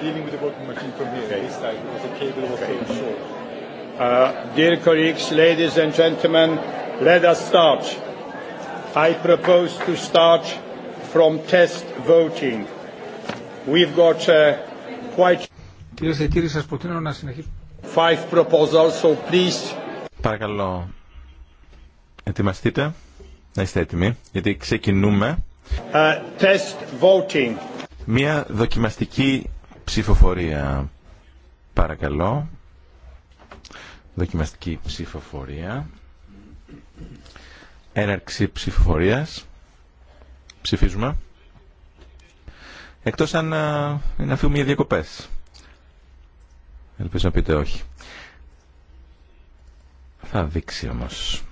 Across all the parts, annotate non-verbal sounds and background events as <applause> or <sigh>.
dealing with the working machine from here. Okay. This time because the cable was okay. so short. Uh, dear colleagues, ladies and gentlemen, let us start. I propose to start from test voting. We've got uh, quite... Κύριε και κύριοι, σας προτείνω να συνεχίσουμε. Five proposals, so please... Παρακαλώ, ετοιμαστείτε, να είστε έτοιμοι, γιατί ξεκινούμε. Uh, test voting. Μία δοκιμαστική ψηφοφορία παρακαλώ. Δοκιμαστική ψηφοφορία. Έναρξη ψηφοφορίας. Ψηφίζουμε. Εκτός αν είναι φύγουμε για διακοπές. Ελπίζω να πείτε όχι. Θα δείξει όμως.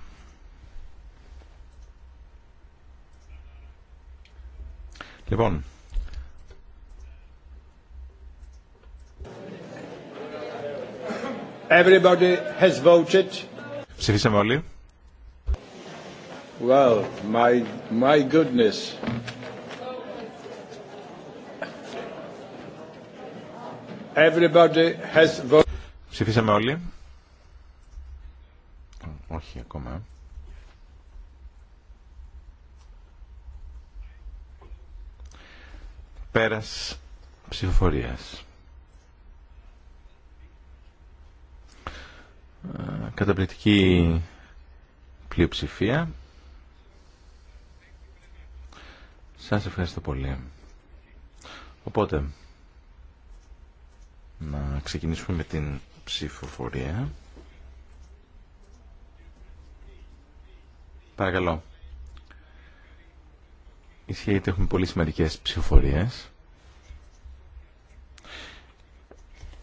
Λοιπόν, Everybody has voted. Ψηφίσαμε όλοι. Well, my, my goodness. Everybody has voted. Ψηφίσαμε όλοι. Όχι ακόμα. Πέρας ψηφοφορίας. Ε, καταπληκτική πλειοψηφία. Σας ευχαριστώ πολύ. Οπότε, να ξεκινήσουμε με την ψηφοφορία. Παρακαλώ. Ισχύει ότι έχουμε πολύ σημαντικές ψηφοφορίες.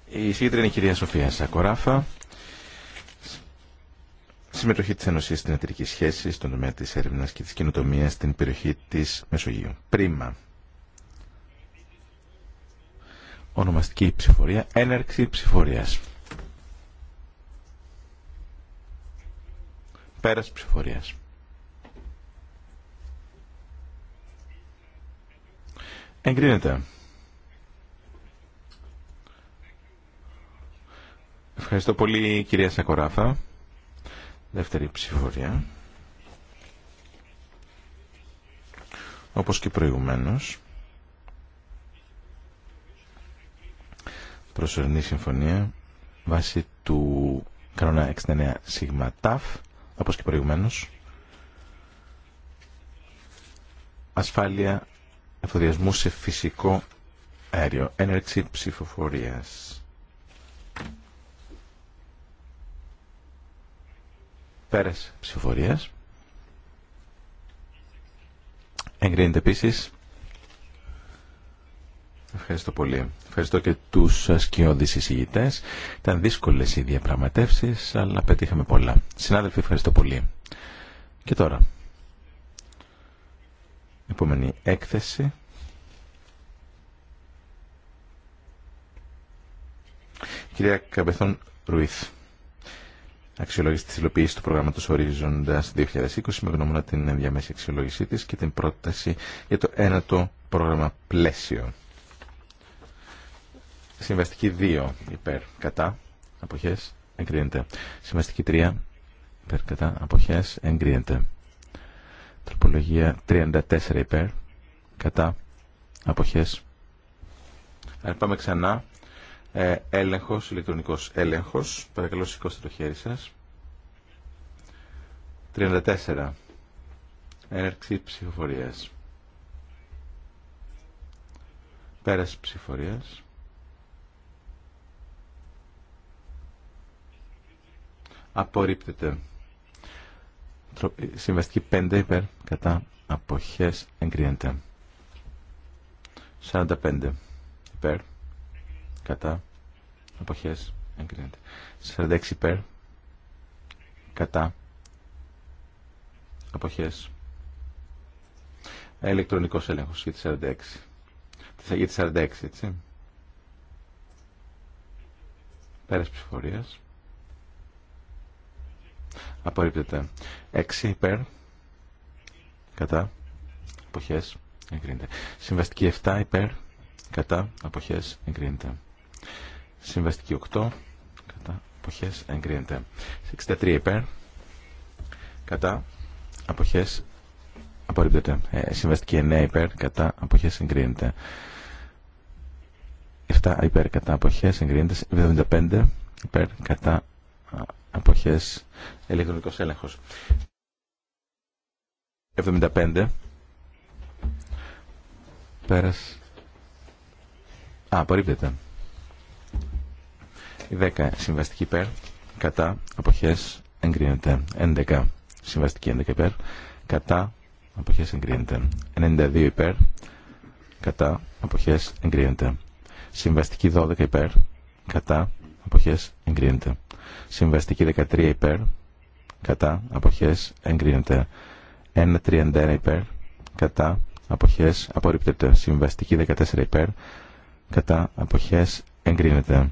Η συγκεκριμένη είναι η κυρία Σοφία Σακοράφα συμμετοχή της Ένωσης στην εταιρική σχέση, στον τομέα της έρευνας και της καινοτομίας στην περιοχή της Μεσογείου. Πρίμα. Ονομαστική ψηφορία, έναρξη ψηφορίας. Πέρας ψηφορίας. Εγκρίνεται. Ευχαριστώ πολύ κυρία Σακοράφα. Δεύτερη ψηφοφορία, Όπως και προηγουμένως, προσωρινή συμφωνία βάσει του κανόνα 69 σίγμα ΤΑΦ, όπως και προηγουμένως, ασφάλεια εφοδιασμού σε φυσικό αέριο, έναρξη ψηφοφορίας. Πέρας ψηφοφορίας. Εγκρίνεται επίση. Ευχαριστώ πολύ. Ευχαριστώ και τους σκιώδεις εισηγητές. Ήταν δύσκολες οι διαπραγματεύσεις, αλλά πετύχαμε πολλά. Συνάδελφοι, ευχαριστώ πολύ. Και τώρα, επόμενη έκθεση. Κυρία Καμπεθόν Ρουίθ αξιολόγηση της υλοποίησης του προγράμματος Ορίζοντας 2020 με γνώμονα την ενδιαμέση αξιολόγησή της και την πρόταση για το ένατο πρόγραμμα πλαίσιο. Συμβαστική 2 υπέρ κατά αποχές εγκρίνεται. Συμβαστική 3 υπέρ κατά αποχές εγκρίνεται. Τροπολογία 34 υπέρ κατά αποχές. Αν πάμε ξανά ε, έλεγχος, ηλεκτρονικός έλεγχος. Παρακαλώ σηκώστε το χέρι σας. 34. Έναρξη ψηφοφορίας. Πέραση ψηφοφορίας. Απορρίπτεται. Ε, συμβαστική 5 υπέρ κατά αποχές εγκρίνεται. 45 υπέρ κατά αποχές εγκρίνεται 46 υπέρ κατά αποχές ηλεκτρονικός έλεγχος για τη 46 για τη 46 έτσι πέρας ψηφορίας απορρίπτεται 6 υπέρ κατά αποχές εγκρίνεται συμβαστική 7 υπέρ κατά αποχές εγκρίνεται Συμβαστική 8. Κατά αποχές εγκρίνεται. 63 υπέρ. Κατά αποχές απορρίπτεται. Ε, συμβαστική 9 υπέρ. Κατά αποχές εγκρίνεται. 7 υπέρ. Κατά αποχές εγκρίνεται. 75 υπέρ. Κατά αποχές ηλεκτρονικός έλεγχος. 75 πέρας α, απορρίπτεται οι 10 συμβαστικοί υπέρ, κατά, αποχές, εγκρίνεται. 11 συμβαστικοί 11 υπέρ, κατά, αποχές, εγκρίνεται. 92 υπέρ, κατά, αποχές, εγκρίνεται. Συμβαστική 12 υπέρ, κατά, αποχές, εγκρίνεται. Συμβαστική 13 υπέρ, κατά, αποχές, εγκρίνεται. 1.31 υπέρ, κατά, αποχές, απορρίπτεται. Συμβαστική 14 υπέρ, κατά, αποχές, εγκρίνεται.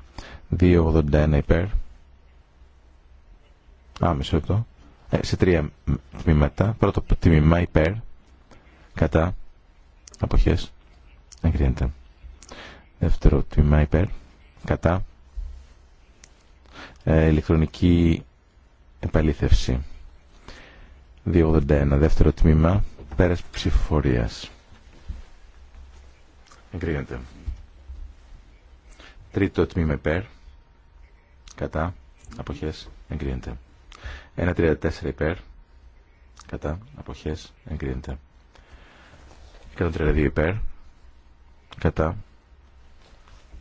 281 υπέρ. Άμεσο εδώ. Ε, σε τρία τμήματα. Πρώτο τμήμα υπέρ. Κατά. Αποχές. Εγκρίνεται. Δεύτερο τμήμα υπέρ. Κατά. Ε, ηλεκτρονική επαλήθευση. 281. Δεύτερο τμήμα. Πέρας ψηφοφορίας. Εγκρίνεται. Τρίτο τμήμα υπέρ κατά αποχές εγκρίνεται 1.34 υπέρ κατά αποχές εγκρίνεται 132 υπέρ κατά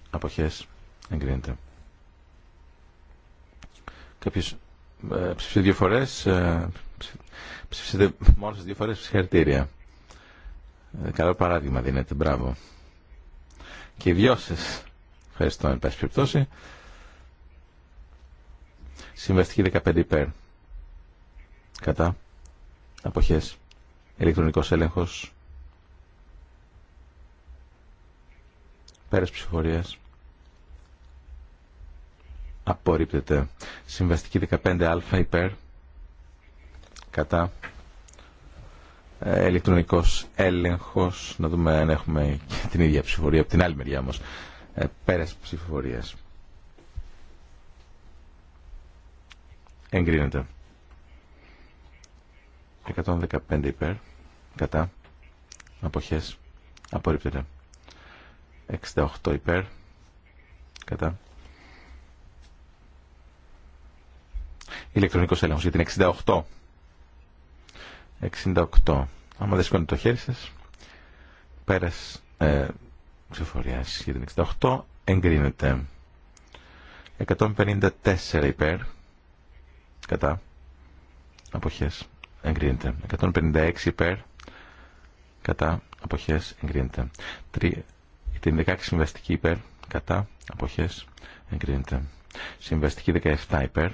αποχές εγκρίνεται κάποιος ε, ψήφισε δύο φορές ε, ψήφισε μόνο δύο φορές συγχαρητήρια ε, καλό παράδειγμα δίνεται μπράβο και οι δυο σας ευχαριστώ εν πάση περιπτώσει Συμβαστική 15 υπέρ. Κατά. Αποχές. Ηλεκτρονικός έλεγχος. Πέρας ψηφορίας. Απορρίπτεται. Συμβαστική 15α υπέρ. Κατά. Ε, ηλεκτρονικός έλεγχος. Να δούμε αν έχουμε την ίδια ψηφορία από την άλλη μεριά όμως. Ε, πέρας ψηφορίας. Εγκρίνεται. 115 υπέρ. Κατά. Αποχές. Απορρίπτεται. 68 υπέρ. Κατά. Ηλεκτρονικός έλεγχο για την 68. 68. Άμα δεν σηκώνει το χέρι σα, πέρα ε, για την 68, εγκρίνεται. 154 υπέρ κατά αποχές εγκρίνεται 156 υπέρ κατά αποχές εγκρίνεται 3, την 16 συμβαστική υπέρ κατά αποχές εγκρίνεται συμβαστική 17 υπέρ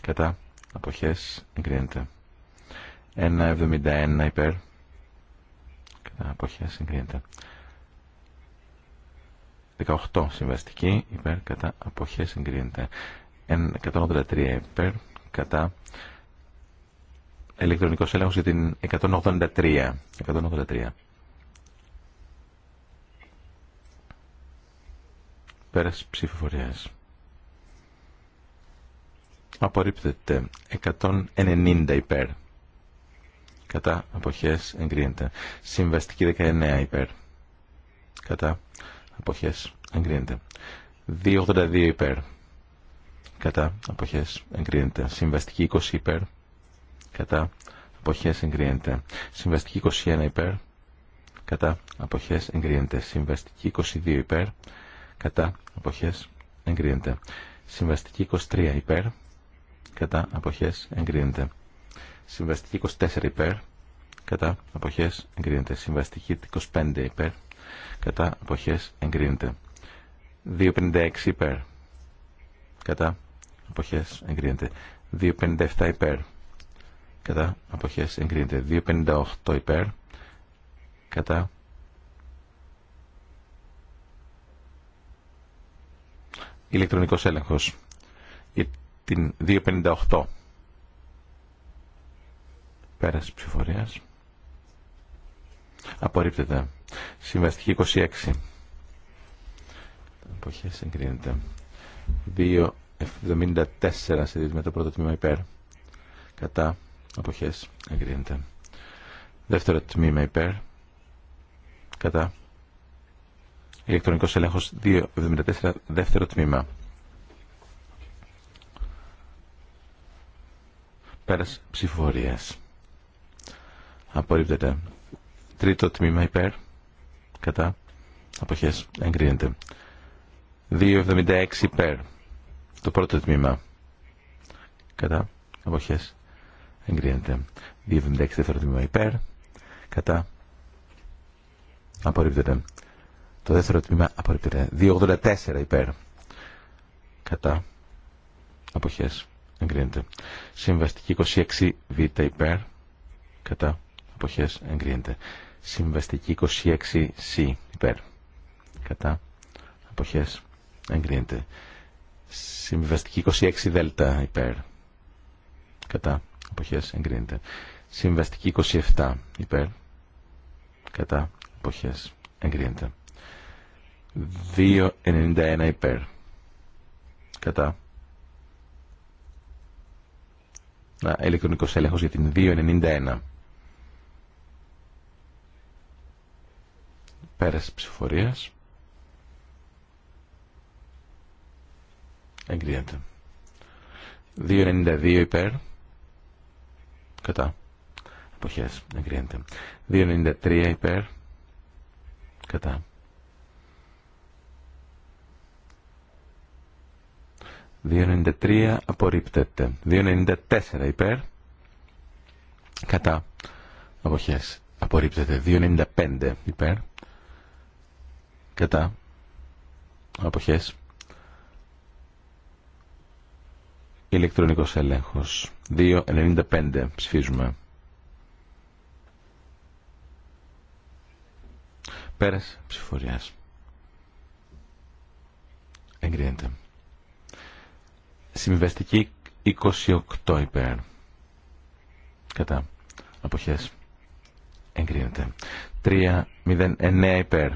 κατά αποχές εγκρίνεται 1,71 υπέρ κατά αποχές εγκρίνεται 18 συμβαστική υπέρ κατά αποχές εγκρίνεται 183 υπέρ κατά ηλεκτρονικός έλεγχος για την 183. 183. Πέρας ψηφοφορίας. Απορρίπτεται 190 υπέρ. Κατά αποχές εγκρίνεται. Συμβαστική 19 υπέρ. Κατά αποχές εγκρίνεται. 282 υπέρ κατά αποχές εγκρίνεται. Συμβαστική 20 υπέρ κατά αποχές εγκρίνεται. Συμβαστική 21 υπέρ κατά αποχές εγκρίνεται. Συμβαστική 22 υπέρ κατά αποχές εγκρίνεται. Συμβαστική 23 υπέρ κατά αποχές εγκρίνεται. Συμβαστική 24 υπέρ κατά αποχές εγκρίνεται. Συμβαστική 25 υπέρ κατά αποχές εγκρίνεται. 256 υπέρ κατά αποχές εγκρίνεται 2.57 υπέρ κατά αποχές εγκρίνεται 2.58 υπέρ κατά ηλεκτρονικός έλεγχος για την 2.58 πέρας ψηφορίας απορρίπτεται συμβαστική 26 αποχές εγκρίνεται 74 σε με το πρώτο τμήμα υπέρ. Κατά αποχές εγκρίνεται. Δεύτερο τμήμα υπέρ. Κατά. Ηλεκτρονικός ελέγχος 274 δεύτερο τμήμα. Πέρας ψηφορίας. Απορρίπτεται. Τρίτο τμήμα υπέρ. Κατά. Αποχές εγκρίνεται. 276 υπέρ. Το πρώτο τμήμα. Κατά. Αποχές. Εγκρίνεται. 276 δεύτερο τμήμα υπέρ. Κατά. Απορρίπτεται. Το δεύτερο τμήμα απορρίπτεται. 284 υπέρ. Κατά. Αποχές. Εγκρίνεται. Συμβαστική 26 β υπέρ. Κατά. Αποχές. Εγκρίνεται. Συμβαστική 26 σ υπέρ. Κατά. Αποχές. Εγκρίνεται. Συμβιβαστική 26 δέλτα υπέρ. Κατά. Εποχές εγκρίνεται. Συμβιβαστική 27 υπέρ. Κατά. Εποχές εγκρίνεται. 2.91 υπέρ. Κατά. Να, ηλεκτρονικός έλεγχος για την 2.91. Πέρας ψηφορίας. Εγκρίνεται. 2.92 υπέρ. Κατά. Αποχές. Εγκρίνεται. 2.93 υπέρ. Κατά. ...2.93 απορρίπτεται. 2.94 υπέρ. Κατά. Αποχές. Απορρίπτεται. 2.95 υπέρ. Κατά. Αποχές. ηλεκτρονικός έλεγχος. 2.95 ψηφίζουμε. Πέρας ψηφοριάς. Εγκρίνεται. Συμβιβαστική 28 υπέρ. Κατά. Αποχές. Εγκρίνεται. 3.09 υπέρ.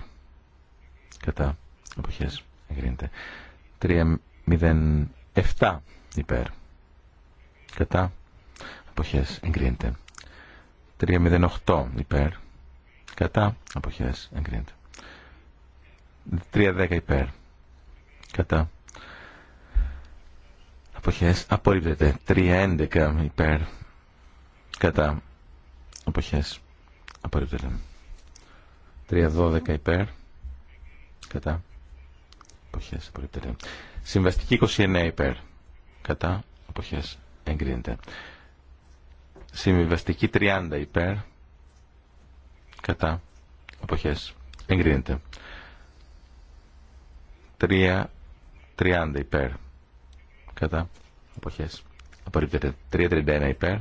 Κατά. Αποχές. Εγκρίνεται. 3.07 υπέρ κατά αποχές εγκρίνεται 308 υπέρ κατά αποχές εγκρίνεται 310 υπέρ κατά αποχές απορρίπτεται 311 υπέρ κατά αποχές απορρίπτεται 312 υπέρ κατά αποχές απορρίπτεται συμβαστική 29 υπέρ κατά εποχές εγκρίνεται συμβιβαστική 30 υπέρ κατά εποχές εγκρίνεται 3 30 υπέρ κατά αποχές απορρίπτεται εποχές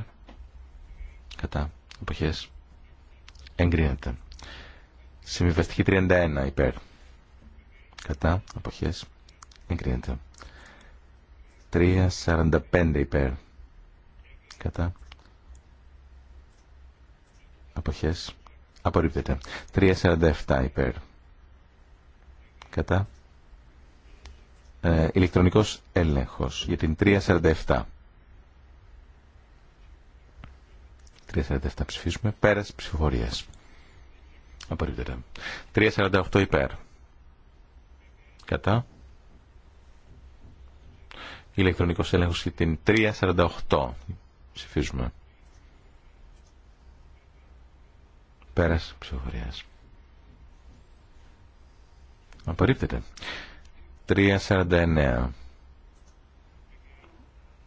κατά αποχές εγκρίνεται συμβιβαστική 31 υπερ κατα εποχές κατά αποχές εποχές εγκρινεται 3.45 υπέρ. Κατά. Αποχές. Απορρίπτεται. 3.47 υπέρ. Κατά. Ε, ηλεκτρονικός έλεγχος για την 3.47. 3.47 ψηφίσουμε. Πέρας ψηφοφορίας. Απορρίπτεται. 3.48 υπέρ. Κατά ηλεκτρονικός έλεγχος και την 348. Ψηφίζουμε. Πέρας ψηφοφορίας. Απορρίπτεται. 349.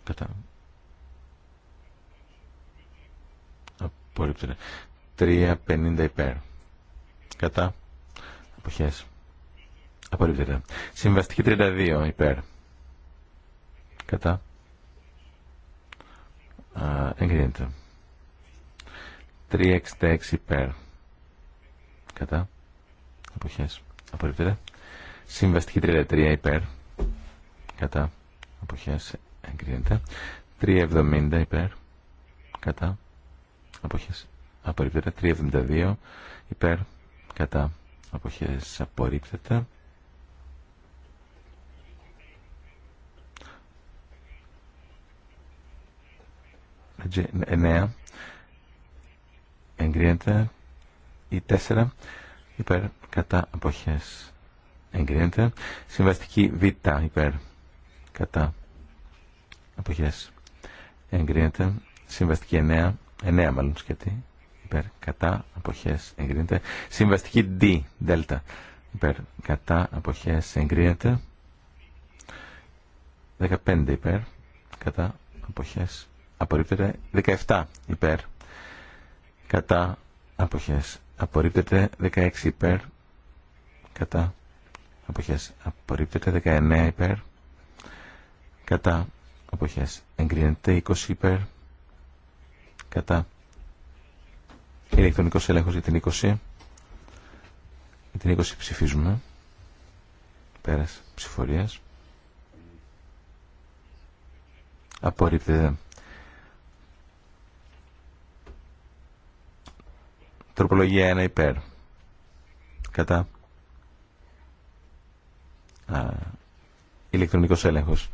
Κατά. Απορρίπτεται. 350 υπέρ. Κατά. Αποχές. Απορρίπτεται. Συμβαστική 32 υπέρ κατά α, εγκρίνεται υπέρ υπέρ κατά αποχές απορρίπτεται συμβαστική 33 υπέρ κατά αποχές εγκρίνεται 370 υπέρ κατά αποχές απορρίπτεται 372 υπέρ κατά αποχές απορρίπτεται 9 ε, εγκρίνεται η 4 υπέρ κατά αποχές εγκρίνεται συμβαστική β υπέρ κατά αποχές εγκρίνεται συμβαστική 9 9 μάλλον σκέτη υπέρ κατά αποχές εγκρίνεται συμβαστική D δέλτα υπέρ κατά αποχές εγκρίνεται 15 υπέρ κατά αποχές απορρίπτεται 17 υπέρ κατά αποχές απορρίπτεται 16 υπέρ κατά αποχές απορρίπτεται 19 υπέρ κατά αποχές εγκρίνεται 20 υπέρ κατά ηλεκτρονικός έλεγχος για την 20 για την 20 ψηφίζουμε πέρας ψηφορίας απορρίπτεται Τροπολογία 1 υπέρ. Κατά. Α, ηλεκτρονικός έλεγχος.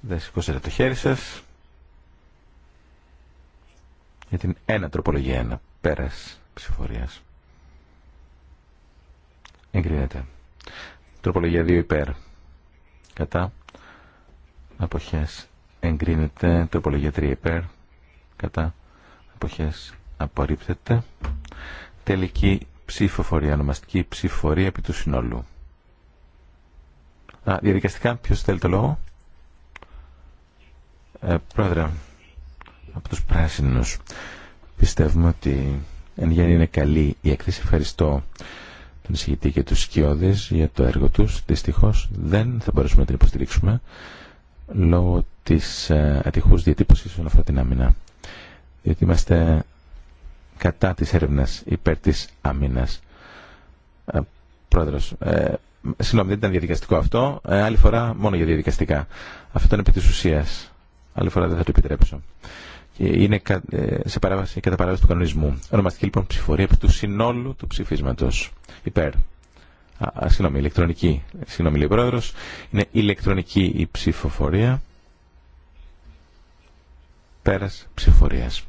Δεν σηκώσετε το χέρι σας. Για την 1 τροπολογία 1. Πέρας ψηφορίας. Εγκρίνεται. Τροπολογία 2 υπέρ. Κατά. Αποχές. Εγκρίνεται. Τροπολογία 3 υπέρ. Κατά. Αποχές απορρίπτεται. Τελική ψηφοφορία, ονομαστική ψηφοφορία επί του συνόλου. Α, διαδικαστικά, ποιο θέλει το λόγο. Ε, πρόεδρε, από τους πράσινους πιστεύουμε ότι εν γέννη είναι καλή η έκθεση. Ευχαριστώ τον εισηγητή και τους σκιώδες για το έργο τους. Δυστυχώς δεν θα μπορέσουμε να την υποστηρίξουμε λόγω της ε, ατυχούς διατύπωσης όλα αυτά την άμυνα. είμαστε κατά της έρευνας υπέρ της αμήνας. Ε, πρόεδρος, ε, συγγνώμη δεν ήταν διαδικαστικό αυτό, ε, άλλη φορά μόνο για διαδικαστικά. Αυτό ήταν επί της ουσίας. Άλλη φορά δεν θα το επιτρέψω. Ε, είναι ε, σε παράβαση, κατά παράβαση του κανονισμού. Ονομαστική λοιπόν ψηφορία επί του συνόλου του ψηφίσματος. Υπέρ. συγγνώμη, ηλεκτρονική. Συγγνώμη, λέει πρόεδρο. Είναι ηλεκτρονική η ψηφοφορία. Πέρας ψηφορίας.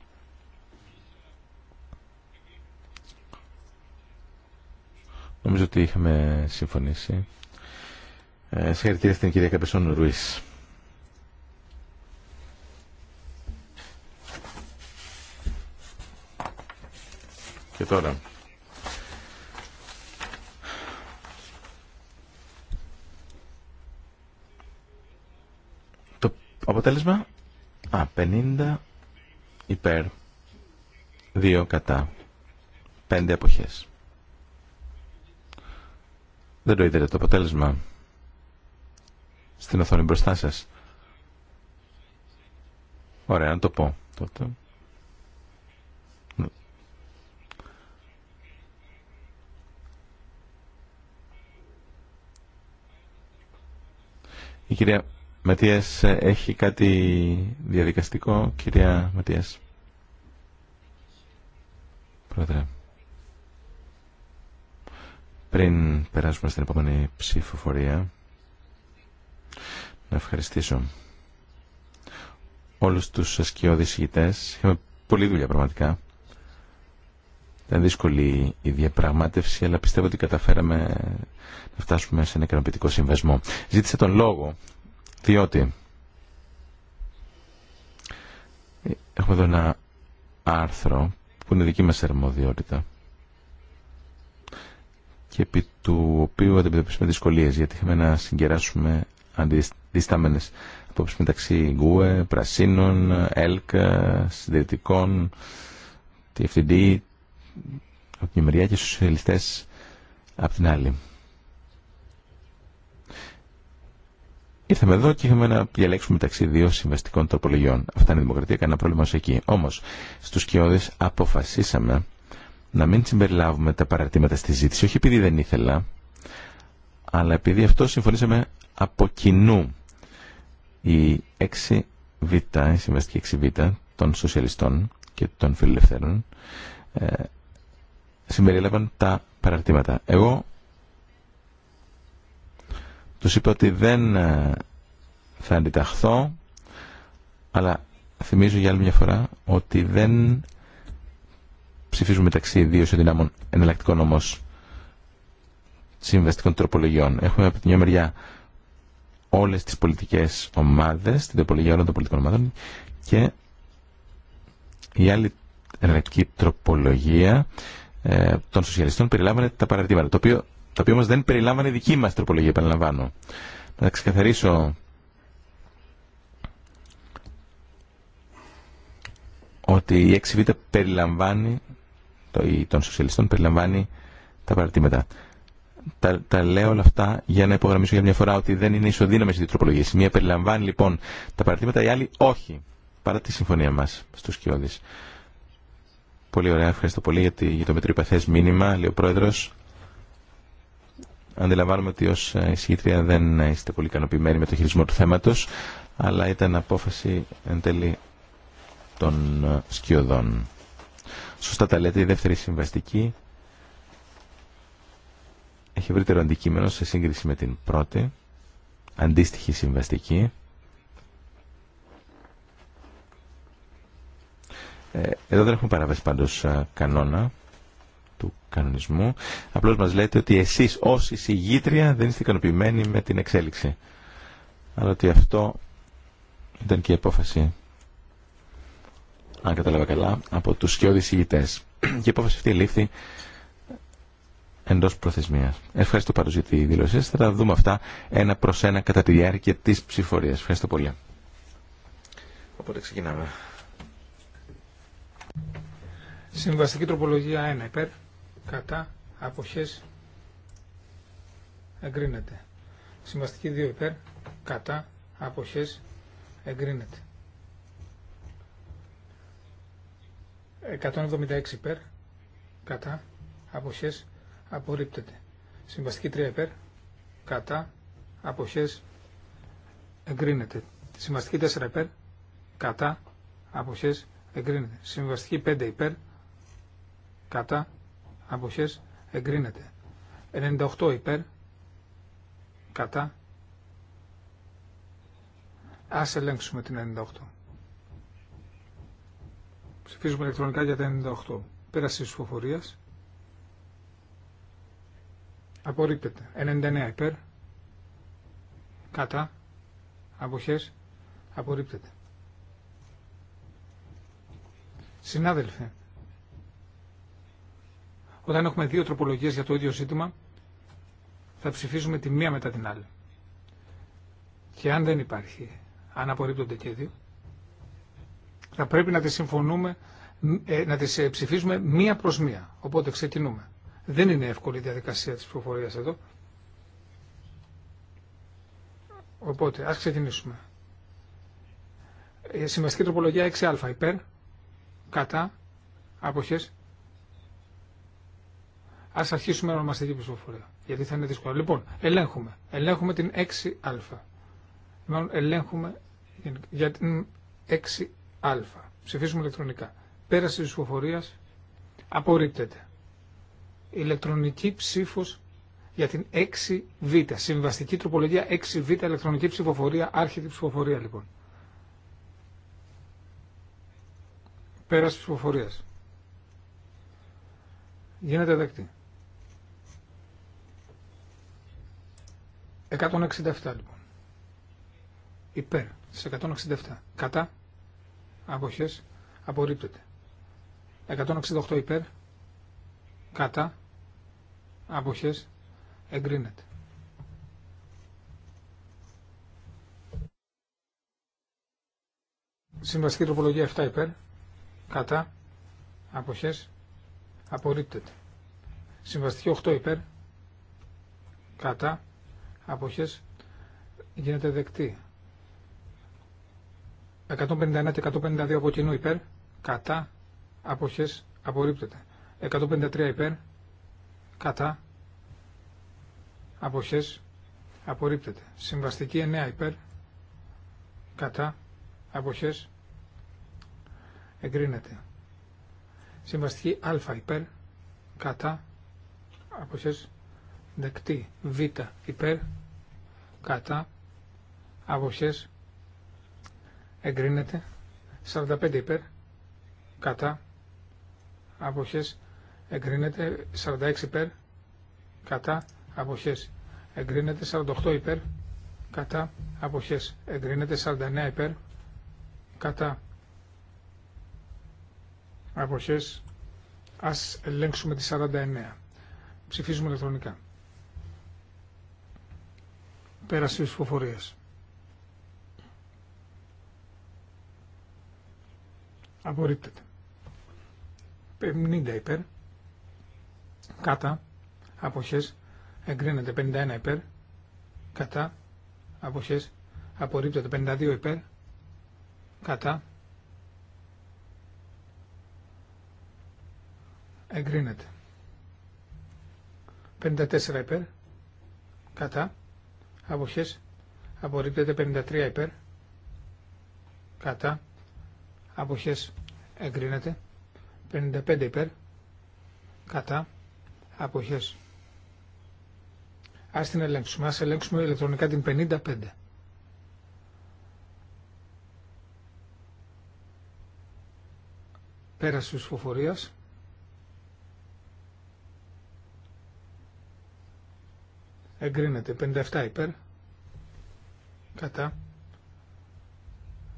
Νομίζω ότι είχαμε συμφωνήσει. Ε, συγχαρητήρια στην κυρία Καπεσόν Ρουίς. Και τώρα. Το αποτέλεσμα. Α, 50 υπέρ. 2 κατά. 5 εποχές. Δεν το είδατε το αποτέλεσμα στην οθόνη μπροστά σα. Ωραία, να το πω τότε. Η κυρία Ματίας ε, έχει κάτι διαδικαστικό. Κυρία Ματίας. Πρόεδρε. Πριν περάσουμε στην επόμενη ψηφοφορία, να ευχαριστήσω όλους τους ασκιώδεις ηγητές. Είχαμε πολλή δουλειά πραγματικά. Ήταν δύσκολη η διαπραγμάτευση, αλλά πιστεύω ότι καταφέραμε να φτάσουμε σε ένα ικανοποιητικό συμβασμό. Ζήτησα τον λόγο, διότι έχουμε εδώ ένα άρθρο που είναι δική μας αρμοδιότητα και επί του οποίου αντιμετωπίσουμε δυσκολίε, γιατί είχαμε να συγκεράσουμε αντίστάμενε απόψει μεταξύ ΓΚΟΕ, Πρασίνων, ΕΛΚ, Συντηρητικών, TFTD, από την μεριά και σοσιαλιστές από την άλλη. Ήρθαμε εδώ και είχαμε να διαλέξουμε μεταξύ δύο συμβαστικών τροπολογιών. Αυτά είναι η δημοκρατία, κανένα πρόβλημα σε εκεί. Όμω, στου κοιόδε αποφασίσαμε να μην συμπεριλάβουμε τα παραρτήματα στη ζήτηση, όχι επειδή δεν ήθελα, αλλά επειδή αυτό συμφωνήσαμε από κοινού. Η 6Β, η συμβαστική 6Β των σοσιαλιστών και των φιλελευθέρων ε, συμπεριλάβαν τα παραρτήματα. Εγώ τους είπα ότι δεν ε, θα αντιταχθώ, αλλά θυμίζω για άλλη μια φορά ότι δεν Ψηφίζουμε μεταξύ δύο ισοδυνάμων εναλλακτικών όμω συμβαστικών τροπολογιών. Έχουμε από τη μια μεριά όλε τι πολιτικέ ομάδε, την τροπολογία όλων των πολιτικών ομάδων και η άλλη εναλλακτική τροπολογία ε, των σοσιαλιστών περιλάμβανε τα παραρτήματα, το οποίο, το οποίο όμω δεν περιλάμβανε δική μα τροπολογία, επαναλαμβάνω. Να ξεκαθαρίσω ότι η 6Β περιλαμβάνει, το, ή των σοσιαλιστών περιλαμβάνει τα παρατήματα. Τα, τα λέω όλα αυτά για να υπογραμμίσω για μια φορά ότι δεν είναι ισοδύναμε οι τροπολογίε. μία περιλαμβάνει λοιπόν τα παρατήματα, η άλλη όχι. Παρά τη συμφωνία μα στου Κιώδη. Πολύ ωραία, ευχαριστώ πολύ για, για το μετριοπαθέ μήνυμα, λέει ο πρόεδρο. Αντιλαμβάνομαι ότι ω ε, εισηγήτρια δεν είστε πολύ ικανοποιημένοι με το χειρισμό του θέματο, αλλά ήταν απόφαση εν τέλει των ε, σκιωδών. Σωστά τα λέτε, η δεύτερη συμβαστική έχει ευρύτερο αντικείμενο σε σύγκριση με την πρώτη, αντίστοιχη συμβαστική. Ε, εδώ δεν έχουμε παράβαση πάντως ε, κανόνα του κανονισμού. Απλώς μας λέτε ότι εσείς ως εισηγήτρια δεν είστε ικανοποιημένοι με την εξέλιξη. Αλλά ότι αυτό ήταν και η απόφαση αν κατάλαβα καλά, από τους σκιώδεις ηγητές. Και η απόφαση αυτή λήφθη εντός προθεσμίας. Ευχαριστώ πάρα για τη δήλωσή σας. Θα τα δούμε αυτά ένα προς ένα κατά τη διάρκεια της ψηφορίας. Ευχαριστώ πολύ. Οπότε ξεκινάμε. Συμβαστική τροπολογία 1. Υπέρ, κατά, αποχές, εγκρίνεται. Συμβαστική 2. Υπέρ, κατά, αποχές, εγκρίνεται. 176 υπέρ, κατά, αποχές, απορρίπτεται. Συμβαστική 3 υπέρ, κατά, αποχές, εγκρίνεται. Συμβαστική 4 υπέρ, κατά, αποχές, εγκρίνεται. Συμβαστική 5 υπέρ, κατά, αποχές, εγκρίνεται. 98 υπέρ, κατά, ας ελέγξουμε την 98. Ψηφίζουμε ηλεκτρονικά για τα 98. Πέραση τη ψηφοφορία. Απορρίπτεται. 99 υπέρ. Κατά. αποχέ, Απορρίπτεται. Συνάδελφε, όταν έχουμε δύο τροπολογίες για το ίδιο ζήτημα, θα ψηφίζουμε τη μία μετά την άλλη. Και αν δεν υπάρχει, αν απορρίπτονται και δύο, θα πρέπει να τις συμφωνούμε, ε, να τις ε, ψηφίσουμε μία προς μία. Οπότε ξεκινούμε. Δεν είναι εύκολη η διαδικασία της προφορίας εδώ. Οπότε, ας ξεκινήσουμε. Η ε, συμβαστική τροπολογία 6α υπέρ, κατά, άποχες. Ας αρχίσουμε ονομαστική ψηφοφορία, γιατί θα είναι δύσκολο. Λοιπόν, ελέγχουμε. Ελέγχουμε την 6α. Μάλλον ελέγχουμε για την 6α α. Ψηφίσουμε ηλεκτρονικά. Πέραση τη ψηφοφορία απορρίπτεται. Ηλεκτρονική ψήφο για την 6β. Συμβαστική τροπολογία 6β, ηλεκτρονική ψηφοφορία, άρχιτη ψηφοφορία λοιπόν. Πέραση Πέραση Γίνεται δεκτή. 167 λοιπόν. Υπέρ. Στις 167. Κατά αποχές απορρίπτεται. 168 υπέρ κατά αποχές εγκρίνεται. Συμβαστική τροπολογία 7 υπέρ κατά αποχές απορρίπτεται. Συμβαστική 8 υπέρ κατά αποχές γίνεται δεκτή. 151 και 152 από κοινού υπέρ, κατά, αποχές, απορρίπτεται. 153 υπέρ, κατά, αποχές, απορρίπτεται. Συμβαστική 9 υπέρ, κατά, αποχές, εγκρίνεται. Συμβαστική α υπέρ, κατά, αποχές, δεκτή. Β υπέρ, κατά, αποχές, εγκρίνεται 45 υπέρ κατά αποχές εγκρίνεται 46 υπέρ κατά αποχές εγκρίνεται 48 υπέρ κατά αποχές εγκρίνεται 49 υπέρ κατά αποχές ας ελέγξουμε τη 49 ψηφίζουμε ηλεκτρονικά πέραση της Απορρίπτεται. 50 υπέρ. Κατά. Αποχές. Εγκρίνεται. 51 υπέρ. Κατά. Αποχές. Απορρίπτεται. 52 υπέρ. Κατά. Εγκρίνεται. 54 υπέρ. Κατά. Αποχές. Απορρίπτεται. 53 υπέρ. Κατά αποχές εγκρίνεται 55 υπέρ κατά αποχές ας την ελέγξουμε ας ελέγξουμε ηλεκτρονικά την 55 πέραση της φοφορίας εγκρίνεται 57 υπέρ κατά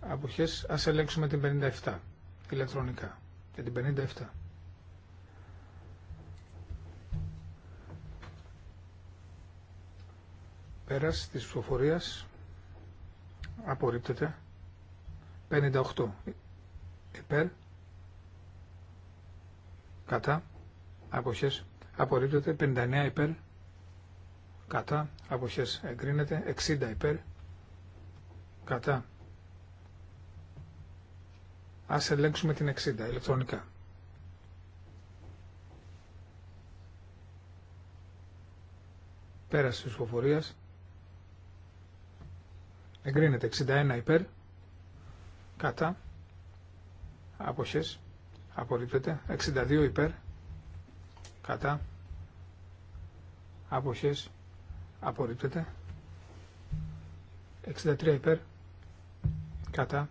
αποχές ας ελέγξουμε την 57 ηλεκτρονικά Και την 57 πέρας της ψηφοφορίας απορρίπτεται 58 υπέρ κατά αποχές απορρίπτεται 59 υπέρ κατά αποχές εγκρίνεται 60 υπέρ κατά Ας ελέγξουμε την 60 ηλεκτρονικά. Πέραση της ψηφοφορίας. Εγκρίνεται 61 υπέρ. Κατά. Αποχές. Απορρίπτεται. 62 υπέρ. Κατά. Αποχές. Απορρίπτεται. 63 υπέρ. Κατά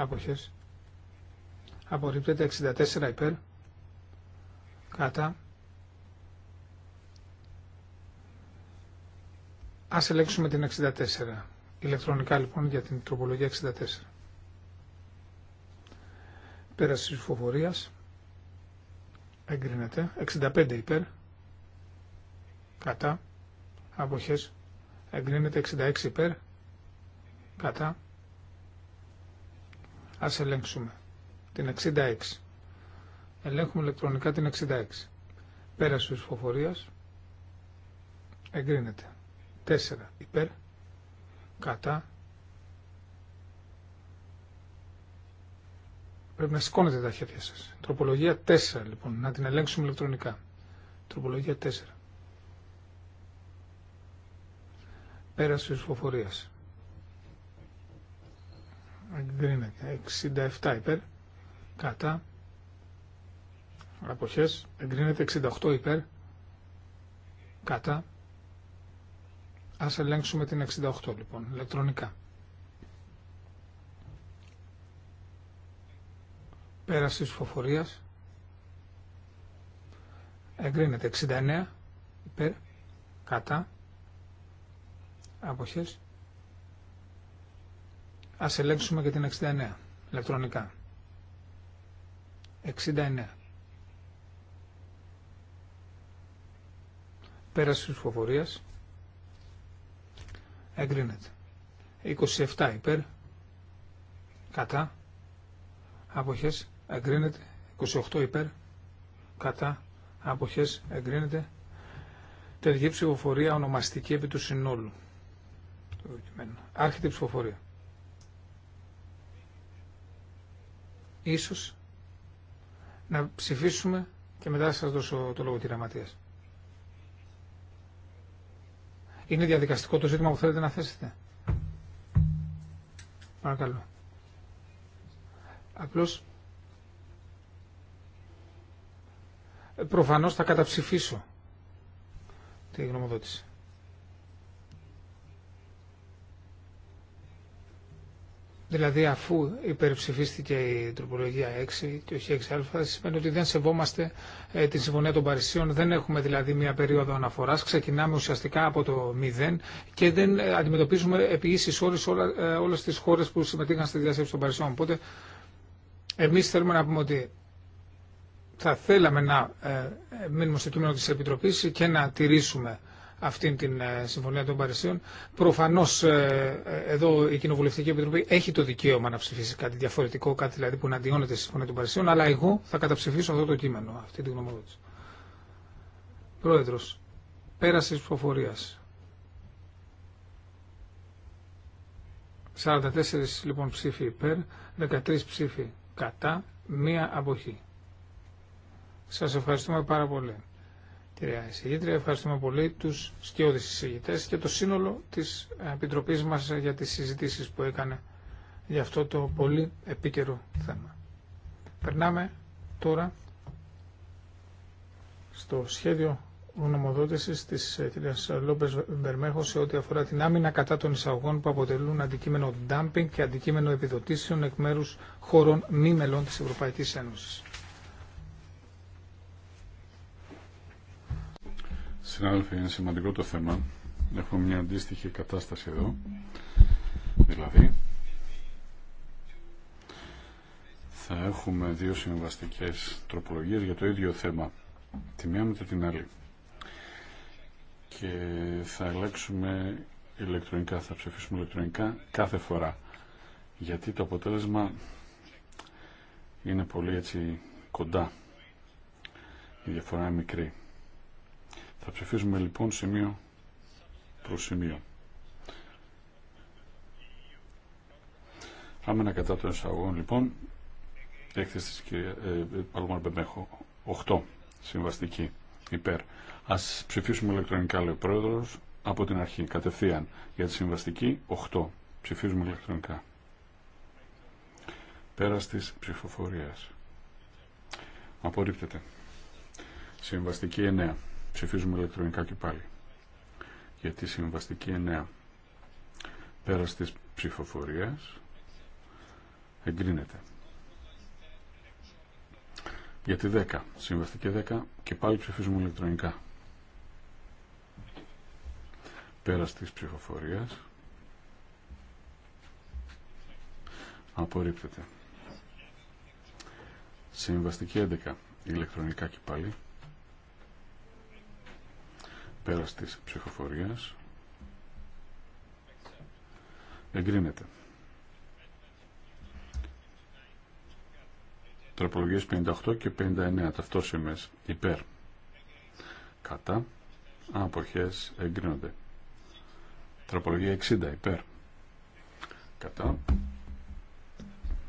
αποχές απορρίπτεται 64 υπέρ κατά Ας ελέγξουμε την 64. Ηλεκτρονικά λοιπόν για την τροπολογία 64. Πέραση της ψηφοφορίας. Εγκρίνεται. 65 υπέρ. Κατά. Αποχές. Εγκρίνεται 66 υπέρ. Κατά. Ας ελέγξουμε. Την 66. Ελέγχουμε ηλεκτρονικά την 66. Πέρασε ο Εγκρίνεται. 4 υπέρ. Κατά. Πρέπει να σηκώνετε τα χέρια σας. Τροπολογία 4 λοιπόν. Να την ελέγξουμε ηλεκτρονικά. Τροπολογία 4. Πέρας της 4 εγκρίνεται. 67 υπέρ, κατά, αποχές, εγκρίνεται. 68 υπέρ, κατά. Ας ελέγξουμε την 68 λοιπόν, ηλεκτρονικά. Πέραση της φοφορίας. Εγκρίνεται 69 υπέρ, κατά, αποχές, Ας ελέγξουμε και την 69 ηλεκτρονικά. 69. Πέραση της φοβορίας. Εγκρίνεται. 27 υπέρ. Κατά. Αποχές. Εγκρίνεται. 28 υπέρ. Κατά. Αποχές. Εγκρίνεται. Τελική ψηφοφορία ονομαστική επί του συνόλου. Το Άρχεται ψηφοφορία. ίσως να ψηφίσουμε και μετά σας δώσω το λόγο τη Είναι διαδικαστικό το ζήτημα που θέλετε να θέσετε. Παρακαλώ. Απλώς προφανώς θα καταψηφίσω τη γνωμοδότηση. Δηλαδή αφού υπερψηφίστηκε η τροπολογία 6 και όχι 6α, σημαίνει ότι δεν σεβόμαστε ε, τη Συμφωνία των Παρισίων, δεν έχουμε δηλαδή μία περίοδο αναφοράς, ξεκινάμε ουσιαστικά από το 0 και δεν ε, αντιμετωπίζουμε επί ίσης όλες, ε, όλες τις χώρες που συμμετείχαν στη διάσκεψη των Παρισιών. Οπότε εμείς θέλουμε να πούμε ότι θα θέλαμε να μείνουμε στο κείμενο της Επιτροπής και να τηρήσουμε αυτήν την ε, Συμφωνία των Παρισίων. Προφανώ ε, ε, εδώ η Κοινοβουλευτική Επιτροπή έχει το δικαίωμα να ψηφίσει κάτι διαφορετικό, κάτι δηλαδή που να αντιώνεται στη Συμφωνία των Παρισίων, αλλά εγώ θα καταψηφίσω αυτό το κείμενο, αυτή την γνωμοδότηση. Πρόεδρο, πέραση τη ψηφοφορία. 44 λοιπόν ψήφοι υπέρ, 13 ψήφοι κατά, μία αποχή. Σας ευχαριστούμε πάρα πολύ κυρία εισηγήτρια. Ευχαριστούμε πολύ τους σκιώδεις εισηγητές και το σύνολο της επιτροπή μας για τις συζητήσεις που έκανε για αυτό το πολύ επίκαιρο θέμα. Περνάμε τώρα στο σχέδιο γνωμοδότησης της κύρια Λόμπες Μπερμέχο σε ό,τι αφορά την άμυνα κατά των εισαγωγών που αποτελούν αντικείμενο dumping και αντικείμενο επιδοτήσεων εκ μέρους χωρών μη μελών της Ευρωπαϊκής Ένωσης. Συνάδελφοι, είναι σημαντικό το θέμα. Έχουμε μια αντίστοιχη κατάσταση εδώ. Δηλαδή, θα έχουμε δύο συμβαστικές τροπολογίες για το ίδιο θέμα. Τη μία μετά την άλλη. Και θα ελέγξουμε ηλεκτρονικά, θα ψηφίσουμε ηλεκτρονικά κάθε φορά. Γιατί το αποτέλεσμα είναι πολύ έτσι κοντά. Η διαφορά είναι μικρή. Θα ψηφίσουμε λοιπόν σημείο προς σημείο. Άμενα κατά των εισαγωγών λοιπόν, έκθεση της κυρία ε, ε Μπεμέχο, 8, συμβαστική, υπέρ. Ας ψηφίσουμε ηλεκτρονικά, λέει ο Πρόεδρος, από την αρχή, κατευθείαν, για τη συμβαστική, 8. Ψηφίζουμε ηλεκτρονικά. Πέρας της ψηφοφορίας. Απορρίπτεται. Συμβαστική 9. Ψηφίζουμε ηλεκτρονικά και πάλι. Γιατί συμβαστική 9. Πέρας της ψηφοφορίας εγκρίνεται. Γιατί 10. Συμβαστική 10 και πάλι ψηφίζουμε ηλεκτρονικά. Πέρας της ψηφοφορίας απορρίπτεται. Συμβαστική 11. Ηλεκτρονικά και πάλι. Πέρας της Εγκρίνεται. Τροπολογίες 58 και 59 ταυτόσημες υπέρ. Κατά. Αποχές εγκρίνονται. Τροπολογία 60 υπέρ. Κατά.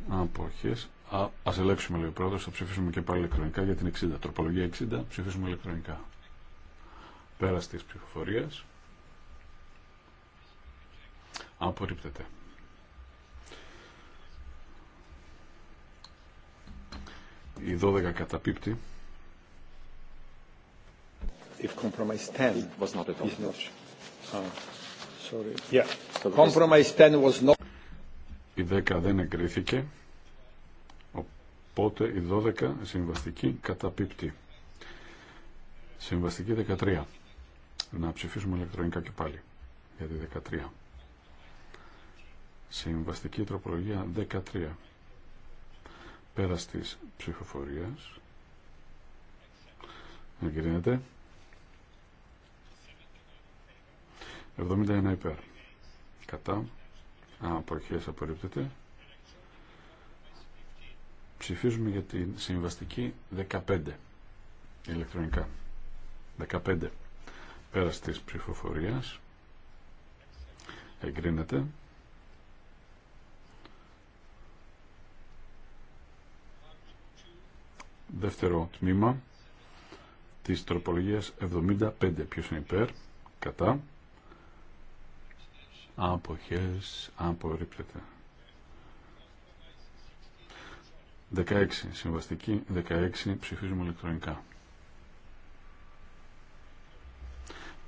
Αποχές. Α, ας ελέγξουμε λέει πρώτος θα ψηφίσουμε και πάλι ηλεκτρονικά για την 60. Τροπολογία 60, ψηφίσουμε ηλεκτρονικά. Πέρας της ψηφοφορίας. Απορρίπτεται. Η 12 καταπίπτει. If compromise 10 was not adopted. Not. Oh. Sorry. Yeah. So compromise 10 was not. Η 10 δεν εγκρίθηκε. Οπότε η 12 συμβαστική καταπίπτει. Συμβαστική 13. Να ψηφίσουμε ηλεκτρονικά και πάλι για τη 13. Συμβαστική τροπολογία 13. Πέρας της ψηφοφορίας. Εγκρίνεται. 71 υπέρ. Κατά. Αποχές απορρίπτεται. Ψηφίζουμε για τη συμβαστική 15. Ηλεκτρονικά. 15. Πέρας της ψηφοφορίας εγκρίνεται. Δεύτερο τμήμα της τροπολογίας 75. Ποιος είναι υπέρ, κατά. Αποχές, απορρίπτεται. 16. Συμβαστική 16. Ψηφίζουμε ηλεκτρονικά.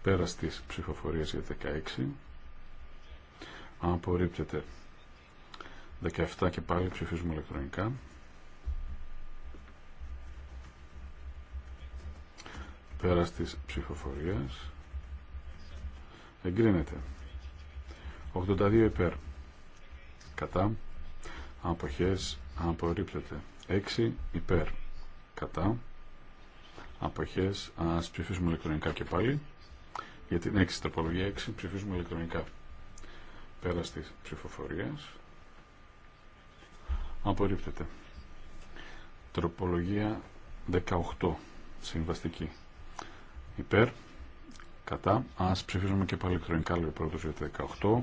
Πέρα της ψηφοφορίας για 16. Απορρίπτεται 17 και πάλι ψηφίζουμε ηλεκτρονικά. Πέρα της ψηφοφορίας. Εγκρίνεται. 82 υπέρ. Κατά. Αποχές απορρίπτεται. 6 υπέρ. Κατά. Αποχές. Ας ψηφίσουμε ηλεκτρονικά και πάλι. Για την 6 τροπολογία 6 ψηφίζουμε ηλεκτρονικά. Πέρα τη ψηφοφορία. Απορρίπτεται. Τροπολογία 18. Συμβαστική. Υπέρ. Κατά. Ας ψηφίζουμε και πάλι ηλεκτρονικά, λέει ο για 18.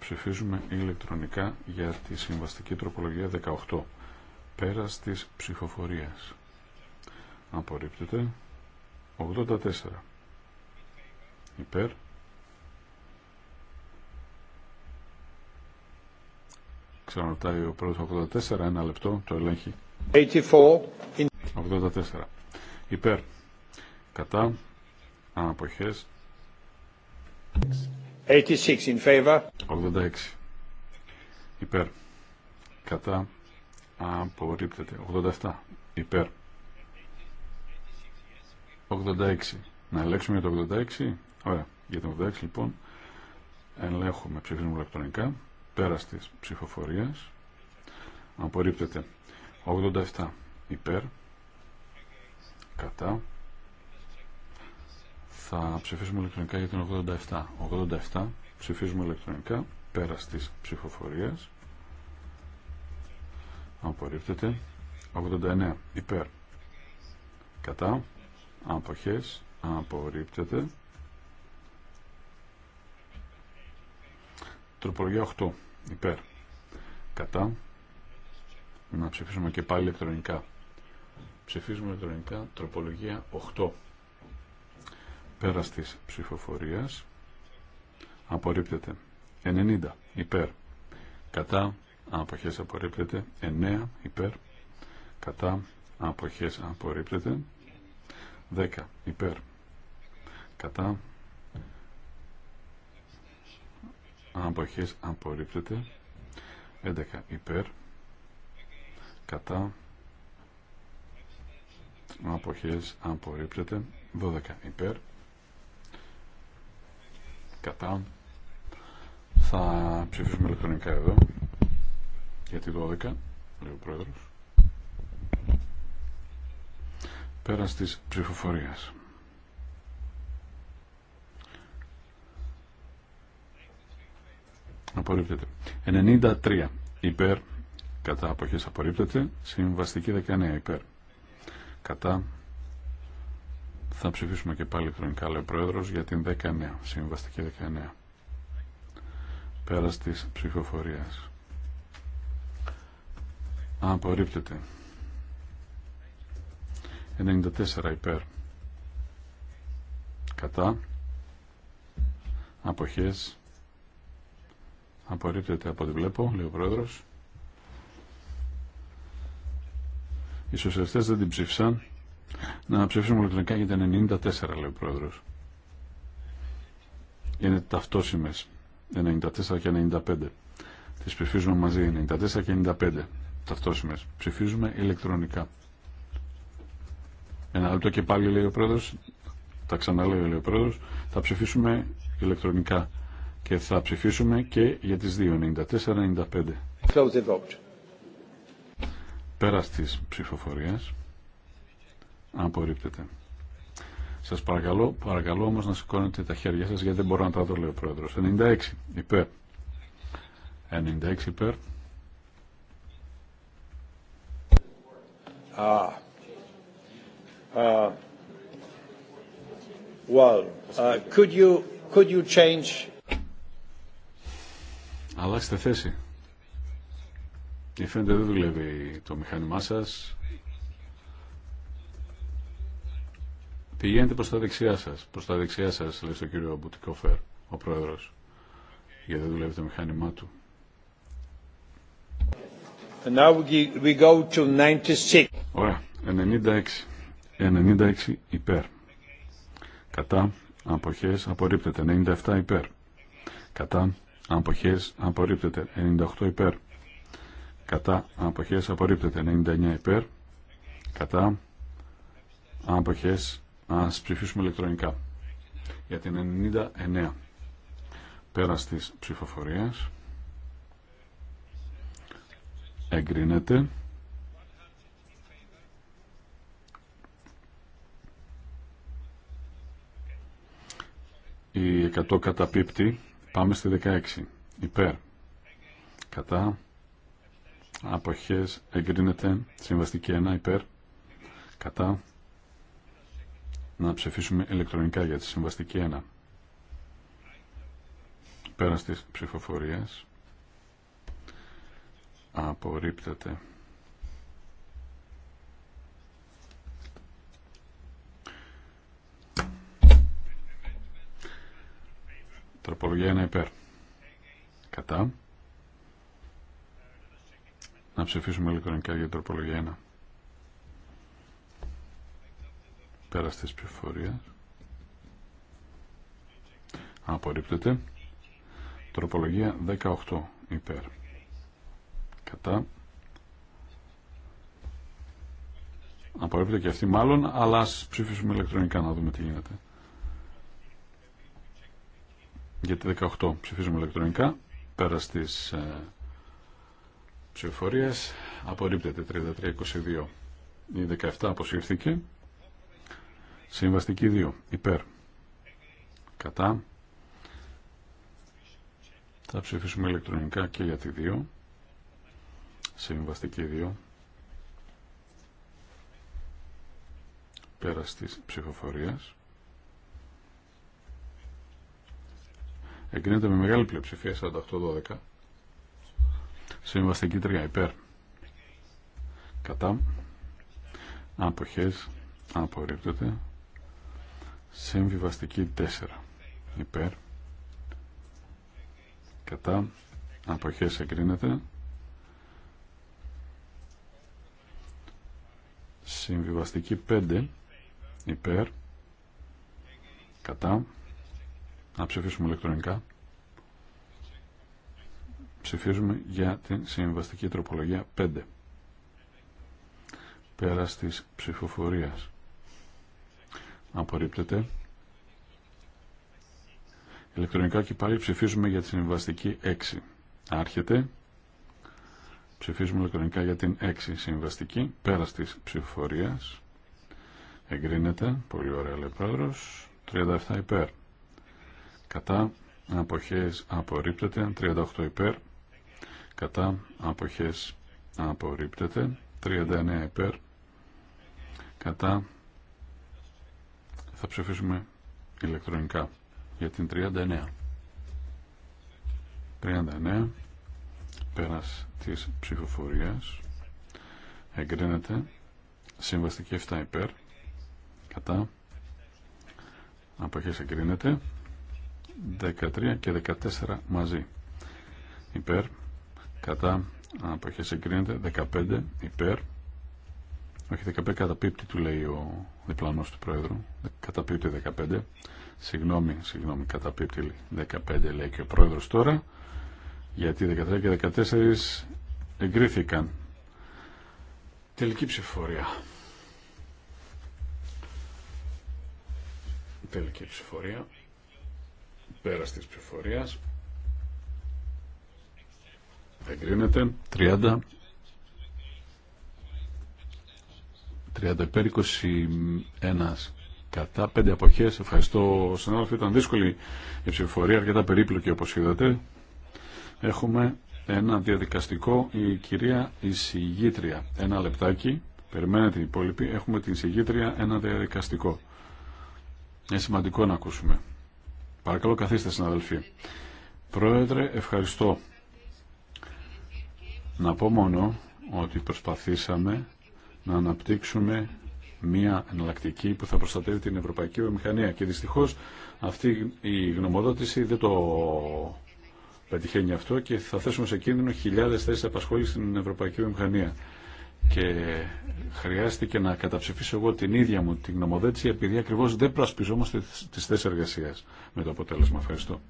Ψηφίζουμε ηλεκτρονικά για τη συμβαστική τροπολογία 18. Πέρα τη ψηφοφορία. Απορρίπτεται. 84 υπέρ ξαναρωτάει ο πρόεδρος 84 ένα λεπτό το ελέγχει 84 84 υπέρ κατά αναποχές 86 86 υπέρ κατά απορρίπτεται 87 υπέρ 86 να ελέγξουμε το 86 Ωραία. Για τον 86 λοιπόν ελέγχουμε ψηφίζουμε ηλεκτρονικά πέρα τη ψηφοφορία. Απορρίπτεται 87 υπέρ. Κατά. Θα ψηφίσουμε ηλεκτρονικά για την 87. 87 ψηφίζουμε ηλεκτρονικά πέρα τη ψηφοφορία. Απορρίπτεται 89 υπέρ. Κατά. Αποχές απορρίπτεται Τροπολογία 8. Υπέρ. Κατά. Να ψηφίσουμε και πάλι ηλεκτρονικά. Ψηφίζουμε ηλεκτρονικά τροπολογία 8. Πέρα τη ψηφοφορία. απορρίπτεται 90 υπέρ. Κατά απόχέ απορρίπτεται 9 υπέρ. Κατά Αποχέ απορρίπτεται 10 υπέρ. Κατά αποχές απορρίπτεται 11 υπέρ κατά αποχές απορρίπτεται 12 υπέρ κατά θα ψηφίσουμε ηλεκτρονικά εδώ για τη 12 λέει ο πρόεδρος πέρας της ψηφοφορίας απορρίπτεται. 93 υπέρ, κατά αποχές απορρίπτεται. Συμβαστική 19 υπέρ, κατά θα ψηφίσουμε και πάλι ηλεκτρονικά, λέει ο Πρόεδρο, για την 19, συμβαστική 19. Πέρα τη ψηφοφορία. Απορρίπτεται. 94 υπέρ. Κατά. Αποχές. Απορρίπτεται από ό,τι βλέπω, λέει ο πρόεδρο. Οι σοσιαλιστέ δεν την ψήφισαν. Να ψηφίσουμε ηλεκτρονικά για τα 94, λέει ο πρόεδρο. Είναι ταυτόσιμε. 94 και 95. Τις ψηφίζουμε μαζί. 94 και 95. Ταυτόσιμε. Ψηφίζουμε ηλεκτρονικά. Ένα λεπτό και πάλι λέει ο πρόεδρο. Τα ξαναλέω λέει ο πρόεδρο. Θα ψηφίσουμε ηλεκτρονικά και θα ψηφίσουμε και για τις 94 95 Πέρα της Αν απορρίπτεται. Σας παρακαλώ, παρακαλώ όμως να σηκώνετε τα χέρια σας γιατί δεν μπορώ να τα δω λέει ο Πρόεδρος. 96 υπέρ. 96 υπέρ. Ah. Uh, well, could you could you change Αλλάξτε θέση. Και φαίνεται δεν δουλεύει το μηχάνημά σας. Πηγαίνετε προς τα δεξιά σας. Προς τα δεξιά σας, λέει στο κύριο Μπουτικόφερ, ο πρόεδρος. Γιατί δεν δουλεύει το μηχάνημά του. now we go to Ωραία. 96. 96 υπέρ. Κατά. Αποχές. Απορρίπτεται. 97 υπέρ. Κατά αποχές απορρίπτεται 98 υπέρ κατά αποχές απορρίπτεται 99 υπέρ κατά αποχές ας ψηφίσουμε ηλεκτρονικά για την 99 πέρας της ψηφοφορίας εγκρίνεται 100 καταπίπτει Πάμε στη 16. Υπέρ. Κατά. Αποχές. Εγκρίνεται. Συμβαστική 1. Υπέρ. Κατά. Να ψηφίσουμε ηλεκτρονικά για τη συμβαστική 1. Πέρα στις ψηφοφορίες. Απορρίπτεται. Τροπολογία 1 υπέρ. Κατά. Να ψηφίσουμε ηλεκτρονικά για τροπολογία 1. Πέρα τη ψηφοφορία. Απορρίπτεται. Τροπολογία 18 υπέρ. Κατά. Απορρίπτεται και αυτή μάλλον, αλλά ας ψηφίσουμε ηλεκτρονικά να δούμε τι γίνεται. Για τη 18 ψηφίζουμε ηλεκτρονικά. Πέρα τη ε, ψηφοφορία απορρίπτεται 33-22. Η 17 αποσύρθηκε. Συμβαστική 2. Υπέρ. Κατά. Θα ψηφίσουμε ηλεκτρονικά και για τη 2. Συμβαστική 2. Πέρα στις ψηφοφορία. Εγκρίνεται με μεγάλη πλειοψηφία 48-12. Συμβαστική 3 υπέρ. Κατά. Αποχές. Απορρίπτεται. Συμβιβαστική 4 υπέρ. Κατά. Αποχές εγκρίνεται. Συμβιβαστική 5 υπέρ. Κατά να ψηφίσουμε ηλεκτρονικά. Ψηφίζουμε για την συμβαστική τροπολογία 5. Πέρα της ψηφοφορίας. Απορρίπτεται. Ηλεκτρονικά και πάλι ψηφίζουμε για τη συμβαστική 6. Άρχεται. Ψηφίζουμε ηλεκτρονικά για την 6 συμβαστική. Πέρα της ψηφοφορίας. Εγκρίνεται. Πολύ ωραία λέει 37 υπέρ κατά αποχές απορρίπτεται 38 υπέρ κατά αποχές απορρίπτεται 39 υπέρ κατά θα ψηφίσουμε ηλεκτρονικά για την 39 39 πέρας της ψηφοφορίας εγκρίνεται συμβαστική 7 υπέρ κατά αποχές εγκρίνεται 13 και 14 μαζί. Υπέρ, κατά, αποχές εγκρίνεται, 15 υπέρ, όχι 15 καταπίπτει του λέει ο διπλανός του Πρόεδρου, καταπίπτει 15, συγγνώμη, συγγνώμη, καταπίπτει 15 λέει και ο Πρόεδρος τώρα, γιατί 13 και 14 εγκρίθηκαν. Τελική ψηφορία. Τελική ψηφορία. Πέρα τη ψηφορία. Εγκρίνεται. 30. 30 21 κατά 5 αποχές. Ευχαριστώ συνάδελφοι. Ήταν δύσκολη η ψηφοφορία, αρκετά περίπλοκη όπως είδατε. Έχουμε ένα διαδικαστικό η κυρία εισηγήτρια. Ένα λεπτάκι. Περιμένετε οι υπόλοιποι. Έχουμε την εισηγήτρια ένα διαδικαστικό. Είναι σημαντικό να ακούσουμε. Παρακαλώ καθίστε συναδελφοί. Πρόεδρε, ευχαριστώ. Να πω μόνο ότι προσπαθήσαμε να αναπτύξουμε μια εναλλακτική που θα προστατεύει την ευρωπαϊκή βιομηχανία και δυστυχώς αυτή η γνωμοδότηση δεν το πετυχαίνει αυτό και θα θέσουμε σε κίνδυνο χιλιάδες θέσεις απασχόλησης στην ευρωπαϊκή βιομηχανία και χρειάστηκε να καταψηφίσω εγώ την ίδια μου την γνωμοδέτηση επειδή ακριβώς δεν προασπιζόμαστε τις θέσεις εργασίας με το αποτέλεσμα. Ευχαριστώ.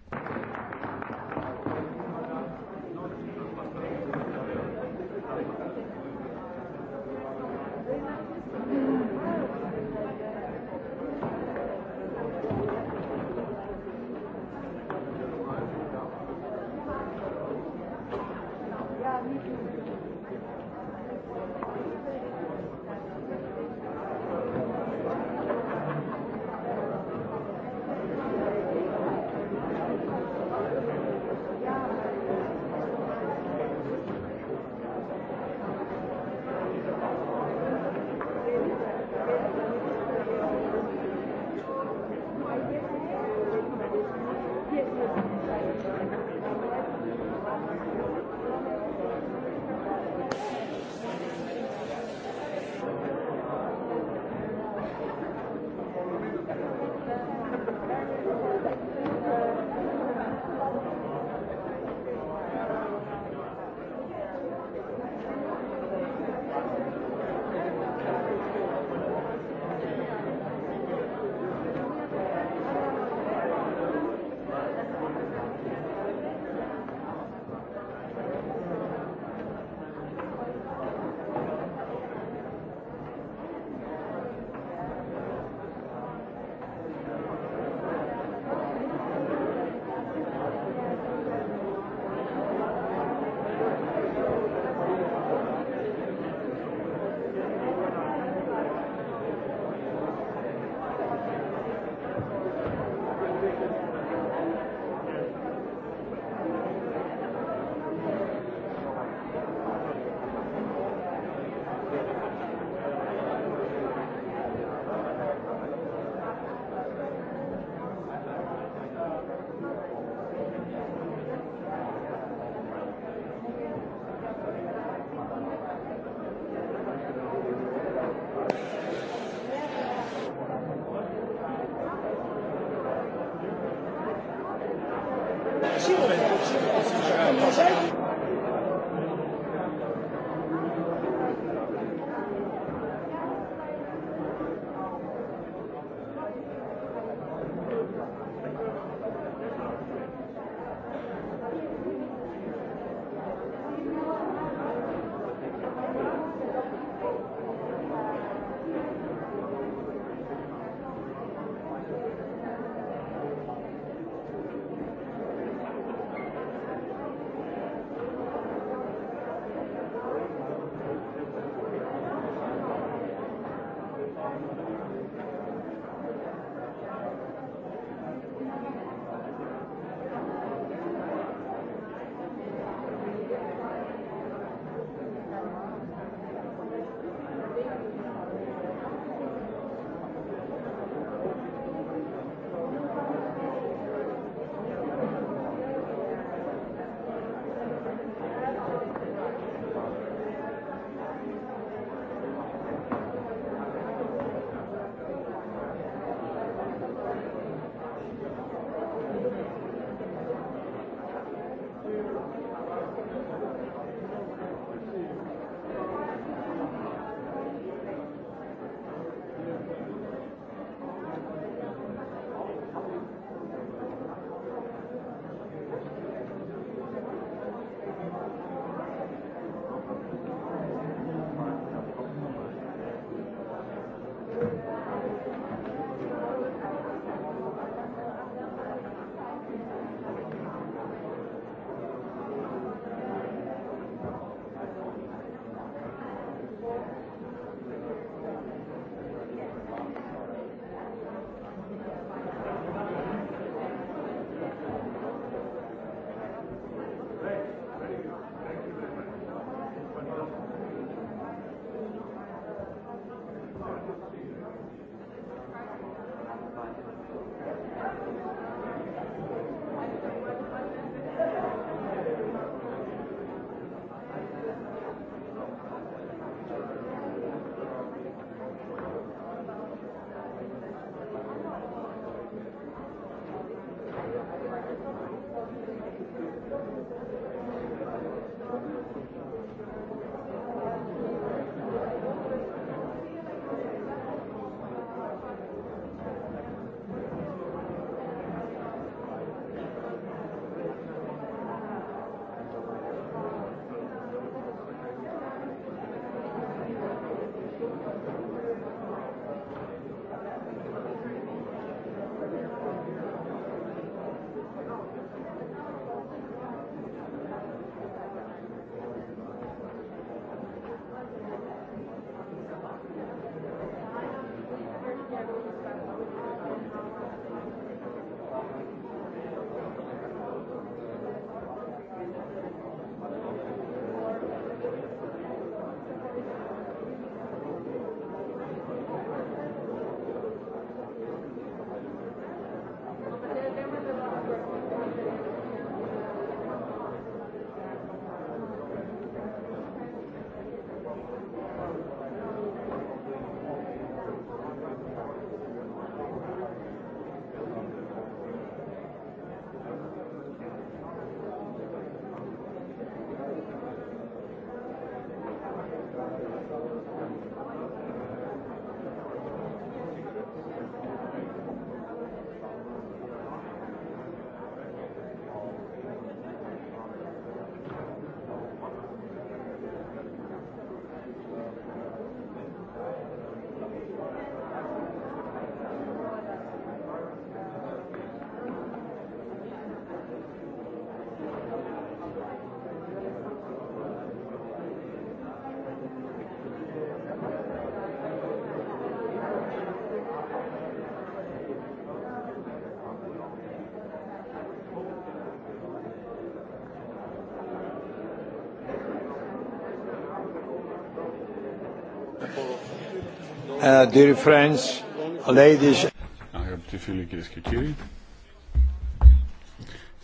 Αγαπητοί φίλοι κυρίες και κύριοι,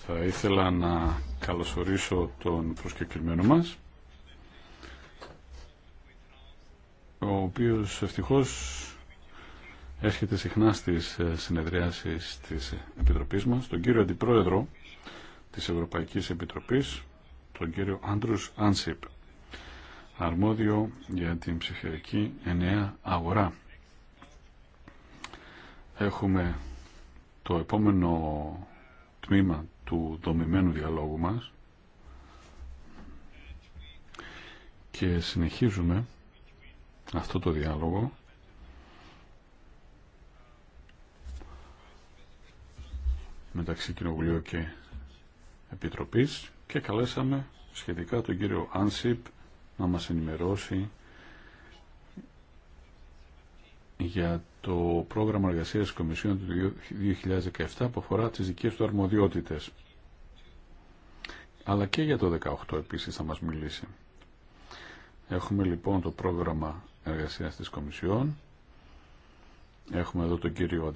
θα ήθελα να καλωσορίσω τον προσκεκλημένο μας, ο οποίος ευτυχώς έρχεται συχνά στις ε, συνεδριάσεις της Επιτροπής μας, τον κύριο Αντιπρόεδρο της Ευρωπαϊκής Επιτροπής, τον κύριο Άντρους Άνσιπ αρμόδιο για την ψηφιακή ενέα αγορά έχουμε το επόμενο τμήμα του δομημένου διαλόγου μας και συνεχίζουμε αυτό το διάλογο μεταξύ Κοινοβουλίου και Επιτροπής και καλέσαμε σχετικά τον κύριο Άνσιπ να μας ενημερώσει για το πρόγραμμα εργασία της Κομισιόν του 2017 που αφορά τις δικέ του αρμοδιότητες. Αλλά και για το 2018 επίσης θα μας μιλήσει. Έχουμε λοιπόν το πρόγραμμα εργασία της Κομισιόν. Έχουμε εδώ τον κύριο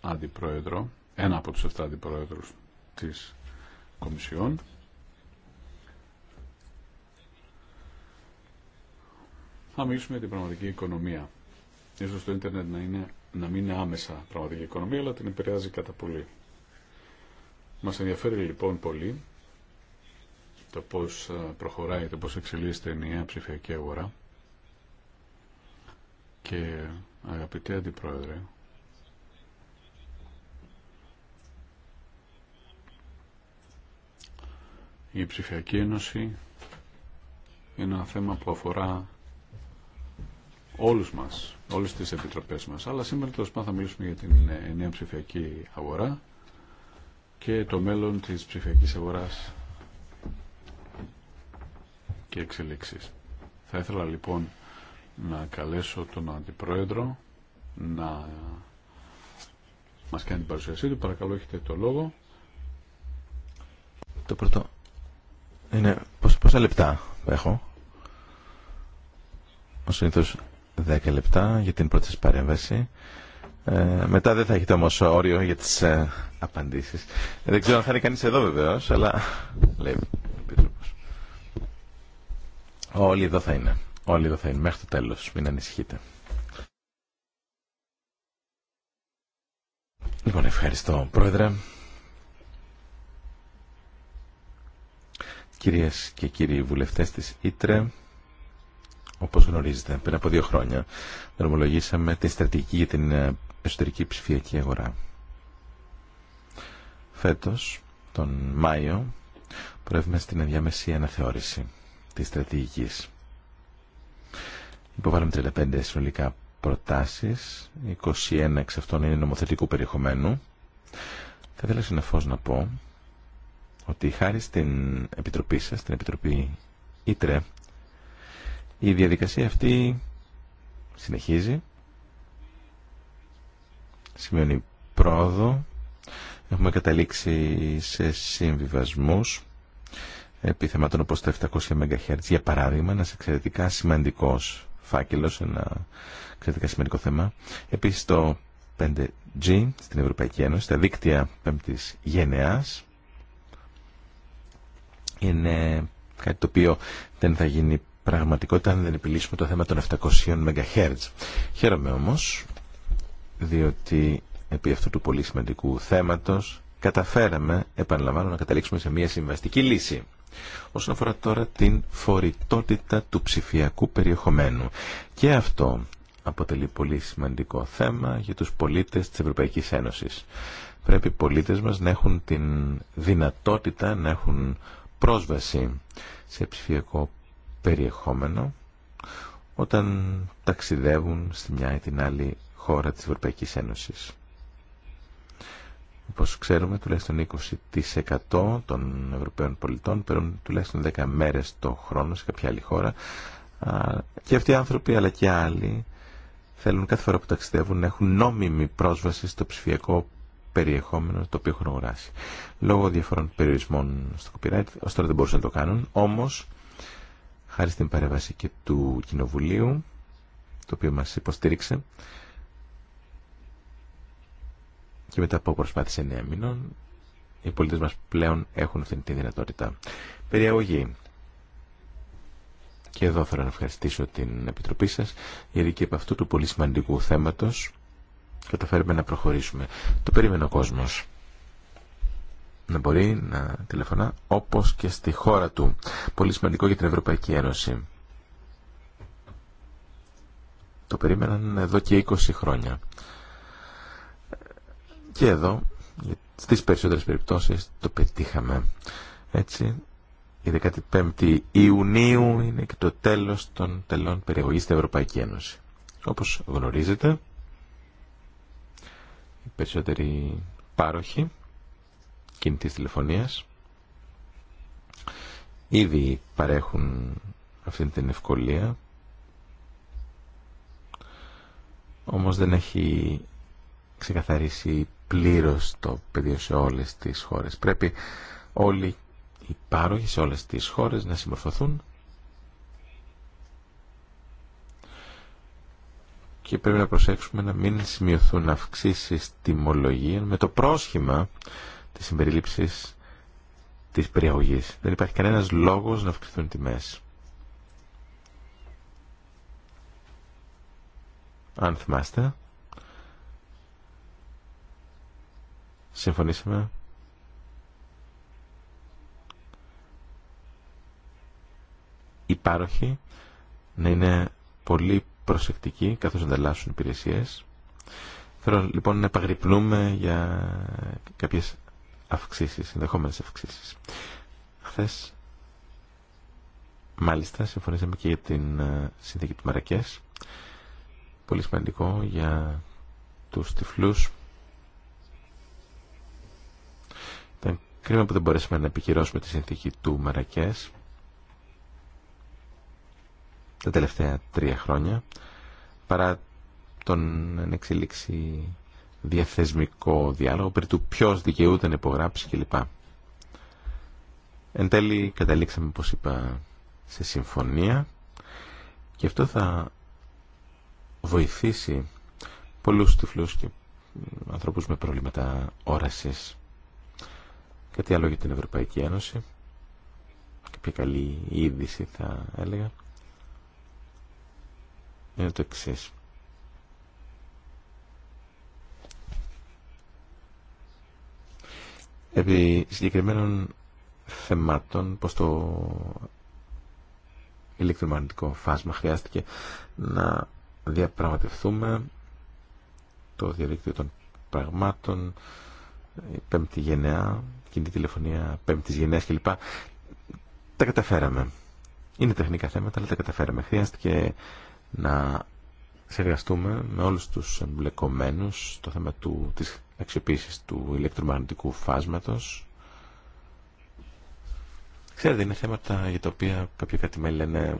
Αντιπρόεδρο, ένα από τους 7 αντιπρόεδρους της Κομισιόν. Θα μιλήσουμε για την πραγματική οικονομία ίσως το ίντερνετ να, είναι, να μην είναι άμεσα πραγματική οικονομία, αλλά την επηρεάζει κατά πολύ. Μα ενδιαφέρει λοιπόν πολύ το πώ ε, προχωράει, το πώ εξελίσσεται η νέα ψηφιακή αγορά. Και αγαπητέ Αντιπρόεδρε, η ψηφιακή ένωση είναι ένα θέμα που αφορά όλους μας, όλες τις επιτροπές μας. Αλλά σήμερα τέλο πάντων θα μιλήσουμε για την ε, νέα ψηφιακή αγορά και το μέλλον της ψηφιακή αγορά και εξελίξεις. Θα ήθελα λοιπόν να καλέσω τον Αντιπρόεδρο να μας κάνει την παρουσίασή του. Παρακαλώ έχετε το λόγο. Το πρώτο είναι πόσα λεπτά έχω. Ο συνήθως 10 λεπτά για την πρώτη σας παρέμβαση. Ε, μετά δεν θα έχετε όμως όριο για τις ε, απαντήσεις. Δεν ξέρω αν θα είναι κανείς εδώ βεβαίως, αλλά λέει ο Όλοι εδώ θα είναι. Όλοι εδώ θα είναι μέχρι το τέλος. Μην ανησυχείτε. Λοιπόν, ευχαριστώ πρόεδρε. Κυρίες και κύριοι βουλευτές της Ήτρε, όπως γνωρίζετε, πριν από δύο χρόνια δρομολογήσαμε τη στρατηγική για την ε, εσωτερική ψηφιακή αγορά. Φέτος, τον Μάιο, προέβημε στην ενδιάμεση αναθεώρηση της στρατηγικής. Υποβάλαμε 35 συνολικά προτάσεις, 21 εξ αυτών είναι νομοθετικού περιεχομένου. Θα ήθελα συνεφώς να πω ότι χάρη στην Επιτροπή σας, την Επιτροπή Ήτρε, η διαδικασία αυτή συνεχίζει. Σημαίνει πρόοδο. Έχουμε καταλήξει σε συμβιβασμούς επιθεμάτων θεμάτων όπως τα 700 MHz. Για παράδειγμα, ένας εξαιρετικά σημαντικός φάκελος, ένα εξαιρετικά σημαντικό θέμα. Επίσης το 5G στην Ευρωπαϊκή Ένωση, τα δίκτυα πέμπτης γενεάς, είναι κάτι το οποίο δεν θα γίνει πραγματικότητα αν δεν επιλύσουμε το θέμα των 700 MHz. Χαίρομαι όμως, διότι επί αυτού του πολύ σημαντικού θέματος καταφέραμε, επαναλαμβάνω, να καταλήξουμε σε μια συμβαστική λύση. Όσον αφορά τώρα την φορητότητα του ψηφιακού περιεχομένου. Και αυτό αποτελεί πολύ σημαντικό θέμα για τους πολίτες της Ευρωπαϊκής Ένωσης. Πρέπει οι πολίτες μας να έχουν την δυνατότητα να έχουν πρόσβαση σε ψηφιακό περιεχόμενο όταν ταξιδεύουν στη μια ή την άλλη χώρα της Ευρωπαϊκής Ένωσης. Όπως ξέρουμε, τουλάχιστον 20% των Ευρωπαίων πολιτών παίρνουν τουλάχιστον 10 μέρες το χρόνο σε κάποια άλλη χώρα. Και αυτοί οι άνθρωποι, αλλά και άλλοι, θέλουν κάθε φορά που ταξιδεύουν να έχουν νόμιμη πρόσβαση στο ψηφιακό περιεχόμενο το οποίο έχουν αγοράσει. Λόγω διαφορών περιορισμών στο copyright, ώστε δεν μπορούσαν να το κάνουν, όμως χάρη στην παρέμβαση και του Κοινοβουλίου, το οποίο μας υποστήριξε, και μετά από προσπάθηση εννέα μήνων, οι πολίτες μας πλέον έχουν αυτή τη δυνατότητα. Περιαγωγή. Και εδώ θέλω να ευχαριστήσω την Επιτροπή σας, γιατί και από αυτού του πολύ σημαντικού θέματος καταφέρουμε να προχωρήσουμε. Το περίμενε ο κόσμος να μπορεί να τηλεφωνά όπως και στη χώρα του. Πολύ σημαντικό για την Ευρωπαϊκή Ένωση. Το περίμεναν εδώ και 20 χρόνια. Και εδώ, στις περισσότερες περιπτώσεις, το πετύχαμε. Έτσι, η 15η Ιουνίου είναι και το τέλος των τελών περιεγωγής στην Ευρωπαϊκή Ένωση. Όπως γνωρίζετε, οι περισσότεροι πάροχοι κινητής τηλεφωνίας ήδη παρέχουν αυτή την ευκολία όμως δεν έχει ξεκαθαρίσει πλήρως το πεδίο σε όλες τις χώρες. Πρέπει όλοι οι πάροχοι σε όλες τις χώρες να συμμορφωθούν και πρέπει να προσέξουμε να μην σημειωθούν αυξήσεις τιμολογίων με το πρόσχημα της συμπερίληψης της περιαγωγής. Δεν υπάρχει κανένας λόγος να αυξηθούν οι τιμές. Αν θυμάστε, συμφωνήσαμε οι πάροχοι να είναι πολύ προσεκτικοί καθώς ανταλλάσσουν υπηρεσίες. Θέλω λοιπόν να επαγρυπνούμε για κάποιες αυξήσεις, ενδεχόμενες αυξήσεις. Χθε, μάλιστα, συμφωνήσαμε και για την ε, συνθήκη του Μαρακές. Πολύ σημαντικό για τους τυφλούς. Ήταν κρίμα που δεν μπορέσαμε να επικυρώσουμε τη συνθήκη του Μαρακές τα τελευταία τρία χρόνια παρά τον εξελίξη διαθεσμικό διάλογο περί του ποιος δικαιούται να υπογράψει κλπ. Εν τέλει καταλήξαμε, όπως είπα, σε συμφωνία και αυτό θα βοηθήσει πολλούς τυφλούς και ανθρώπους με προβλήματα όρασης. Κάτι άλλο για την Ευρωπαϊκή Ένωση. Κάποια καλή είδηση θα έλεγα. Είναι το εξής. επί συγκεκριμένων θεμάτων, πως το ηλεκτρομαγνητικό φάσμα χρειάστηκε να διαπραγματευτούμε το διαδίκτυο των πραγμάτων, η πέμπτη γενεά, κινητή τηλεφωνία πέμπτης γενιάς κλπ. Τα καταφέραμε. Είναι τεχνικά θέματα, αλλά τα καταφέραμε. Χρειάστηκε να συνεργαστούμε με όλους τους εμπλεκομένους το θέμα του, της αξιοποίησης του ηλεκτρομαγνητικού φάσματος. Ξέρετε, είναι θέματα για τα οποία κάποια κατημέλη λένε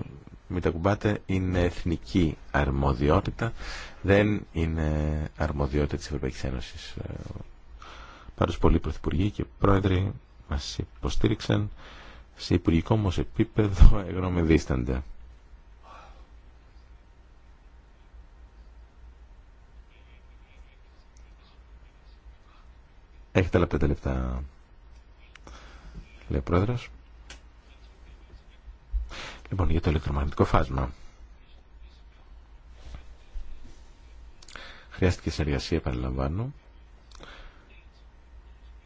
μην τα κουμπάτε, είναι εθνική αρμοδιότητα, δεν είναι αρμοδιότητα της Ευρωπαϊκής Ένωσης. Ε, Πάντως πολλοί πρωθυπουργοί και πρόεδροι μας υποστήριξαν σε υπουργικό όμως επίπεδο <laughs> εγγνώμη δίστανται. Έχετε άλλα πέντε λεπτά, λέει ο πρόεδρος. Λοιπόν, για το ηλεκτρομαγνητικό φάσμα. Χρειάστηκε συνεργασία, επαναλαμβάνω.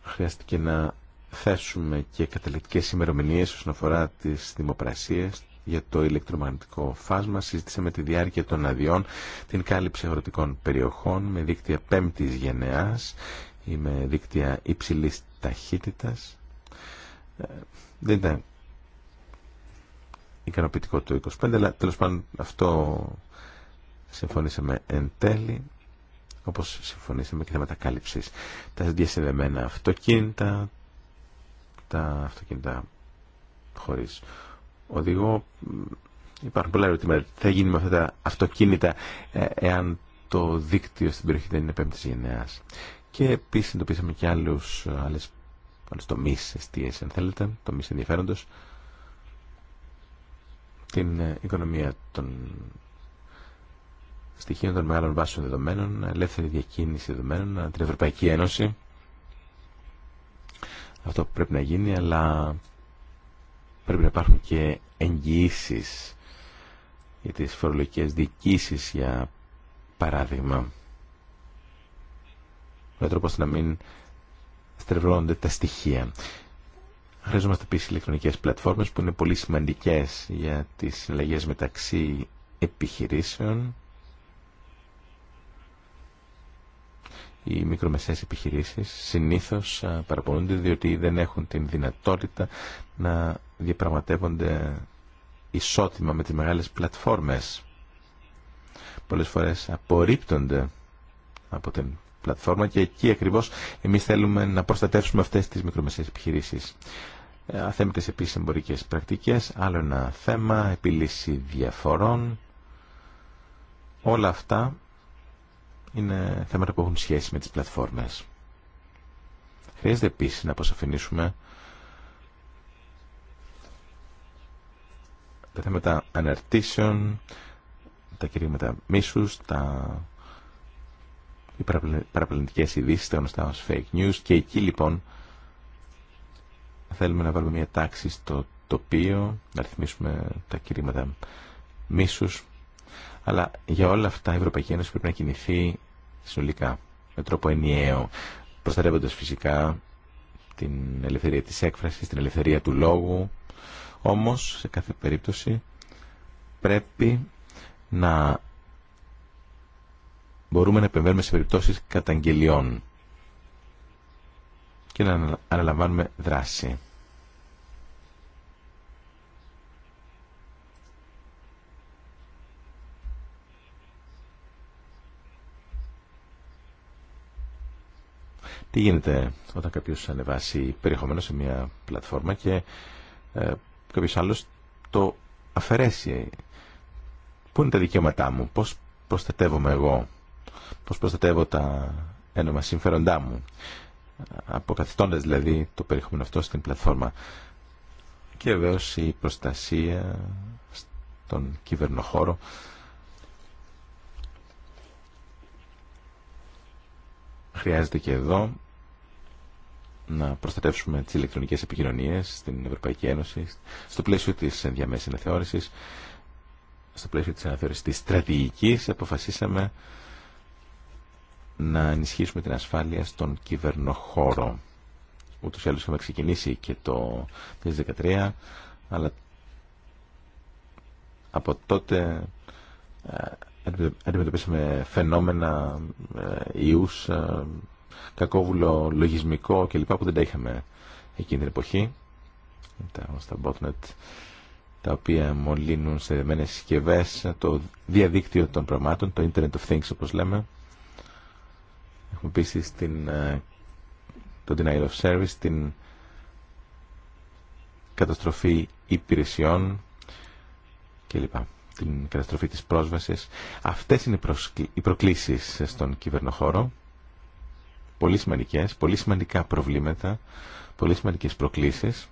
Χρειάστηκε να θέσουμε και καταληκτικές ημερομηνίες όσον αφορά τις δημοπρασίες για το ηλεκτρομαγνητικό φάσμα. Συζήτησαμε τη διάρκεια των αδειών, την κάλυψη αγροτικών περιοχών με δίκτυα πέμπτης γενεάς ή με δίκτυα υψηλής ταχύτητας. Ε, δεν ήταν ικανοποιητικό το 25, αλλά τέλος πάντων αυτό συμφωνήσαμε εν τέλει, όπως συμφωνήσαμε και θέματα κάλυψης. Τα διασυνδεμένα αυτοκίνητα, τα αυτοκίνητα χωρίς οδηγό, υπάρχουν πολλά ερωτήματα. Τι θα γίνει με αυτά τα αυτοκίνητα ε, εάν το δίκτυο στην περιοχή δεν είναι πέμπτης γενεάς και επίση συνειδητοποίησαμε και άλλους, τομεί αιστείε, αν θέλετε, τομείς ενδιαφέροντος, την ε, οικονομία των στοιχείων των μεγάλων βάσεων δεδομένων, ελεύθερη διακίνηση δεδομένων, ε, την Ευρωπαϊκή Ένωση. Αυτό που πρέπει να γίνει, αλλά πρέπει να υπάρχουν και εγγυήσει για τις φορολογικές διοικήσεις, για παράδειγμα με τρόπο ώστε να μην στρεβλώνονται τα στοιχεία. Χρειαζόμαστε επίση ηλεκτρονικέ πλατφόρμες που είναι πολύ σημαντικέ για τι συναλλαγέ μεταξύ επιχειρήσεων. Οι μικρομεσαίες επιχειρήσεις συνήθως παραπονούνται διότι δεν έχουν την δυνατότητα να διαπραγματεύονται ισότιμα με τις μεγάλες πλατφόρμες. Πολλές φορές απορρίπτονται από την πλατφόρμα και εκεί ακριβώς εμείς θέλουμε να προστατεύσουμε αυτές τις μικρομεσαίες επιχειρήσεις. Ε, αθέμητες επίσης εμπορικές πρακτικές, άλλο ένα θέμα, επιλύση διαφορών. Όλα αυτά είναι θέματα που έχουν σχέση με τις πλατφόρμες. Χρειάζεται επίσης να αποσαφηνίσουμε τα θέματα αναρτήσεων, τα κηρύγματα μίσους, τα οι παραπλανητικές ειδήσει, τα γνωστά fake news και εκεί λοιπόν θέλουμε να βάλουμε μια τάξη στο τοπίο, να ρυθμίσουμε τα κηρύματα μίσους αλλά για όλα αυτά η Ευρωπαϊκή Ένωση πρέπει να κινηθεί συνολικά με τρόπο ενιαίο προστατεύοντας φυσικά την ελευθερία της έκφρασης, την ελευθερία του λόγου όμως σε κάθε περίπτωση πρέπει να μπορούμε να επεμβαίνουμε σε περιπτώσεις καταγγελιών και να αναλαμβάνουμε δράση. Τι γίνεται όταν κάποιος ανεβάσει περιεχομένο σε μια πλατφόρμα και ε, κάποιος άλλος το αφαιρέσει. Πού είναι τα δικαιώματά μου, πώς προστατεύομαι εγώ πώς προστατεύω τα ένομα συμφέροντά μου, αποκαθιστώντας δηλαδή το περιεχόμενο αυτό στην πλατφόρμα. Και βεβαίω η προστασία στον κυβερνοχώρο χρειάζεται και εδώ να προστατεύσουμε τις ηλεκτρονικές επικοινωνίες στην Ευρωπαϊκή Ένωση στο πλαίσιο της ενδιαμέσης αναθεώρησης στο πλαίσιο της αναθεώρησης της στρατηγικής αποφασίσαμε να ενισχύσουμε την ασφάλεια στον κυβερνοχώρο. Ούτω ή άλλω είχαμε ξεκινήσει και το 2013, αλλά από τότε ε, αντιμετωπίσαμε φαινόμενα, ε, ιούς, ε, κακόβουλο, λογισμικό κλπ. που δεν τα είχαμε εκείνη την εποχή. Τα στα botnet, τα οποία μολύνουν σε δεμένες συσκευέ το διαδίκτυο των πραγμάτων, το Internet of Things όπως λέμε. Έχουμε επίση ε, το denial of service, την καταστροφή υπηρεσιών κλπ. Την καταστροφή της πρόσβασης. Αυτές είναι οι προκλήσεις στον κυβερνοχώρο. Πολύ σημαντικές, πολύ σημαντικά προβλήματα, πολύ σημαντικές προκλήσεις.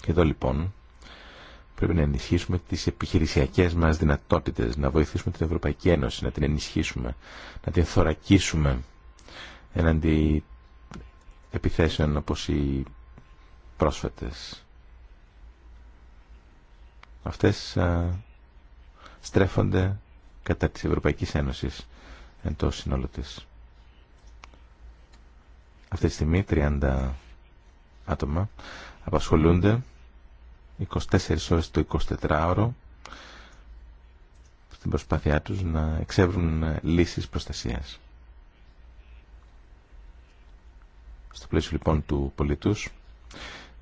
Και εδώ λοιπόν Πρέπει να ενισχύσουμε τις επιχειρησιακές μας δυνατότητες, να βοηθήσουμε την Ευρωπαϊκή Ένωση, να την ενισχύσουμε, να την θωρακίσουμε εναντί επιθέσεων όπως οι πρόσφατες. Αυτές στρέφονται κατά της Ευρωπαϊκής Ένωσης εν το σύνολο της. Αυτή τη στιγμή 30 άτομα απασχολούνται 24 ώρες το 24ωρο στην προσπάθειά τους να εξεύρουν ε, λύσεις προστασίας. Στο πλαίσιο λοιπόν του πολίτους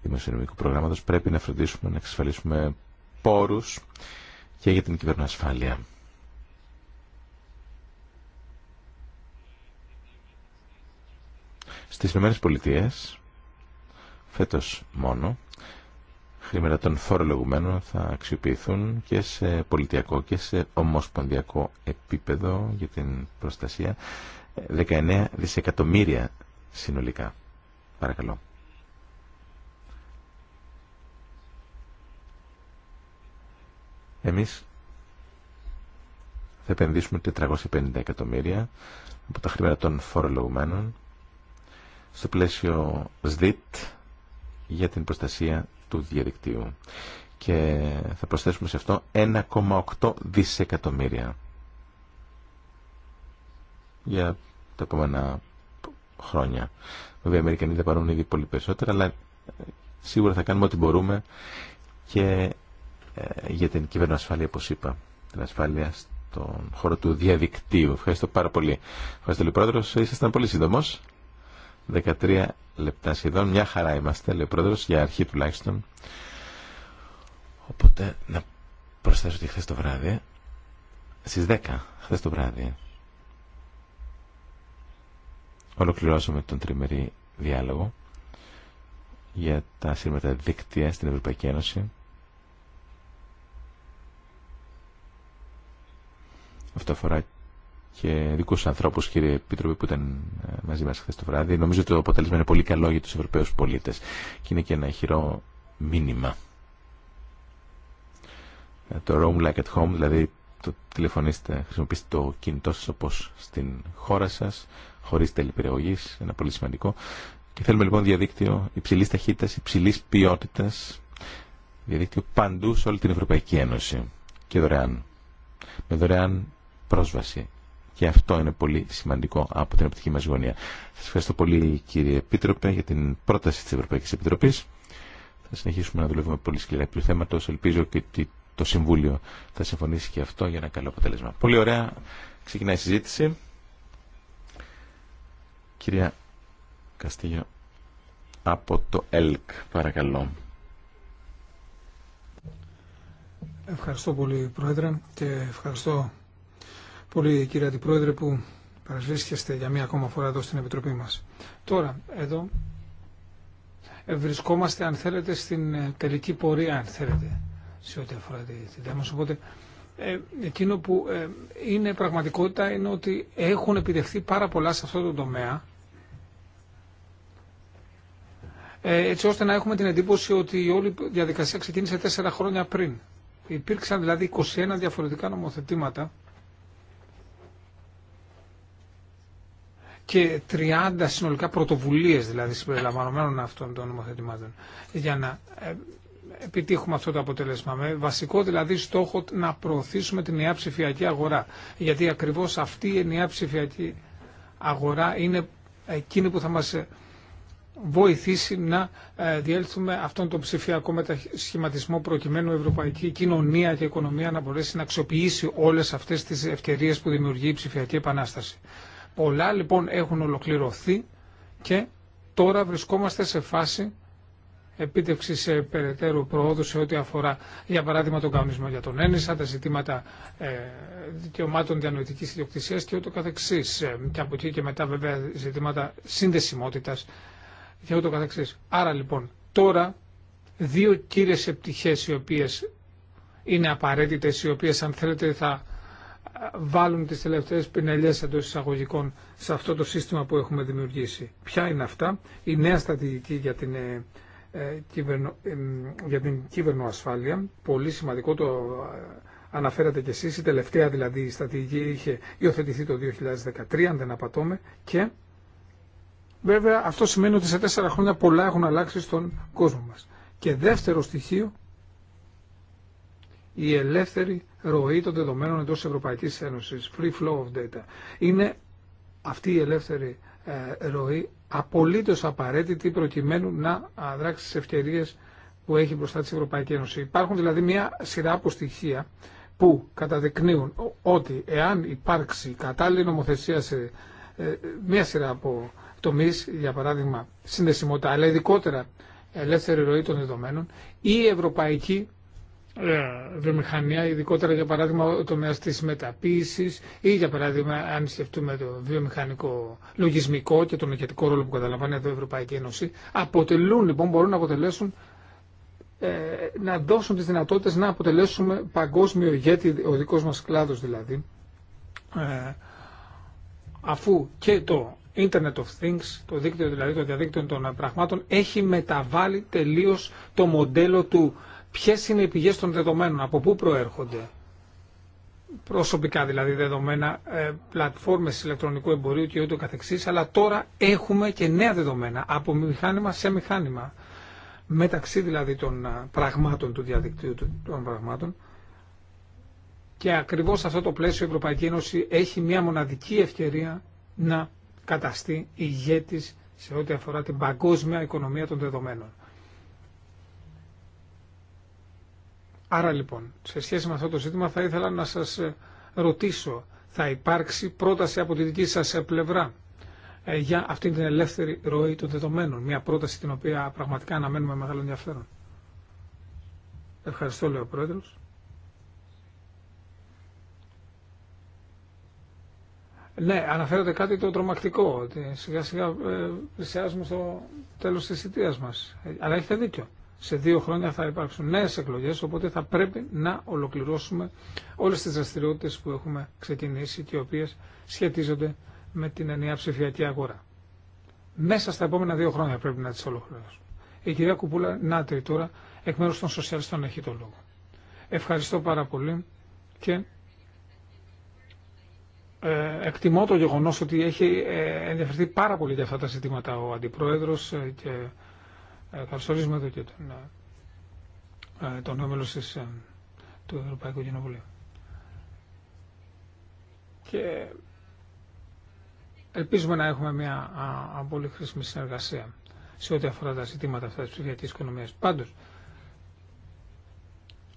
δημοσιονομικού προγράμματος πρέπει να φροντίσουμε να εξασφαλίσουμε πόρους και για την κυβερνοασφάλεια. Στις Ηνωμένες Πολιτείες φέτος μόνο χρήματα των φορολογουμένων θα αξιοποιηθούν και σε πολιτιακό και σε ομοσπονδιακό επίπεδο για την προστασία 19 δισεκατομμύρια συνολικά. Παρακαλώ. Εμείς θα επενδύσουμε 450 εκατομμύρια από τα χρήματα των φορολογουμένων στο πλαίσιο ΣΔΙΤ για την προστασία του διαδικτύου. Και θα προσθέσουμε σε αυτό 1,8 δισεκατομμύρια για τα επόμενα χρόνια. Βέβαια οι Αμερικανοί δεν πάρουν ήδη πολύ περισσότερα, αλλά ε, σίγουρα θα κάνουμε ό,τι μπορούμε και ε, για την κυβερνοασφάλεια, όπω είπα, την ασφάλεια στον χώρο του διαδικτύου. Ευχαριστώ πάρα πολύ. Ευχαριστώ, Λεπρόεδρο. Ήσασταν πολύ σύντομο. 13 λεπτά σχεδόν. Μια χαρά είμαστε, λέει ο πρόεδρος, για αρχή τουλάχιστον. Οπότε να προσθέσω ότι χθε το βράδυ, στις 10 χθε το βράδυ, ολοκληρώσαμε τον τριμερή διάλογο για τα σύρματα δίκτυα στην Ευρωπαϊκή Ένωση. Αυτό αφορά και δικού του ανθρώπου, κύριε Επίτροπε, που ήταν ε, μαζί μα χθε το βράδυ. Νομίζω ότι το αποτέλεσμα είναι πολύ καλό για του Ευρωπαίου πολίτε και είναι και ένα χειρό μήνυμα. Ε, το Rome like at home, δηλαδή το τηλεφωνήστε, χρησιμοποιήστε το κινητό σα όπω στην χώρα σα, χωρί τέλη ένα πολύ σημαντικό. Και θέλουμε λοιπόν διαδίκτυο υψηλή ταχύτητα, υψηλή ποιότητα, διαδίκτυο παντού σε όλη την Ευρωπαϊκή Ένωση και δωρεάν. Με δωρεάν πρόσβαση και αυτό είναι πολύ σημαντικό από την οπτική μας γωνία. Σας ευχαριστώ πολύ κύριε Επίτροπε για την πρόταση της Ευρωπαϊκής Επιτροπής. Θα συνεχίσουμε να δουλεύουμε πολύ σκληρά επί του θέματος. Ελπίζω και ότι το Συμβούλιο θα συμφωνήσει και αυτό για ένα καλό αποτέλεσμα. Πολύ ωραία. Ξεκινάει η συζήτηση. Κυρία Καστίγιο, από το ΕΛΚ, παρακαλώ. Ευχαριστώ πολύ, Πρόεδρε, και ευχαριστώ πολύ κύριε Αντιπρόεδρε που παρασβήσχεστε για μία ακόμα φορά εδώ στην Επιτροπή μας. Τώρα, εδώ ε, βρισκόμαστε αν θέλετε στην ε, τελική πορεία αν θέλετε σε ό,τι αφορά τη θητεία μας. Οπότε ε, εκείνο που ε, είναι πραγματικότητα είναι ότι έχουν επιτευχθεί πάρα πολλά σε αυτό το τομέα ε, έτσι ώστε να έχουμε την εντύπωση ότι η όλη διαδικασία ξεκίνησε τέσσερα χρόνια πριν. Υπήρξαν δηλαδή 21 διαφορετικά νομοθετήματα και 30 συνολικά πρωτοβουλίε, δηλαδή συμπεριλαμβανομένων αυτών των νομοθετημάτων για να ε, επιτύχουμε αυτό το αποτέλεσμα. Με βασικό δηλαδή στόχο να προωθήσουμε την νέα ψηφιακή αγορά. Γιατί ακριβώ αυτή η νέα ψηφιακή αγορά είναι εκείνη που θα μα ε, βοηθήσει να ε, διέλθουμε αυτόν τον ψηφιακό μετασχηματισμό προκειμένου η ευρωπαϊκή κοινωνία και η οικονομία να μπορέσει να αξιοποιήσει όλες αυτές τις ευκαιρίες που δημιουργεί η ψηφιακή επανάσταση. Πολλά λοιπόν έχουν ολοκληρωθεί και τώρα βρισκόμαστε σε φάση επίτευξη περαιτέρω προόδου σε ό,τι αφορά, για παράδειγμα, τον κανονισμό για τον ένισα, τα ζητήματα ε, δικαιωμάτων διανοητική ιδιοκτησία και ούτω καθεξή. Ε, και από εκεί και μετά, βέβαια, ζητήματα συνδεσιμότητα και ούτω καθεξή. Άρα λοιπόν, τώρα δύο κύριε επιτυχέ οι οποίε είναι απαραίτητε, οι οποίε αν θέλετε θα βάλουν τις τελευταίες πινελιές εντό εισαγωγικών σε αυτό το σύστημα που έχουμε δημιουργήσει. Ποια είναι αυτά, η νέα στρατηγική για την, ε, ε κυβερνο, ε, για την κυβερνοασφάλεια, πολύ σημαντικό το ε, αναφέρατε κι εσείς, η τελευταία δηλαδή η στρατηγική είχε υιοθετηθεί το 2013, αν δεν απατώμε, και βέβαια αυτό σημαίνει ότι σε τέσσερα χρόνια πολλά έχουν αλλάξει στον κόσμο μας. Και δεύτερο στοιχείο η ελεύθερη ροή των δεδομένων εντός της Ευρωπαϊκής Ένωσης, free flow of data. Είναι αυτή η ελεύθερη ε, ροή απολύτως απαραίτητη προκειμένου να δράξει τις ευκαιρίες που έχει μπροστά της Ευρωπαϊκή Ένωση. Υπάρχουν δηλαδή μια σειρά από στοιχεία που καταδεικνύουν ότι εάν υπάρξει κατάλληλη νομοθεσία σε ε, μια σειρά από τομείς, για παράδειγμα συνδεσιμότητα, αλλά ειδικότερα ελεύθερη ροή των δεδομένων, η ευρωπαϊκή ε, βιομηχανία, ειδικότερα για παράδειγμα ο τομέας τη μεταποίηση ή για παράδειγμα αν σκεφτούμε το βιομηχανικό λογισμικό και τον ηγετικό ρόλο που καταλαμβάνει εδώ η Ευρωπαϊκή Ένωση, αποτελούν λοιπόν, μπορούν να αποτελέσουν ε, να δώσουν τι δυνατότητε να αποτελέσουμε παγκόσμιο ηγέτη, ο δικό μα κλάδο δηλαδή, ε, αφού και το Internet of Things, το δίκτυο δηλαδή το διαδίκτυο των πραγμάτων, έχει μεταβάλει τελείως το μοντέλο του ποιες είναι οι πηγές των δεδομένων, από πού προέρχονται. Προσωπικά δηλαδή δεδομένα, ε, πλατφόρμες ηλεκτρονικού εμπορίου και ούτω καθεξής, αλλά τώρα έχουμε και νέα δεδομένα, από μηχάνημα σε μηχάνημα, μεταξύ δηλαδή των ε, πραγμάτων του διαδικτύου των πραγμάτων. Και ακριβώς σε αυτό το πλαίσιο η Ευρωπαϊκή Ένωση έχει μια μοναδική ευκαιρία να καταστεί ηγέτης σε ό,τι αφορά την παγκόσμια οικονομία των δεδομένων. Άρα λοιπόν, σε σχέση με αυτό το ζήτημα θα ήθελα να σας ε, ρωτήσω, θα υπάρξει πρόταση από τη δική σας ε, πλευρά ε, για αυτήν την ελεύθερη ροή των δεδομένων. Μια πρόταση την οποία πραγματικά αναμένουμε μεγάλο ενδιαφέρον. Ευχαριστώ, λέει ο Πρόεδρος. Ναι, αναφέρεται κάτι το τρομακτικό, ότι σιγά σιγά πλησιάζουμε στο τέλος της θητείας μας. Αλλά έχετε δίκιο σε δύο χρόνια θα υπάρξουν νέε εκλογέ, οπότε θα πρέπει να ολοκληρώσουμε όλε τι δραστηριότητε που έχουμε ξεκινήσει και οι οποίε σχετίζονται με την ενιαία ψηφιακή αγορά. Μέσα στα επόμενα δύο χρόνια πρέπει να τι ολοκληρώσουμε. Η κυρία Κουπούλα Νάτρη τώρα, εκ μέρου των Σοσιαλιστών, έχει το λόγο. Ευχαριστώ πάρα πολύ και ε, εκτιμώ το γεγονό ότι έχει ε, ενδιαφερθεί πάρα πολύ για αυτά τα ζητήματα ο Αντιπρόεδρο ε, και ε, καλωσορίζουμε εδώ και τον, ε, ε, τον όμιλο του Ευρωπαϊκού Κοινοβουλίου. Και ελπίζουμε να έχουμε μια πολύ χρήσιμη συνεργασία σε ό,τι αφορά τα ζητήματα αυτά της ψηφιακής οικονομίας. Πάντως,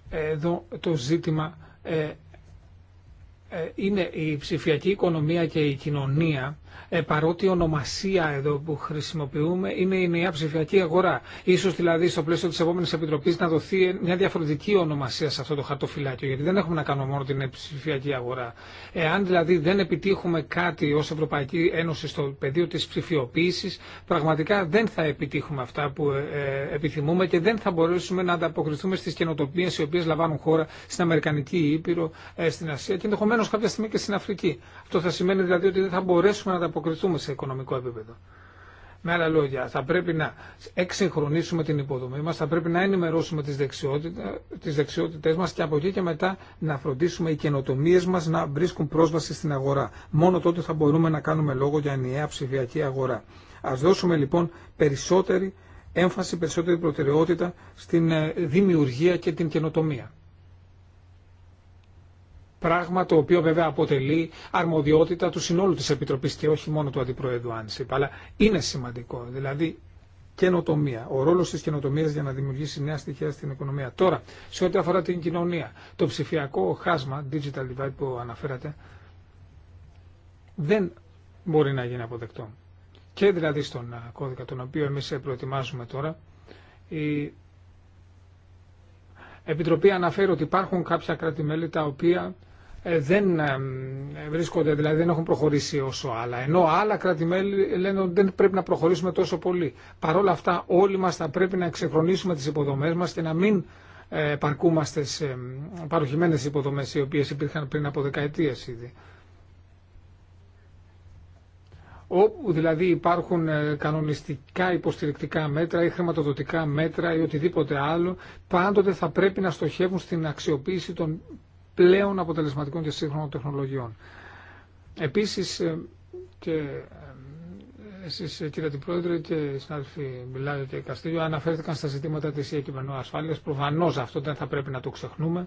εδώ το ζήτημα είναι η ψηφιακή οικονομία και η κοινωνία ε, παρότι η ονομασία εδώ που χρησιμοποιούμε είναι η νέα ψηφιακή αγορά. Ίσως δηλαδή στο πλαίσιο της επόμενης επιτροπής να δοθεί μια διαφορετική ονομασία σε αυτό το χαρτοφυλάκιο, γιατί δεν έχουμε να κάνουμε μόνο την ψηφιακή αγορά. Εάν δηλαδή δεν επιτύχουμε κάτι ως Ευρωπαϊκή Ένωση στο πεδίο της ψηφιοποίησης, πραγματικά δεν θα επιτύχουμε αυτά που ε, ε, επιθυμούμε και δεν θα μπορέσουμε να ανταποκριθούμε στις καινοτοπίες οι οποίες λαμβάνουν χώρα στην Αμερικανική Ήπειρο, ε, στην Ασία και ενδεχομένω κάποια στιγμή και στην Αφρική. Αυτό θα σημαίνει δηλαδή ότι δεν θα μπορέσουμε ανταποκριθούμε σε οικονομικό επίπεδο. Με άλλα λόγια, θα πρέπει να εξυγχρονίσουμε την υποδομή μας, θα πρέπει να ενημερώσουμε τις, δεξιότητέ τις δεξιότητες μας και από εκεί και μετά να φροντίσουμε οι καινοτομίες μας να βρίσκουν πρόσβαση στην αγορά. Μόνο τότε θα μπορούμε να κάνουμε λόγο για ενιαία ψηφιακή αγορά. Ας δώσουμε λοιπόν περισσότερη έμφαση, περισσότερη προτεραιότητα στην ε, δημιουργία και την καινοτομία. Πράγμα το οποίο βέβαια αποτελεί αρμοδιότητα του συνόλου της Επιτροπής και όχι μόνο του Αντιπροέδρου Άνσιπ, αλλά είναι σημαντικό. Δηλαδή καινοτομία. Ο ρόλος της καινοτομία για να δημιουργήσει νέα στοιχεία στην οικονομία. Τώρα, σε ό,τι αφορά την κοινωνία, το ψηφιακό χάσμα, digital divide που αναφέρατε, δεν μπορεί να γίνει αποδεκτό. Και δηλαδή στον κώδικα τον οποίο εμείς προετοιμάζουμε τώρα, η Επιτροπή αναφέρει ότι υπάρχουν κάποια κράτη-μέλη τα οποία ε, δεν ε, βρίσκονται, δηλαδή δεν έχουν προχωρήσει όσο άλλα. Ενώ άλλα κράτη-μέλη λένε ότι δεν πρέπει να προχωρήσουμε τόσο πολύ. Παρ' όλα αυτά όλοι μα θα πρέπει να εξεχρονίσουμε τι υποδομέ μα και να μην ε, παρκούμαστε σε παροχημένε υποδομές οι οποίε υπήρχαν πριν από δεκαετίες ήδη. Όπου δηλαδή υπάρχουν κανονιστικά υποστηρικτικά μέτρα ή χρηματοδοτικά μέτρα ή οτιδήποτε άλλο, πάντοτε θα πρέπει να στοχεύουν στην αξιοποίηση των πλέον αποτελεσματικών και σύγχρονων τεχνολογιών. Επίσης ε, και ε, εσείς ε, κύριε την Πρόεδρε και οι συνάδελφοι Μιλάγιο και Καστήλιο αναφέρθηκαν στα ζητήματα της κυβερνού ασφάλειας. Προφανώς αυτό δεν θα πρέπει να το ξεχνούμε.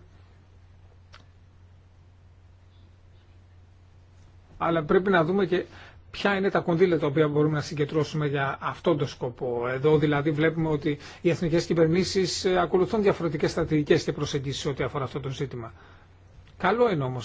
Αλλά πρέπει να δούμε και ποια είναι τα κονδύλια τα οποία μπορούμε να συγκεντρώσουμε για αυτόν τον σκοπό. Εδώ δηλαδή βλέπουμε ότι οι εθνικές κυβερνήσεις ακολουθούν διαφορετικές στρατηγικές και προσεγγίσεις ό,τι αφορά αυτό το ζήτημα. Καλό είναι όμω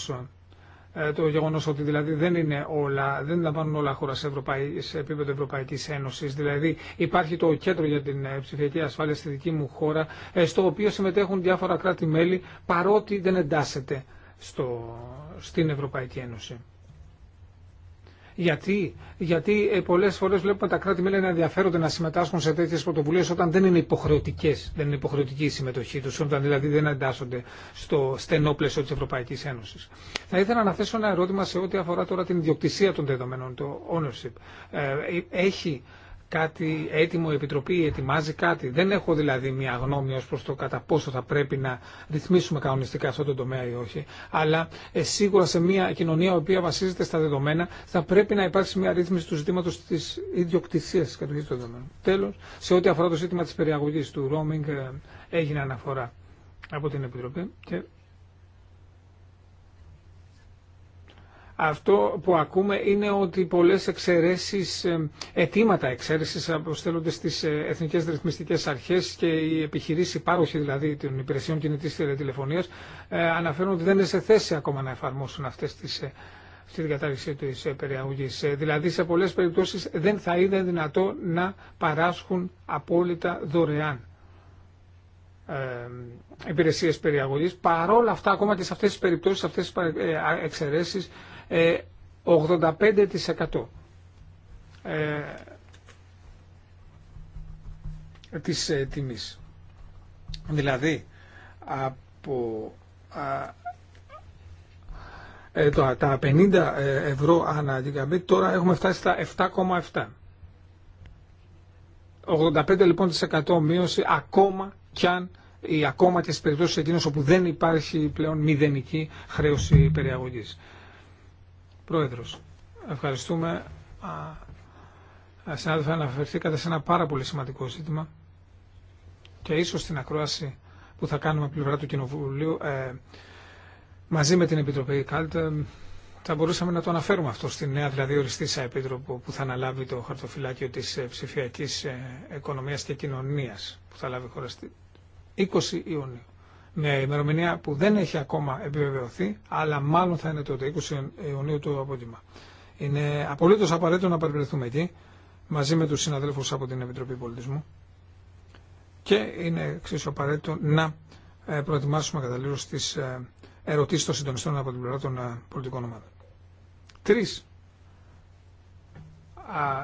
ε, το γεγονό ότι δηλαδή δεν είναι όλα, δεν λαμβάνουν όλα χώρα σε, σε επίπεδο Ευρωπαϊκής Ένωσης. Δηλαδή υπάρχει το κέντρο για την ε, ψηφιακή ασφάλεια στη δική μου χώρα, ε, στο οποίο συμμετέχουν διάφορα κράτη-μέλη, παρότι δεν εντάσσεται στο... στην Ευρωπαϊκή Ένωση. Γιατί, γιατί ε, πολλέ φορέ βλέπουμε τα κράτη-μέλη να ενδιαφέρονται να συμμετάσχουν σε τέτοιε πρωτοβουλίε όταν δεν είναι υποχρεωτικέ, δεν είναι υποχρεωτική η συμμετοχή του, όταν δηλαδή δεν εντάσσονται στο στενό πλαίσιο τη Ευρωπαϊκή Ένωση. Θα ήθελα να θέσω ένα ερώτημα σε ό,τι αφορά τώρα την ιδιοκτησία των δεδομένων, το ownership. Ε, ε, έχει κάτι έτοιμο, η Επιτροπή ετοιμάζει κάτι. Δεν έχω δηλαδή μια γνώμη ως προς το κατά πόσο θα πρέπει να ρυθμίσουμε κανονιστικά αυτό το τομέα ή όχι. Αλλά ε, σίγουρα σε μια κοινωνία η οποία βασίζεται στα δεδομένα θα πρέπει να υπάρξει μια ρύθμιση του ζητήματος της ιδιοκτησίας της κατοχής των δεδομένων. Τέλος, σε ό,τι αφορά το ζήτημα της περιαγωγή του roaming ε, έγινε αναφορά από την Επιτροπή αυτό που ακούμε είναι ότι πολλές εξαιρέσεις, ε, αιτήματα εξαίρεσης αποστέλλονται στις ε, εθνικές ρυθμιστικές αρχές και οι επιχειρήσει πάροχοι δηλαδή των υπηρεσιών κινητής τηλεφωνίας ε, αναφέρουν ότι δεν είναι σε θέση ακόμα να εφαρμόσουν αυτές τις αυτή την κατάργηση τη περιαγωγή. Δηλαδή, σε πολλέ περιπτώσει δεν θα είναι δυνατό να παράσχουν απόλυτα δωρεάν ε, υπηρεσίε περιαγωγή. Παρόλα αυτά, ακόμα και σε αυτέ τι περιπτώσει, σε αυτέ τι εξαιρέσει, 85% ε, ε, της ε, τιμής. Δηλαδή, από τα 50 ευρώ ανά γιγαμπίτ τώρα έχουμε φτάσει στα 7,7. 85 λοιπόν της εκατό μείωση ακόμα κι αν ή ακόμα και στις περιπτώσεις εκείνες όπου δεν υπάρχει πλέον μηδενική χρέωση περιαγωγής. Πρόεδρος, ευχαριστούμε. Ε, Συνάδελφα, αναφερθήκατε σε ένα πάρα πολύ σημαντικό ζήτημα και ίσως στην ακρόαση που θα κάνουμε πλευρά του Κοινοβουλίου ε, μαζί με την Επιτροπή ΚΑΛΤ ε, θα μπορούσαμε να το αναφέρουμε αυτό στη νέα δηλαδή οριστήσα επίτροπο που θα αναλάβει το χαρτοφυλάκιο της ψηφιακής οικονομίας και κοινωνίας που θα λάβει χώρα 20 Ιουνίου. Ναι, ημερομηνία που δεν έχει ακόμα επιβεβαιωθεί, αλλά μάλλον θα είναι το 20 Ιουνίου το απόγευμα. Είναι απολύτως απαραίτητο να παρευρεθούμε εκεί, μαζί με τους συναδέλφους από την Επιτροπή Πολιτισμού. Και είναι εξίσου απαραίτητο να ε, προετοιμάσουμε λίγο τι ε, ερωτήσεις των συντονιστών από την πλευρά των ε, πολιτικών ομάδων. Τρει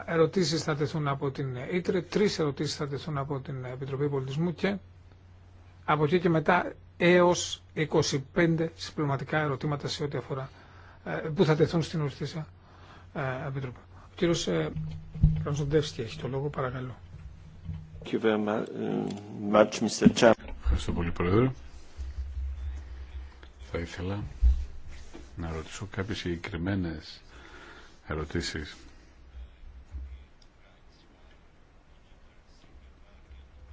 ερωτήσει θα τεθούν από την ΙΤΡΕ, τρει ερωτήσει θα τεθούν από την Επιτροπή Πολιτισμού και από εκεί και μετά έως 25 συμπληρωματικά ερωτήματα σε ό,τι αφορά ε, που θα τεθούν στην ορθήσα ε, επιτροπή. Ο κύριος Κρανσοντεύσκη ε, έχει το λόγο, παρακαλώ. Ευχαριστώ πολύ, Πρόεδρε. Θα ήθελα να ρωτήσω κάποιες συγκεκριμένε ερωτήσεις.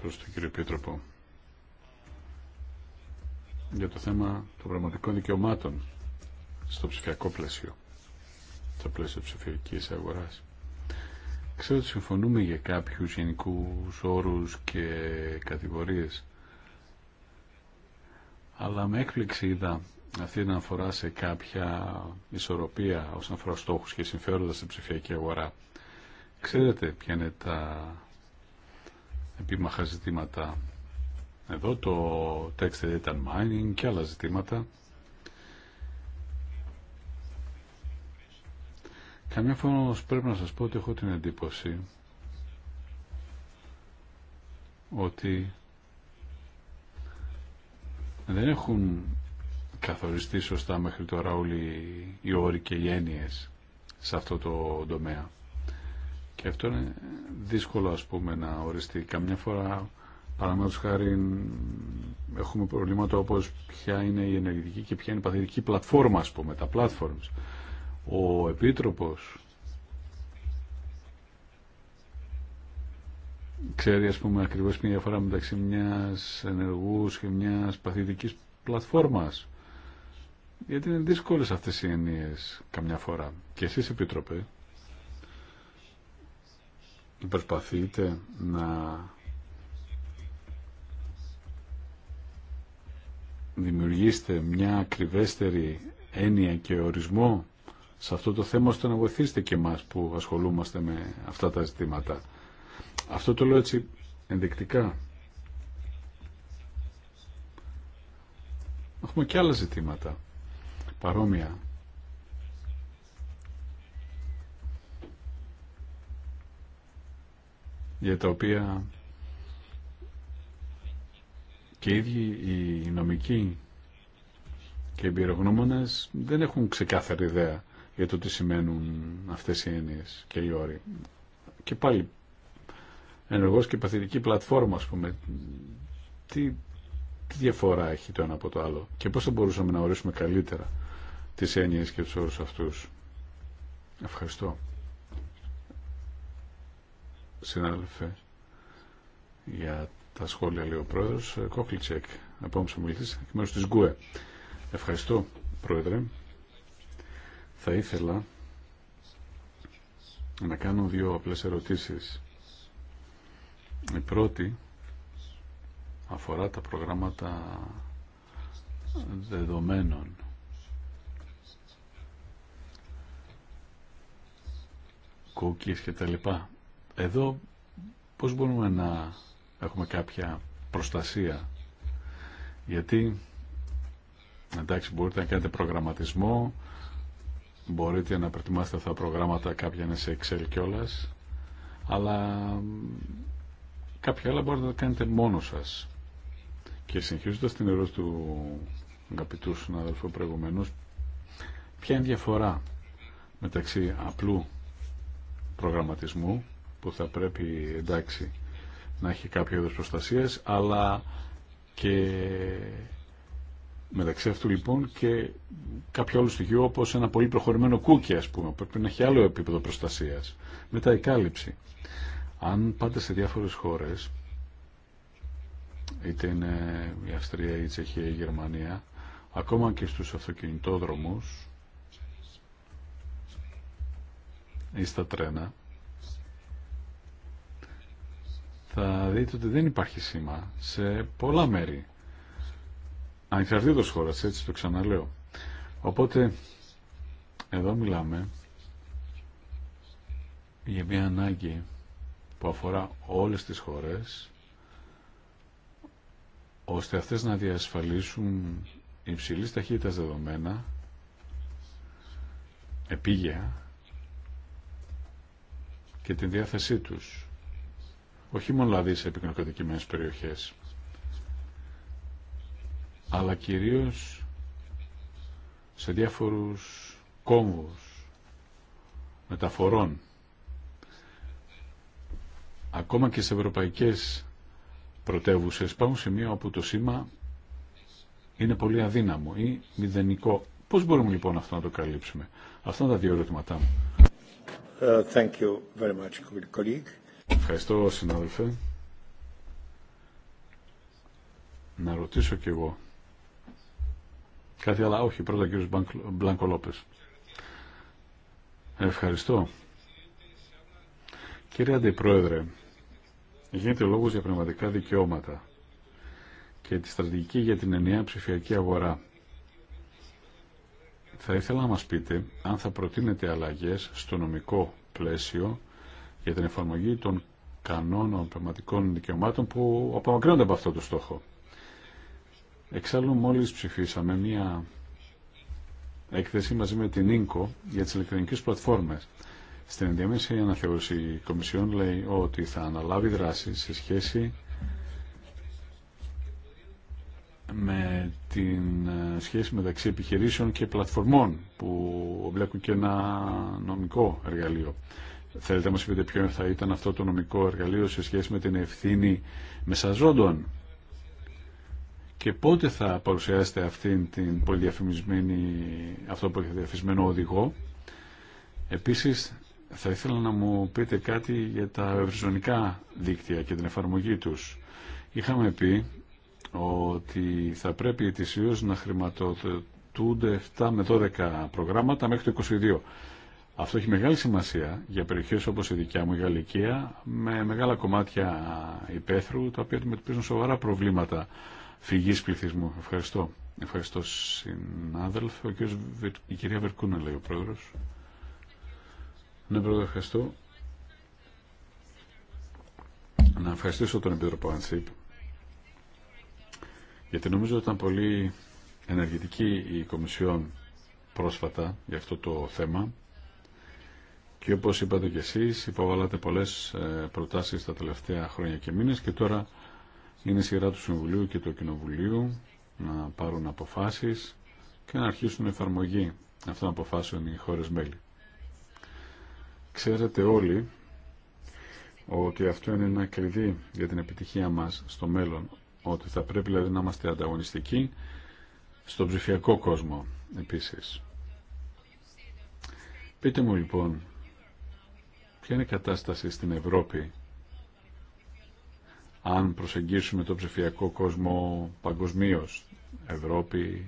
προς τον κύριο Πίτροπο για το θέμα των πραγματικών δικαιωμάτων στο ψηφιακό πλαίσιο, στο πλαίσιο ψηφιακής αγοράς. Ξέρω ότι συμφωνούμε για κάποιους γενικούς όρους και κατηγορίες, αλλά με έκπληξη είδα αυτή να αφορά σε κάποια ισορροπία όσον αφορά στόχους και συμφέροντα στην ψηφιακή αγορά. Ξέρετε ποια είναι τα επίμαχα ζητήματα εδώ το text data mining και άλλα ζητήματα. Καμιά φορά όμως πρέπει να σας πω ότι έχω την εντύπωση ότι δεν έχουν καθοριστεί σωστά μέχρι τώρα όλοι οι όροι και οι έννοιες σε αυτό το τομέα. Και αυτό είναι δύσκολο ας πούμε να οριστεί. Καμιά φορά Παραδείγματο χάρη έχουμε προβλήματα όπω ποια είναι η ενεργητική και ποια είναι η παθητική πλατφόρμα, ας πούμε, τα platforms. Ο Επίτροπος ξέρει, α πούμε, ακριβώς μια διαφορά μεταξύ μια ενεργούς και μιας παθητικής πλατφόρμας. Γιατί είναι δύσκολες αυτές οι έννοιε καμιά φορά. Και εσείς, Επίτροπε, προσπαθείτε να δημιουργήστε μια ακριβέστερη έννοια και ορισμό σε αυτό το θέμα ώστε να βοηθήσετε και εμάς που ασχολούμαστε με αυτά τα ζητήματα. Αυτό το λέω έτσι ενδεικτικά. Έχουμε και άλλα ζητήματα παρόμοια. για τα οποία και οι ίδιοι οι νομικοί και οι εμπειρογνώμονες δεν έχουν ξεκάθαρη ιδέα για το τι σημαίνουν αυτές οι έννοιες και οι όροι. Και πάλι, ενεργός και παθητική πλατφόρμα, ας πούμε, τι, διαφορά έχει το ένα από το άλλο και πώς θα μπορούσαμε να ορίσουμε καλύτερα τις έννοιες και τους όρους αυτούς. Ευχαριστώ. Συνάδελφε, για τα σχόλια, λέει ο πρόεδρο. Ε, Κόκλιτσεκ, επόμενος ομιλητής, εκ μέρους της ΓΚΟΕ. Ευχαριστώ, πρόεδρε. Θα ήθελα να κάνω δύο απλές ερωτήσεις. Η πρώτη αφορά τα προγράμματα δεδομένων. Κούκκις και τα λοιπά. Εδώ πώς μπορούμε να έχουμε κάποια προστασία. Γιατί, εντάξει, μπορείτε να κάνετε προγραμματισμό, μπορείτε να προετοιμάσετε αυτά τα προγράμματα, κάποια είναι σε Excel κιόλα, αλλά κάποια άλλα μπορείτε να τα κάνετε μόνο σας. Και συνεχίζοντα την ερώτηση του αγαπητού συναδελφού προηγουμένω, ποια είναι η διαφορά μεταξύ απλού προγραμματισμού που θα πρέπει εντάξει να έχει κάποιο είδο προστασίας, αλλά και μεταξύ αυτού λοιπόν και κάποιο άλλο στοιχείο όπως ένα πολύ προχωρημένο κούκι ας πούμε, πρέπει να έχει άλλο επίπεδο προστασίας. Μετά η κάλυψη. Αν πάτε σε διάφορες χώρες, είτε είναι η Αυστρία, η Τσεχία, η Γερμανία, ακόμα και στους αυτοκινητόδρομους ή στα τρένα, θα δείτε ότι δεν υπάρχει σήμα σε πολλά μέρη. Ανεξαρτήτως χώρας, έτσι το ξαναλέω. Οπότε, εδώ μιλάμε για μια ανάγκη που αφορά όλες τις χώρες ώστε αυτές να διασφαλίσουν υψηλής ταχύτητας δεδομένα επίγεια και την διάθεσή τους όχι μόνο δηλαδή σε επικοινωνικοδικημένες περιοχές, αλλά κυρίως σε διάφορους κόμβους μεταφορών, ακόμα και σε ευρωπαϊκές πρωτεύουσες, πάμε σε μία όπου το σήμα είναι πολύ αδύναμο ή μηδενικό. Πώς μπορούμε λοιπόν αυτό να το καλύψουμε. Αυτά είναι τα δύο ερωτηματά μου. Uh, thank you very Ευχαριστώ, συνάδελφε. Να ρωτήσω κι εγώ. Κάτι άλλο, όχι, πρώτα κύριο κύριος Μπλάνκο Λόπε. Ευχαριστώ. Κύριε Αντιπρόεδρε, γίνεται λόγο για πνευματικά δικαιώματα και τη στρατηγική για την ενιαία ψηφιακή αγορά. Θα ήθελα να μας πείτε αν θα προτείνετε αλλαγές στο νομικό πλαίσιο για την εφαρμογή των κανόνων πραγματικών δικαιωμάτων που απομακρύνονται από αυτό το στόχο. Εξάλλου μόλις ψηφίσαμε μία έκθεση μαζί με την ΙΝΚΟ για τις ηλεκτρονικές πλατφόρμες. Στην ενδιάμεση αναθεώρηση η Κομισιόν λέει ότι θα αναλάβει δράση σε σχέση με την ε, σχέση μεταξύ επιχειρήσεων και πλατφορμών που βλέπουν και ένα νομικό εργαλείο. Θέλετε να μας πείτε ποιο θα ήταν αυτό το νομικό εργαλείο σε σχέση με την ευθύνη μεσαζόντων και πότε θα παρουσιάσετε αυτήν την πολυδιαφημισμένη, αυτό το πολυδιαφημισμένο οδηγό. Επίσης, θα ήθελα να μου πείτε κάτι για τα ευρυζωνικά δίκτυα και την εφαρμογή τους. Είχαμε πει ότι θα πρέπει ετησίως να χρηματοδοτούνται 7 με 12 προγράμματα μέχρι το 22. Αυτό έχει μεγάλη σημασία για περιοχές όπως η δικιά μου η Γαλλικία με μεγάλα κομμάτια υπαίθρου τα οποία αντιμετωπίζουν σοβαρά προβλήματα φυγή πληθυσμού. Ευχαριστώ. Ευχαριστώ συνάδελφε. Ο κύριος, η κυρία Βερκούνα λέει ο πρόεδρος. Ναι πρόεδρε ευχαριστώ. Να ευχαριστήσω τον Επίτροπο Ανσίπ γιατί νομίζω ότι ήταν πολύ ενεργητική η Κομισιόν πρόσφατα για αυτό το θέμα και όπως είπατε και εσείς, υποβάλατε πολλές ε, προτάσεις τα τελευταία χρόνια και μήνες και τώρα είναι η σειρά του Συμβουλίου και του Κοινοβουλίου να πάρουν αποφάσεις και να αρχίσουν εφαρμογή αυτών των αποφάσεων οι χώρες μέλη. Ξέρετε όλοι ότι αυτό είναι ένα κλειδί για την επιτυχία μας στο μέλλον, ότι θα πρέπει δηλαδή να είμαστε ανταγωνιστικοί στον ψηφιακό κόσμο επίσης. Πείτε μου λοιπόν Ποια είναι η κατάσταση στην Ευρώπη αν προσεγγίσουμε το ψηφιακό κόσμο παγκοσμίω, Ευρώπη,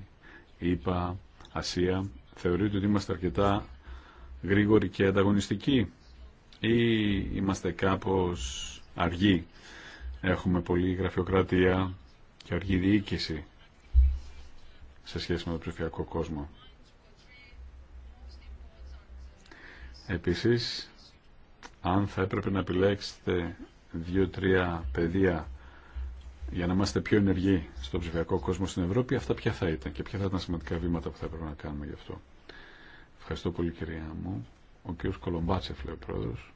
ΗΠΑ, Ασία, θεωρείτε ότι είμαστε αρκετά γρήγοροι και ανταγωνιστικοί ή είμαστε κάπως αργοί. Έχουμε πολλή γραφειοκρατία και αργή διοίκηση σε σχέση με τον ψηφιακό κόσμο. Επίσης, αν θα έπρεπε να επιλέξετε δύο-τρία πεδία για να είμαστε πιο ενεργοί στον ψηφιακό κόσμο στην Ευρώπη, αυτά ποια θα ήταν και ποια θα ήταν σημαντικά βήματα που θα έπρεπε να κάνουμε γι' αυτό. Ευχαριστώ πολύ κυρία μου. Ο κύριος Κολομπάτσεφ λέει ο πρόεδρος.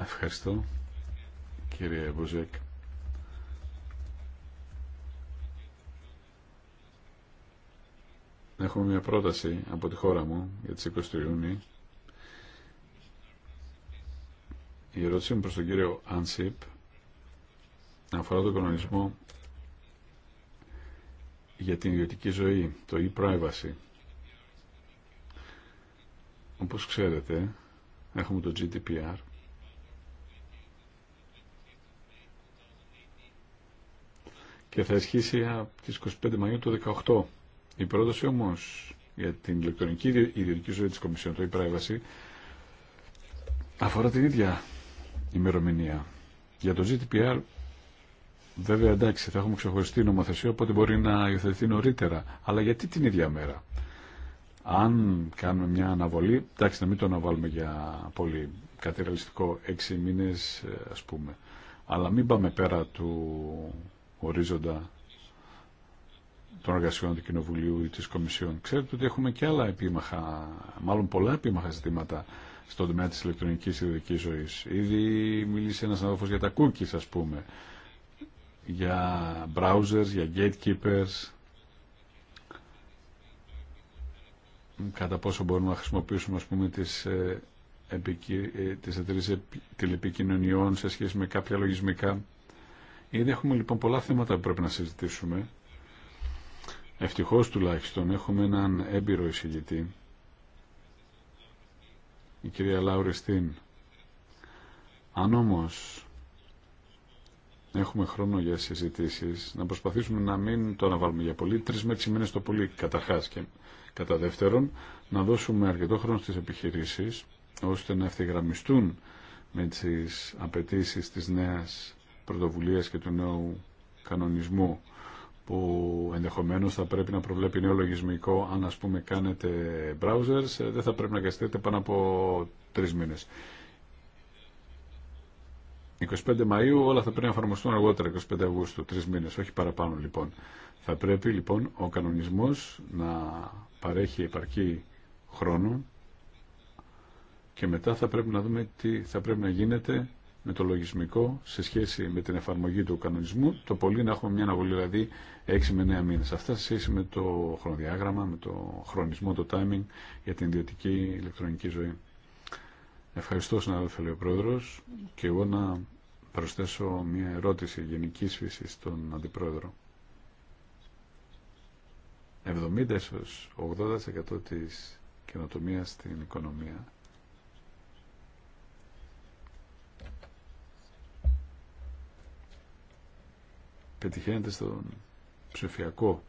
Ευχαριστώ κύριε Μπουζέκ. έχουμε μια πρόταση από τη χώρα μου για τις 20 του Ιούνιου. Η ερώτησή μου προς τον κύριο Άνσιπ αφορά τον κανονισμό για την ιδιωτική ζωή, το e-privacy. Όπως ξέρετε, έχουμε το GDPR και θα ισχύσει από τις 25 Μαΐου του 2018. Η πρόταση όμω για την ηλεκτρονική ιδιωτική ζωή τη Κομισιόν, το e-Privacy, αφορά την ίδια ημερομηνία. Για το GDPR, βέβαια εντάξει, θα έχουμε ξεχωριστή νομοθεσία, οπότε μπορεί να υιοθετηθεί νωρίτερα. Αλλά γιατί την ίδια μέρα. Αν κάνουμε μια αναβολή, εντάξει, να μην το αναβάλουμε για πολύ κατηραλιστικό. έξι μήνες ε, ας πούμε. Αλλά μην πάμε πέρα του ορίζοντα των εργασιών του Κοινοβουλίου ή τη Κομισιόν. Ξέρετε ότι έχουμε και άλλα επίμαχα, μάλλον πολλά επίμαχα ζητήματα στον τομέα τη ηλεκτρονική ιδιωτικής ζωή. Ήδη μίλησε ένα αδόφο για τα cookies, ας πούμε, για browsers, για gatekeepers, κατά πόσο μπορούμε να χρησιμοποιήσουμε, ας πούμε, τις ε, ε, της εταιρείε τηλεπικοινωνιών σε σχέση με κάποια λογισμικά. Ήδη έχουμε λοιπόν πολλά θέματα που πρέπει να συζητήσουμε Ευτυχώς τουλάχιστον έχουμε έναν έμπειρο εισηγητή, η κυρία Λαουριστίν. Αν όμως έχουμε χρόνο για συζητήσεις, να προσπαθήσουμε να μην το αναβάλουμε για πολύ, τρεις με έξι μήνες το πολύ καταρχάς και κατά δεύτερον, να δώσουμε αρκετό χρόνο στις επιχειρήσεις, ώστε να ευθυγραμμιστούν με τις απαιτήσεις της νέας πρωτοβουλίας και του νέου κανονισμού που ενδεχομένως θα πρέπει να προβλέπει νέο λογισμικό αν ας πούμε κάνετε browsers ε, δεν θα πρέπει να καθίσετε πάνω από τρει μήνες. 25 Μαΐου όλα θα πρέπει να εφαρμοστούν αργότερα, 25 Αυγούστου, τρει μήνες, όχι παραπάνω λοιπόν. Θα πρέπει λοιπόν ο κανονισμός να παρέχει επαρκή χρόνο και μετά θα πρέπει να δούμε τι θα πρέπει να γίνεται με το λογισμικό σε σχέση με την εφαρμογή του κανονισμού, το πολύ να έχουμε μια αναβολή δηλαδή 6 με 9 μήνες. Αυτά σε σχέση με το χρονοδιάγραμμα, με το χρονισμό, το timing για την ιδιωτική ηλεκτρονική ζωή. Ευχαριστώ συνάδελφε ο και εγώ να προσθέσω μια ερώτηση γενική φύση στον Αντιπρόεδρο. 70 80% της καινοτομίας στην οικονομία πετυχαίνεται στον ψηφιακό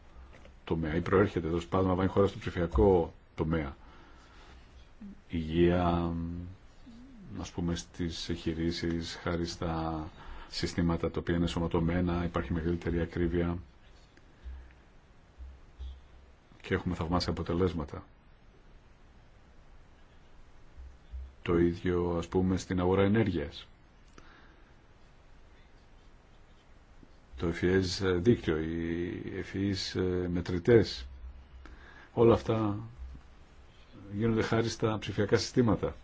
τομέα ή προέρχεται εδώ πάντων να βάλει χώρα στο ψηφιακό τομέα. Υγεία, ας πούμε στις εχειρήσει χάρη στα συστήματα τα οποία είναι σωματωμένα, υπάρχει μεγαλύτερη ακρίβεια και έχουμε θαυμάσια αποτελέσματα. Το ίδιο ας πούμε στην αγορά ενέργειας. το ευφυές ε, δίκτυο, οι ευφυείς ε, μετρητές. Όλα αυτά γίνονται χάρη στα ψηφιακά συστήματα.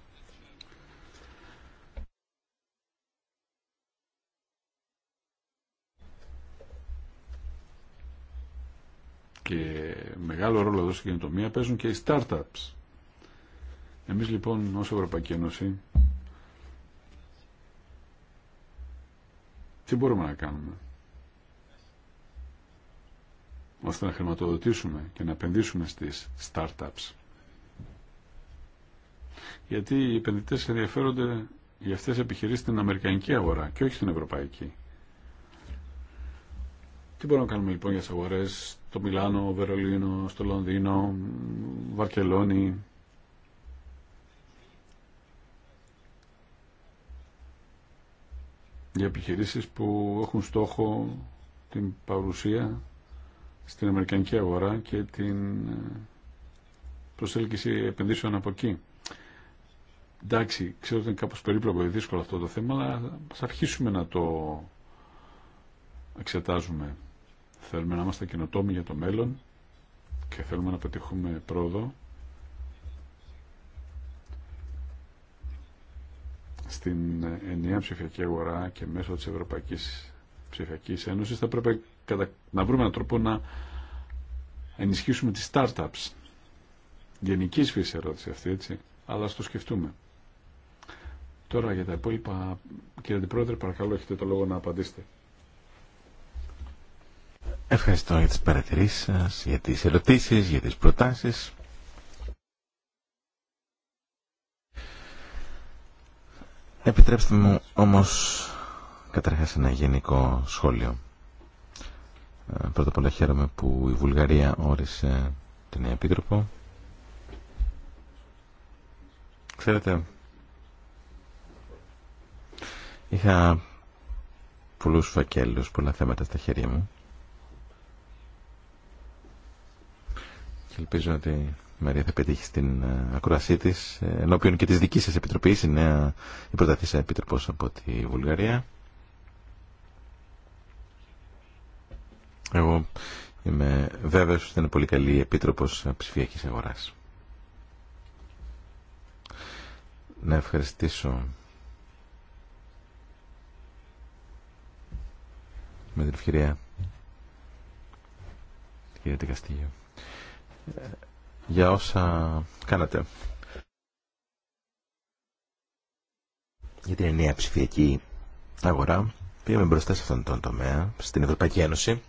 Και μεγάλο ρόλο εδώ στην καινοτομία παίζουν και οι startups. Εμείς λοιπόν ως Ευρωπαϊκή Ένωση τι μπορούμε να κάνουμε ώστε να χρηματοδοτήσουμε και να επενδύσουμε στις startups. Γιατί οι επενδυτές ενδιαφέρονται για αυτές τις επιχειρήσεις στην Αμερικανική αγορά και όχι στην Ευρωπαϊκή. Τι μπορούμε να κάνουμε λοιπόν για τις αγορές στο Μιλάνο, Βερολίνο, στο Λονδίνο, Βαρκελόνη. Για επιχειρήσεις που έχουν στόχο την παρουσία στην Αμερικανική αγορά και την ε, προσέλκυση επενδύσεων από εκεί. Εντάξει, ξέρω ότι είναι κάπως περίπλοκο ή δύσκολο αυτό το θέμα, αλλά θα αρχίσουμε να το εξετάζουμε. Θέλουμε να είμαστε καινοτόμοι για το μέλλον και θέλουμε να πετύχουμε πρόοδο στην ενιαία ψηφιακή αγορά και μέσω της Ευρωπαϊκής Ψηφιακής Ένωσης θα πρέπει να βρούμε έναν τρόπο να ενισχύσουμε τις startups. Γενική φύση ερώτηση αυτή, έτσι, αλλά στο σκεφτούμε. Τώρα για τα υπόλοιπα, κύριε Αντιπρόεδρε, παρακαλώ έχετε το λόγο να απαντήσετε. Ευχαριστώ για τις παρατηρήσεις σας, για τις ερωτήσεις, για τις προτάσεις. Επιτρέψτε μου όμως καταρχάς ένα γενικό σχόλιο. Πρώτα απ' όλα χαίρομαι που η Βουλγαρία όρισε την νέα επίτροπο. Ξέρετε, είχα πολλούς φακέλους, πολλά θέματα στα χέρια μου. Και ελπίζω ότι η Μαρία θα πετύχει στην ε, ακροασή τη ε, ενώπιον και της δικής σας επιτροπής, η νέα η πρωταθήσα επίτροπος από τη Βουλγαρία. Εγώ είμαι βέβαιος ότι είναι πολύ καλή η Επίτροπος Ψηφιακής Αγοράς. Να ευχαριστήσω με την ευκαιρία κυρία Τικαστήγιο για όσα κάνατε για την ενιαία ψηφιακή αγορά πήγαμε μπροστά σε αυτόν τον τομέα στην Ευρωπαϊκή Ένωση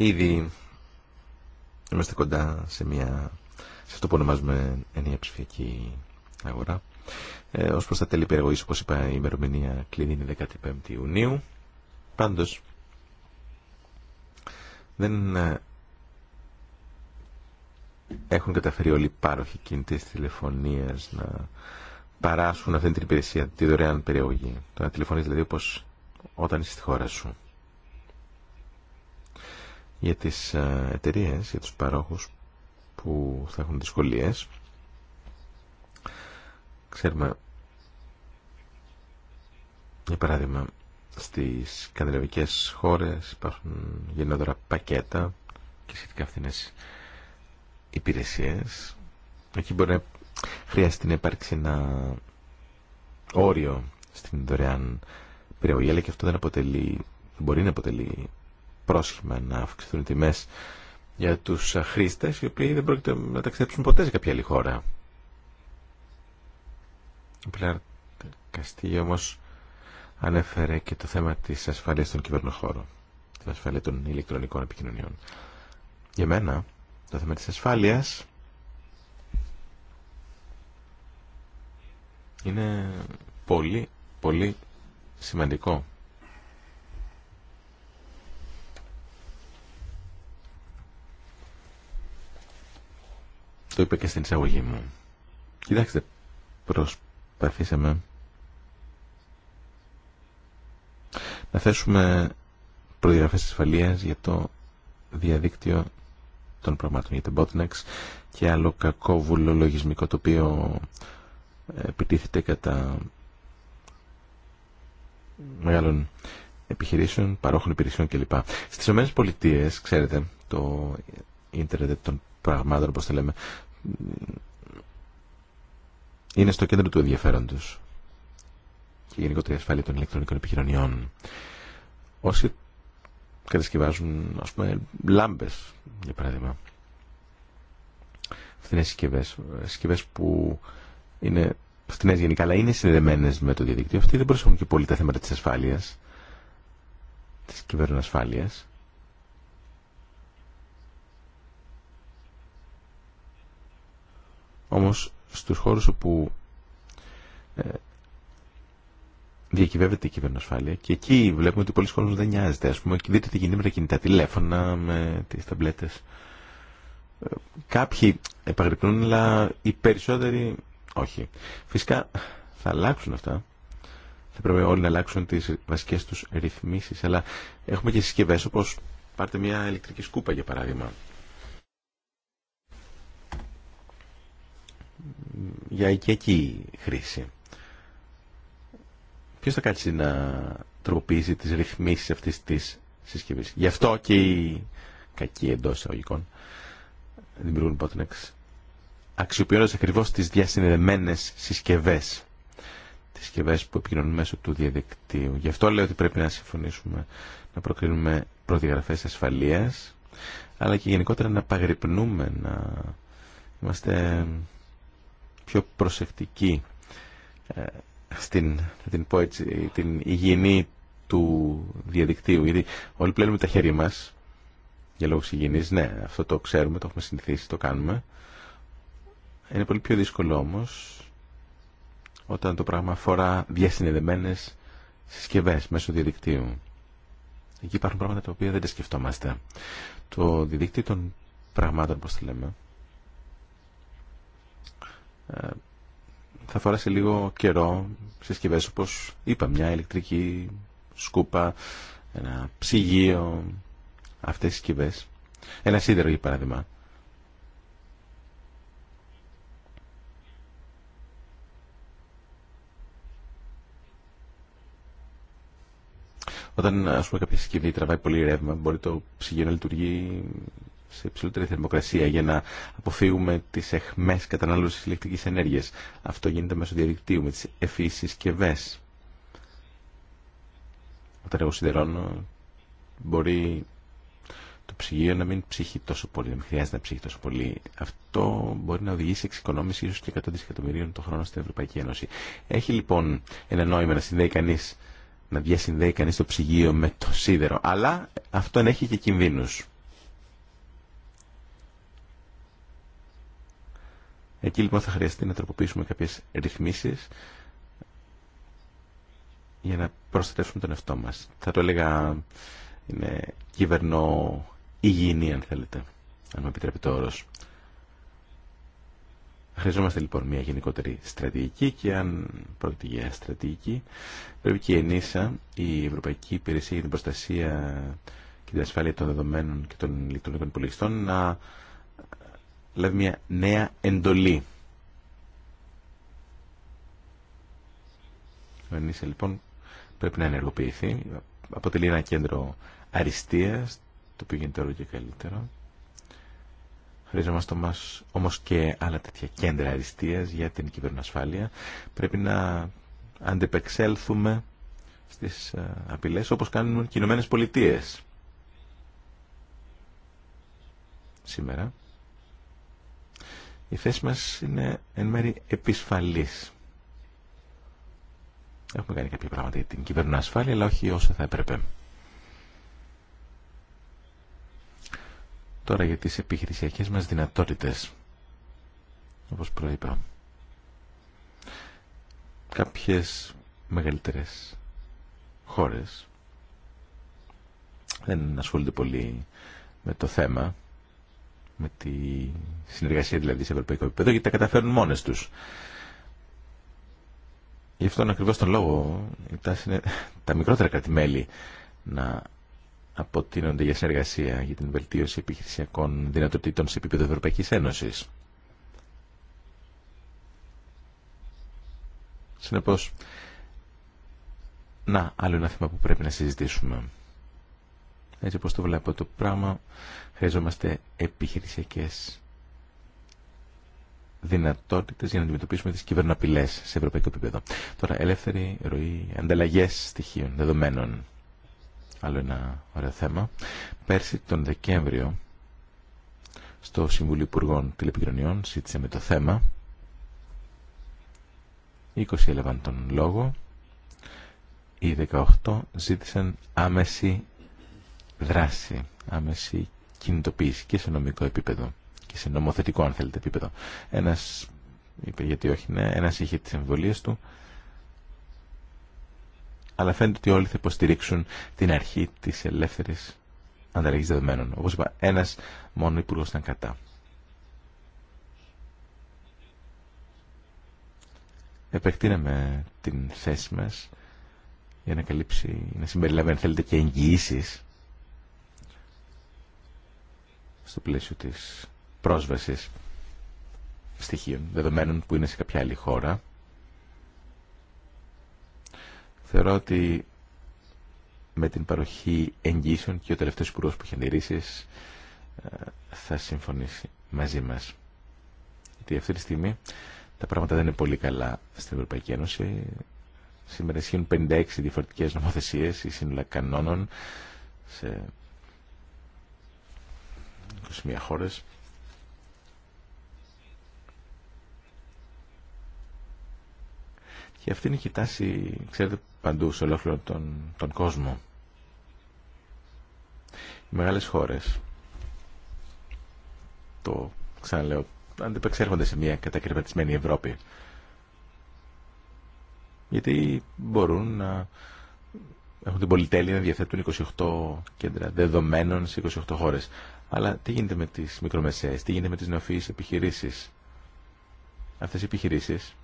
Ήδη είμαστε κοντά σε, μια, σε αυτό που ονομάζουμε ενιαία ψηφιακή αγορά. Ε, ως προς τα τέλη περιεγωγής, όπως είπα, η ημερομηνία κλείνει είναι 15 Ιουνίου. Πάντως, δεν ε, έχουν καταφέρει όλοι οι πάροχοι κινητής τηλεφωνίας να παράσχουν αυτή την υπηρεσία, τη δωρεάν περιοχή. Το να τηλεφωνείς δηλαδή όπως όταν είσαι στη χώρα σου για τις ε, εταιρείε, για τους παρόχους που θα έχουν δυσκολίες. Ξέρουμε, για παράδειγμα, στις σκανδιναβικές χώρες υπάρχουν γενναιόδωρα πακέτα και σχετικά φθηνές υπηρεσίες. Εκεί μπορεί να χρειάζεται να υπάρξει ένα όριο στην δωρεάν περιοχή, και αυτό δεν αποτελεί, μπορεί να αποτελεί πρόσχημα να αυξηθούν οι τιμές για τους χρήστες οι οποίοι δεν πρόκειται να ταξιδέψουν ποτέ σε κάποια άλλη χώρα. Ο Πιλάρ Καστίγιο όμως ανέφερε και το θέμα της ασφαλείας των κυβερνοχώρων, της ασφάλεια των ηλεκτρονικών επικοινωνιών. Για μένα το θέμα της ασφάλειας είναι πολύ πολύ σημαντικό το είπα και στην εισαγωγή μου. Κοιτάξτε, προσπαθήσαμε να θέσουμε προδιαγραφές ασφαλεία για το διαδίκτυο των πραγμάτων, για τα botnets και άλλο κακόβουλο λογισμικό το οποίο ε, επιτίθεται κατά μεγάλων επιχειρήσεων, παρόχων υπηρεσιών κλπ. Στις ΗΠΑ, ξέρετε, το ίντερνετ των πραγμάτων, όπως το λέμε, είναι στο κέντρο του ενδιαφέροντος και γενικότερη ασφάλεια των ηλεκτρονικών επιχειρονιών. Όσοι κατασκευάζουν, ας πούμε, λάμπες, για παράδειγμα, φθηνές συσκευές, συσκευές που είναι φθηνές γενικά, αλλά είναι συνδεμένες με το διαδικτύο, αυτοί δεν προσέχουν και πολύ τα θέματα της ασφάλειας, της κυβέρνων ασφάλειας. Όμως στους χώρους όπου ε, διακυβεύεται η κυβερνοσφάλεια και εκεί βλέπουμε ότι πολλοί κόσμοι δεν νοιάζεται. Ας πούμε, δείτε τι γίνεται με τα κινητά τηλέφωνα, με τις ταμπλέτες. Ε, κάποιοι επαγρυπνούν, αλλά οι περισσότεροι όχι. Φυσικά θα αλλάξουν αυτά. Θα πρέπει όλοι να αλλάξουν τις βασικές τους ρυθμίσεις. Αλλά έχουμε και συσκευές όπως πάρτε μια ηλεκτρική σκούπα για παράδειγμα. για οικιακή χρήση. Ποιος θα κάτσει να τροποποιήσει τις ρυθμίσεις αυτής της συσκευής. Γι' αυτό και οι κακοί εντό εισαγωγικών δημιουργούν Bottlenecks. Αξιοποιώντας ακριβώς τις διασυνδεμένες συσκευές. Τις συσκευές που επικοινωνούν μέσω του διαδικτύου. Γι' αυτό λέω ότι πρέπει να συμφωνήσουμε να προκρίνουμε προδιαγραφές ασφαλείας αλλά και γενικότερα να παγρυπνούμε, να είμαστε πιο προσεκτική ε, στην, την την υγιεινή του διαδικτύου. Γιατί όλοι πλένουμε τα χέρια μας για λόγους υγιεινής, ναι, αυτό το ξέρουμε, το έχουμε συνηθίσει, το κάνουμε. Είναι πολύ πιο δύσκολο όμως όταν το πράγμα αφορά διασυνδεδεμένε συσκευέ μέσω διαδικτύου. Εκεί υπάρχουν πράγματα τα οποία δεν τα σκεφτόμαστε. Το διαδίκτυο των πραγμάτων, όπως τη λέμε, ε, θα φορά σε λίγο καιρό συσκευές όπως είπα μια ηλεκτρική σκούπα, ένα ψυγείο, αυτές οι συσκευές. Ένα σίδερο για παράδειγμα. Όταν ας πούμε κάποια συσκευή τραβάει πολύ ρεύμα μπορεί το ψυγείο να λειτουργεί σε υψηλότερη θερμοκρασία για να αποφύγουμε τι εχμές κατανάλωση ηλεκτρική ενέργεια. Αυτό γίνεται μέσω διαδικτύου με τι ευφυείς συσκευέ. Όταν εγώ σιδερώνω μπορεί το ψυγείο να μην ψύχει τόσο πολύ, να μην χρειάζεται να ψύχει τόσο πολύ. Αυτό μπορεί να οδηγήσει σε εξοικονόμηση ίσω και 100 εκατομμύριων το χρόνο στην Ευρωπαϊκή Ένωση. Έχει λοιπόν ένα νόημα να συνδέει κανεί να διασυνδέει κανείς το ψυγείο με το σίδερο, αλλά αυτό έχει και κινδύνους. Εκεί λοιπόν θα χρειαστεί να τροποποιήσουμε κάποιες ρυθμίσεις για να προστατεύσουμε τον εαυτό μας. Θα το έλεγα είναι κυβερνό υγιεινή αν θέλετε, αν με επιτρέπει το όρος. Χρειαζόμαστε λοιπόν μια γενικότερη στρατηγική και αν πρόκειται για στρατηγική πρέπει και η ΕΝΗΣΑ, η Ευρωπαϊκή Υπηρεσία για την Προστασία και την Ασφάλεια των Δεδομένων και των Ηλεκτρονικών Υπολογιστών να Δηλαδή μια νέα εντολή. Ο λοιπόν πρέπει να ενεργοποιηθεί. Αποτελεί ένα κέντρο αριστείας, το οποίο γίνεται όλο και καλύτερο. Χρειαζόμαστε όμως, όμως και άλλα τέτοια κέντρα αριστείας για την κυβερνοασφάλεια. Πρέπει να αντεπεξέλθουμε στις ε, απειλές όπως κάνουν και οι Ηνωμένες Πολιτείες. Σήμερα η θέση μας είναι εν μέρη επισφαλής. Έχουμε κάνει κάποια πράγματα για την ασφάλεια, αλλά όχι όσα θα έπρεπε. Τώρα για τις επιχειρησιακές μας δυνατότητες, όπως προείπα. Κάποιες μεγαλύτερες χώρες δεν ασχολούνται πολύ με το θέμα με τη συνεργασία δηλαδή σε ευρωπαϊκό επίπεδο γιατί τα καταφέρνουν μόνες τους. Γι' αυτόν ακριβώ τον λόγο η είναι <laughs> τα μικρότερα κρατημέλη να αποτείνονται για συνεργασία για την βελτίωση επιχειρησιακών δυνατοτήτων σε επίπεδο Ευρωπαϊκής Ένωσης. Συνεπώ. να, άλλο ένα θέμα που πρέπει να συζητήσουμε. Έτσι όπως το βλέπω το πράγμα, χρειαζόμαστε επιχειρησιακές δυνατότητες για να αντιμετωπίσουμε τις κυβερνοαπειλέ σε ευρωπαϊκό επίπεδο. Τώρα, ελεύθερη ροή, ανταλλαγές στοιχείων, δεδομένων. Άλλο ένα ωραίο θέμα. Πέρσι τον Δεκέμβριο, στο Συμβουλίο Υπουργών Τηλεπικοινωνιών, ζήτησε με το θέμα. 20 έλαβαν τον λόγο. Οι 18 ζήτησαν άμεση δράση, άμεση κινητοποίηση και σε νομικό επίπεδο και σε νομοθετικό αν θέλετε επίπεδο. Ένας είπε γιατί όχι, ναι, ένας είχε τις εμβολίες του αλλά φαίνεται ότι όλοι θα υποστηρίξουν την αρχή της ελεύθερης ανταλλαγής δεδομένων. Όπως είπα, ένας μόνο υπουργό ήταν κατά. Επεκτείναμε την θέση μας για να καλύψει, να συμπεριλάβει αν θέλετε και εγγυήσεις στο πλαίσιο της πρόσβασης στοιχείων, δεδομένων που είναι σε κάποια άλλη χώρα. Θεωρώ ότι με την παροχή εγγύσεων και ο τελευταίος υπουργός που είχε ε, θα συμφωνήσει μαζί μας. Γιατί αυτή τη στιγμή τα πράγματα δεν είναι πολύ καλά στην Ευρωπαϊκή Ένωση. Σήμερα ισχύουν 56 διαφορετικές νομοθεσίες ή σύνολα κανόνων σε 21 χώρες και αυτή είναι η τάση ξέρετε παντού σε ολόκληρο τον, τον κόσμο οι μεγάλες χώρες το ξαναλέω αντιπεξέρχονται σε μια κατακριβατισμένη Ευρώπη γιατί μπορούν να έχουν την πολυτέλεια να διαθέτουν 28 κέντρα δεδομένων σε 28 χώρες. Αλλά τι γίνεται με τις μικρομεσαίες, τι γίνεται με τις νεοφυείς επιχειρήσεις. Αυτές οι επιχειρήσεις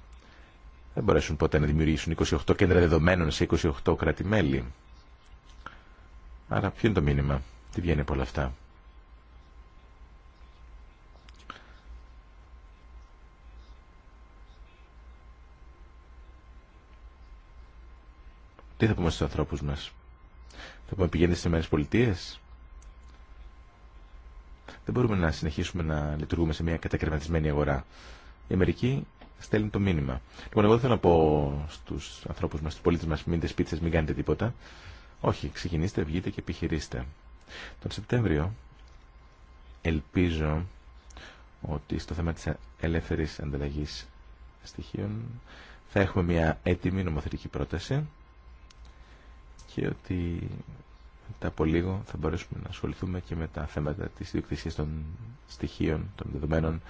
δεν μπορέσουν ποτέ να δημιουργήσουν 28 κέντρα δεδομένων σε 28 κράτη-μέλη. Άρα ποιο είναι το μήνυμα, τι βγαίνει από όλα αυτά. Τι θα πούμε στους ανθρώπους μας. Θα πούμε πηγαίνετε στις Ηνωμένες Πολιτείες. Δεν μπορούμε να συνεχίσουμε να λειτουργούμε σε μια κατακρεματισμένη αγορά. Η Αμερική στέλνει το μήνυμα. Λοιπόν, εγώ δεν θέλω να πω στου ανθρώπου μα, στου πολίτε μα, μην σπίτι μην κάνετε τίποτα. Όχι, ξεκινήστε, βγείτε και επιχειρήστε. Τον Σεπτέμβριο ελπίζω ότι στο θέμα της ελεύθερη ανταλλαγή στοιχείων θα έχουμε μια έτοιμη νομοθετική πρόταση και ότι μετά από λίγο θα μπορέσουμε να ασχοληθούμε και με τα θέματα της διοκτησία των στοιχείων, των δεδομένων,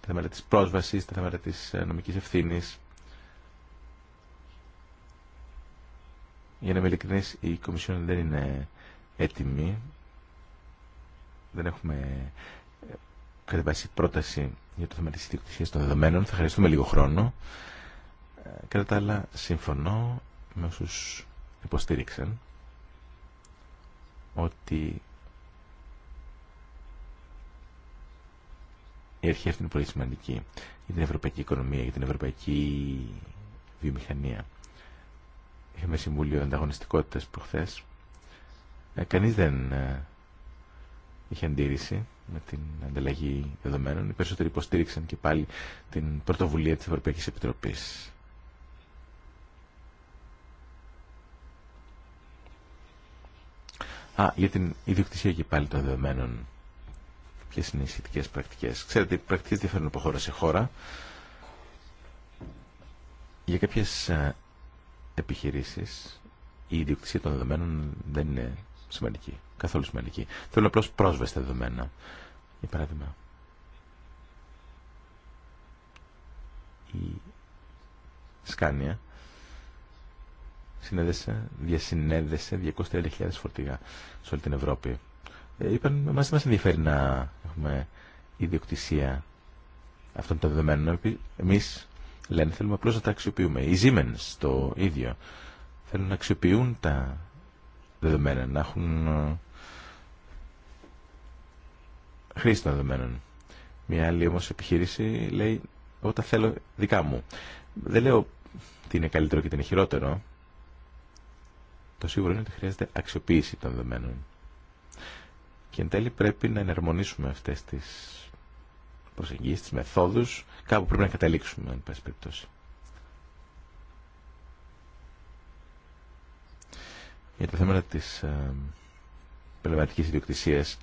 τα θέματα της πρόσβασης, τα θέματα της ε, νομικής ευθύνης. Για να είμαι ειλικρινής, η Κομισιόν δεν είναι έτοιμη. Δεν έχουμε ε, κατεβάσει πρόταση για το θέμα της διοκτησίας των δεδομένων. Θα χρειαστούμε λίγο χρόνο. Ε, κατά τα άλλα, συμφωνώ με όσους υποστήριξαν ότι η αρχή αυτή είναι πολύ σημαντική για την ευρωπαϊκή οικονομία, για την ευρωπαϊκή βιομηχανία. Είχαμε συμβούλιο ανταγωνιστικότητας προχθές. Ε, κανείς δεν ε, είχε αντίρρηση με την ανταλλαγή δεδομένων. Οι περισσότεροι υποστήριξαν και πάλι την πρωτοβουλία της Ευρωπαϊκής Επιτροπής. Α, για την ιδιοκτησία και πάλι των δεδομένων. Ποιε είναι οι σχετικέ πρακτικέ. Ξέρετε, οι πρακτικέ διαφέρουν από χώρα σε χώρα. Για κάποιε επιχειρήσει η ιδιοκτησία των δεδομένων δεν είναι σημαντική. Καθόλου σημαντική. Θέλω απλώ πρόσβαση στα δεδομένα. Για παράδειγμα, η Σκάνια συνέδεσε, διασυνέδεσε 230.000 φορτηγά σε όλη την Ευρώπη. Ε, είπαν, εμάς δεν μας ενδιαφέρει να έχουμε ιδιοκτησία αυτών των δεδομένων. Εμείς, λένε, θέλουμε απλώς να τα αξιοποιούμε. Οι Siemens το ίδιο θέλουν να αξιοποιούν τα δεδομένα, να έχουν ε, χρήση των δεδομένων. Μια άλλη όμως επιχείρηση λέει, εγώ τα θέλω δικά μου. Δεν λέω τι είναι καλύτερο και τι είναι χειρότερο. Το σίγουρο είναι ότι χρειάζεται αξιοποίηση των δεδομένων. Και εν τέλει πρέπει να εναρμονίσουμε αυτές τις προσεγγίσεις, τις μεθόδους. Κάπου πρέπει να καταλήξουμε, αν πάση περιπτώσει. Για τα θέματα της ε, πνευματικής ιδιοκτησίας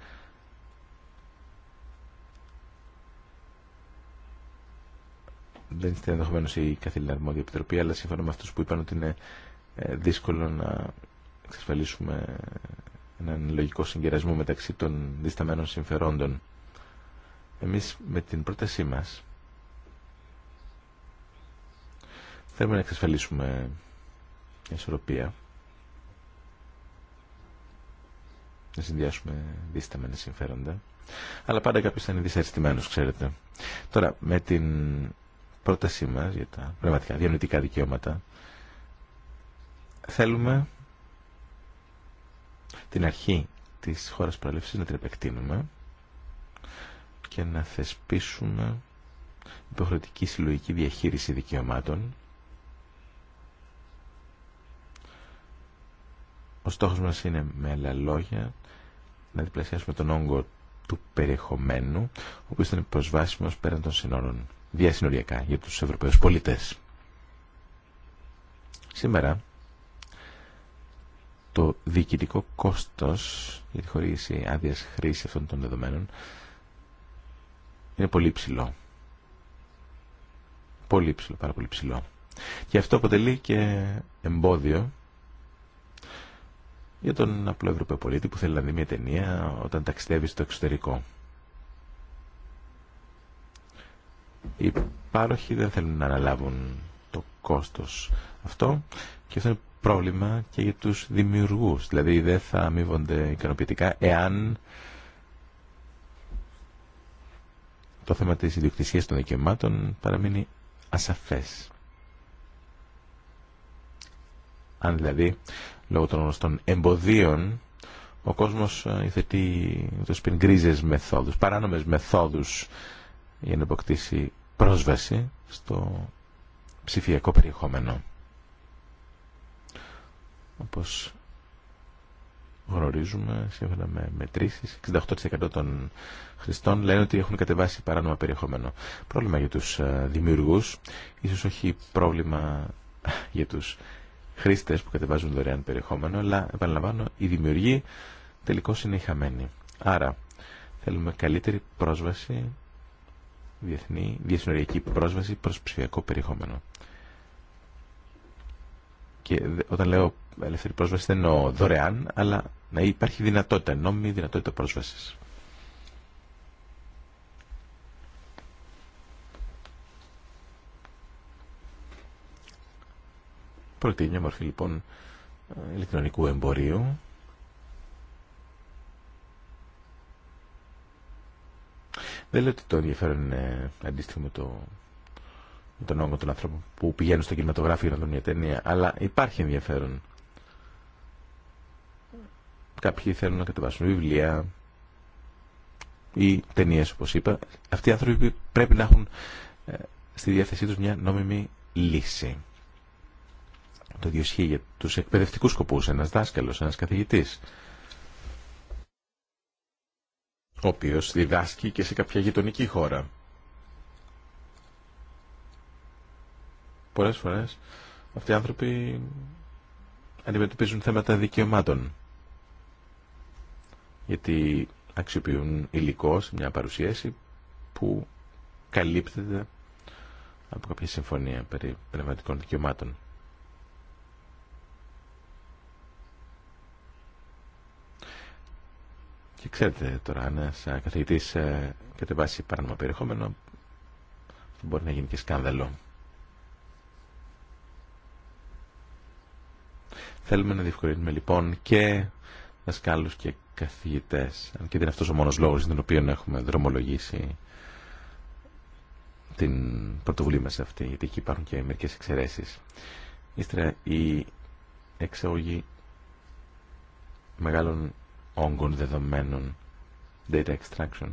δεν είστε ενδεχομένω η καθήλυνα αρμόδια επιτροπή, αλλά σύμφωνα με αυτού που είπαν ότι είναι ε, δύσκολο να εξασφαλίσουμε έναν λογικό συγκερασμό μεταξύ των δισταμένων συμφερόντων. Εμείς με την πρότασή μας θέλουμε να εξασφαλίσουμε ισορροπία να συνδυάσουμε δίσταμενα συμφέροντα αλλά πάντα κάποιος θα είναι δυσαρεστημένος ξέρετε τώρα με την πρότασή μας για τα πνευματικά διανοητικά δικαιώματα θέλουμε την αρχή της χώρας προέλευσης να την επεκτείνουμε και να θεσπίσουμε υποχρεωτική συλλογική διαχείριση δικαιωμάτων. Ο στόχος μας είναι με άλλα λόγια να διπλασιάσουμε τον όγκο του περιεχομένου, ο οποίος ήταν προσβάσιμος πέραν των συνόρων, διασυνοριακά για τους Ευρωπαίους πολίτες. Σήμερα το διοικητικό κόστος για τη χωρίση άδεια χρήση αυτών των δεδομένων είναι πολύ ψηλό. Πολύ ψηλό, πάρα πολύ ψηλό. Και αυτό αποτελεί και εμπόδιο για τον απλό Ευρωπαίο πολίτη που θέλει να δει μια ταινία όταν ταξιδεύει στο εξωτερικό. Οι πάροχοι δεν θέλουν να αναλάβουν το κόστος αυτό και αυτό είναι πρόβλημα και για τους δημιουργούς. Δηλαδή δεν θα αμείβονται ικανοποιητικά εάν το θέμα της ιδιοκτησίας των δικαιωμάτων παραμείνει ασαφές. Αν δηλαδή λόγω των γνωστών εμποδίων ο κόσμος ε, υθετεί το γκρίζες μεθόδους, παράνομες μεθόδους για να αποκτήσει πρόσβαση στο ψηφιακό περιεχόμενο. Όπως γνωρίζουμε, σύμφωνα με μετρήσεις, 68% των χρηστών λένε ότι έχουν κατεβάσει παράνομα περιεχόμενο. Πρόβλημα για τους ε, δημιουργούς, ίσως όχι πρόβλημα <laughs> για τους χρήστες που κατεβάζουν δωρεάν περιεχόμενο, αλλά επαναλαμβάνω, οι δημιουργοί τελικώς είναι χαμένοι. Άρα, θέλουμε καλύτερη πρόσβαση, διεθνή, διασυνοριακή πρόσβαση προς ψηφιακό περιεχόμενο. Και όταν λέω ελεύθερη πρόσβαση δεν εννοώ δωρεάν, αλλά να υπάρχει δυνατότητα, νόμιμη δυνατότητα πρόσβασης. Προτείνει μια μορφή λοιπόν ηλεκτρονικού εμπορίου. Δεν λέω ότι το ενδιαφέρον είναι αντίστοιχο με, το, με τον όγκο των ανθρώπων που πηγαίνουν στο κινηματογράφο για να δουν μια ταινία, αλλά υπάρχει ενδιαφέρον. Κάποιοι θέλουν να κατεβάσουν βιβλία ή ταινίε, όπω είπα. Αυτοί οι άνθρωποι πρέπει να έχουν ε, στη διάθεσή του μια νόμιμη λύση. Το ίδιο για του εκπαιδευτικού σκοπού. Ένα δάσκαλο, ένα καθηγητή, ο οποίο διδάσκει και σε κάποια γειτονική χώρα. Πολλές φορές αυτοί οι άνθρωποι αντιμετωπίζουν θέματα δικαιωμάτων γιατί αξιοποιούν υλικό σε μια παρουσίαση που καλύπτεται από κάποια συμφωνία περί πνευματικών δικαιωμάτων. Και ξέρετε τώρα, αν ένα καθηγητή ε, κατεβάσει παράνομα περιεχόμενο, μπορεί να γίνει και σκάνδαλο. Θέλουμε να διευκολύνουμε λοιπόν και δασκάλου και καθηγητές, αν και δεν είναι αυτός ο μόνος λόγος για τον οποίο έχουμε δρομολογήσει την πρωτοβουλία μας αυτή, γιατί εκεί υπάρχουν και μερικές εξαιρέσεις. Ύστερα η εξαγωγή μεγάλων όγκων δεδομένων, data extraction,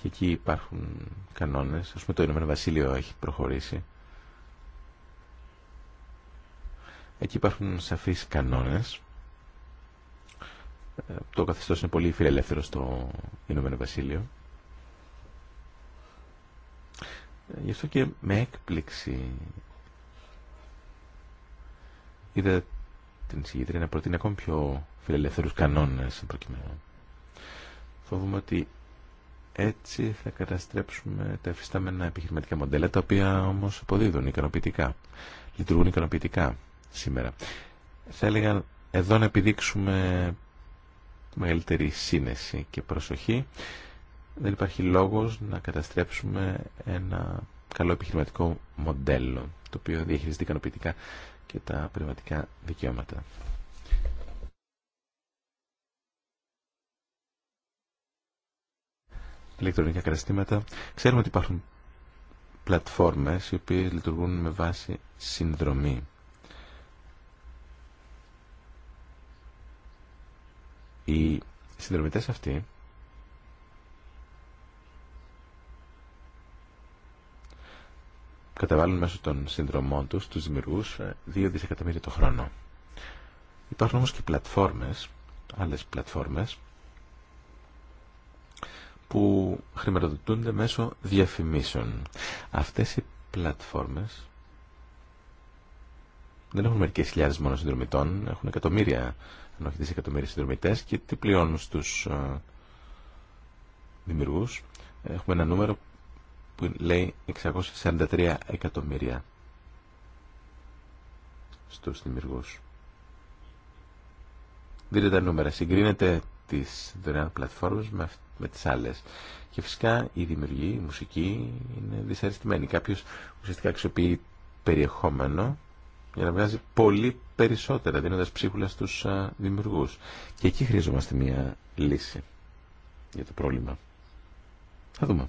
και εκεί υπάρχουν κανόνες, ας πούμε το Ηνωμένο Βασίλειο έχει προχωρήσει. Εκεί υπάρχουν σαφείς κανόνες ε, το καθεστώς είναι πολύ φιλελεύθερο στο Ηνωμένο Βασίλειο. Ε, γι' αυτό και με έκπληξη είδα την συγκεκριτή να προτείνει ακόμη πιο φιλελεύθερους κανόνες προκειμένου. Φοβούμαι ότι έτσι θα καταστρέψουμε τα εφιστάμενα επιχειρηματικά μοντέλα, τα οποία όμως αποδίδουν ικανοποιητικά, λειτουργούν ικανοποιητικά σήμερα. Θα έλεγα εδώ να επιδείξουμε μεγαλύτερη σύνεση και προσοχή. Δεν υπάρχει λόγος να καταστρέψουμε ένα καλό επιχειρηματικό μοντέλο, το οποίο διαχειριστεί ικανοποιητικά και τα πνευματικά δικαιώματα. ηλεκτρονικά καταστήματα. Ξέρουμε ότι υπάρχουν πλατφόρμες οι οποίες λειτουργούν με βάση συνδρομή. Οι συνδρομητές αυτοί καταβάλουν μέσω των συνδρομών τους, τους δημιουργούς, 2 ε, δισεκατομμύρια το χρόνο. Υπάρχουν όμως και πλατφόρμες, άλλες πλατφόρμες, που χρηματοδοτούνται μέσω διαφημίσεων. Αυτές οι πλατφόρμες δεν έχουν μερικές χιλιάδες μόνο συνδρομητών, έχουν εκατομμύρια αν όχι δισεκατομμύρια συνδρομητέ και τι πληρώνουν στου ε, δημιουργού. Έχουμε ένα νούμερο που λέει 643 εκατομμύρια στους δημιουργούς. Δείτε τα νούμερα, Συγκρίνεται τις δωρεάν πλατφόρμες με, με τις άλλες. Και φυσικά η δημιουργία, η μουσική είναι δυσαρεστημένη. Κάποιος ουσιαστικά αξιοποιεί περιεχόμενο για να βγάζει πολύ περισσότερα δίνοντας ψίχουλα στους δημιουργούς. Και εκεί χρειαζόμαστε μια λύση για το πρόβλημα. Θα δούμε.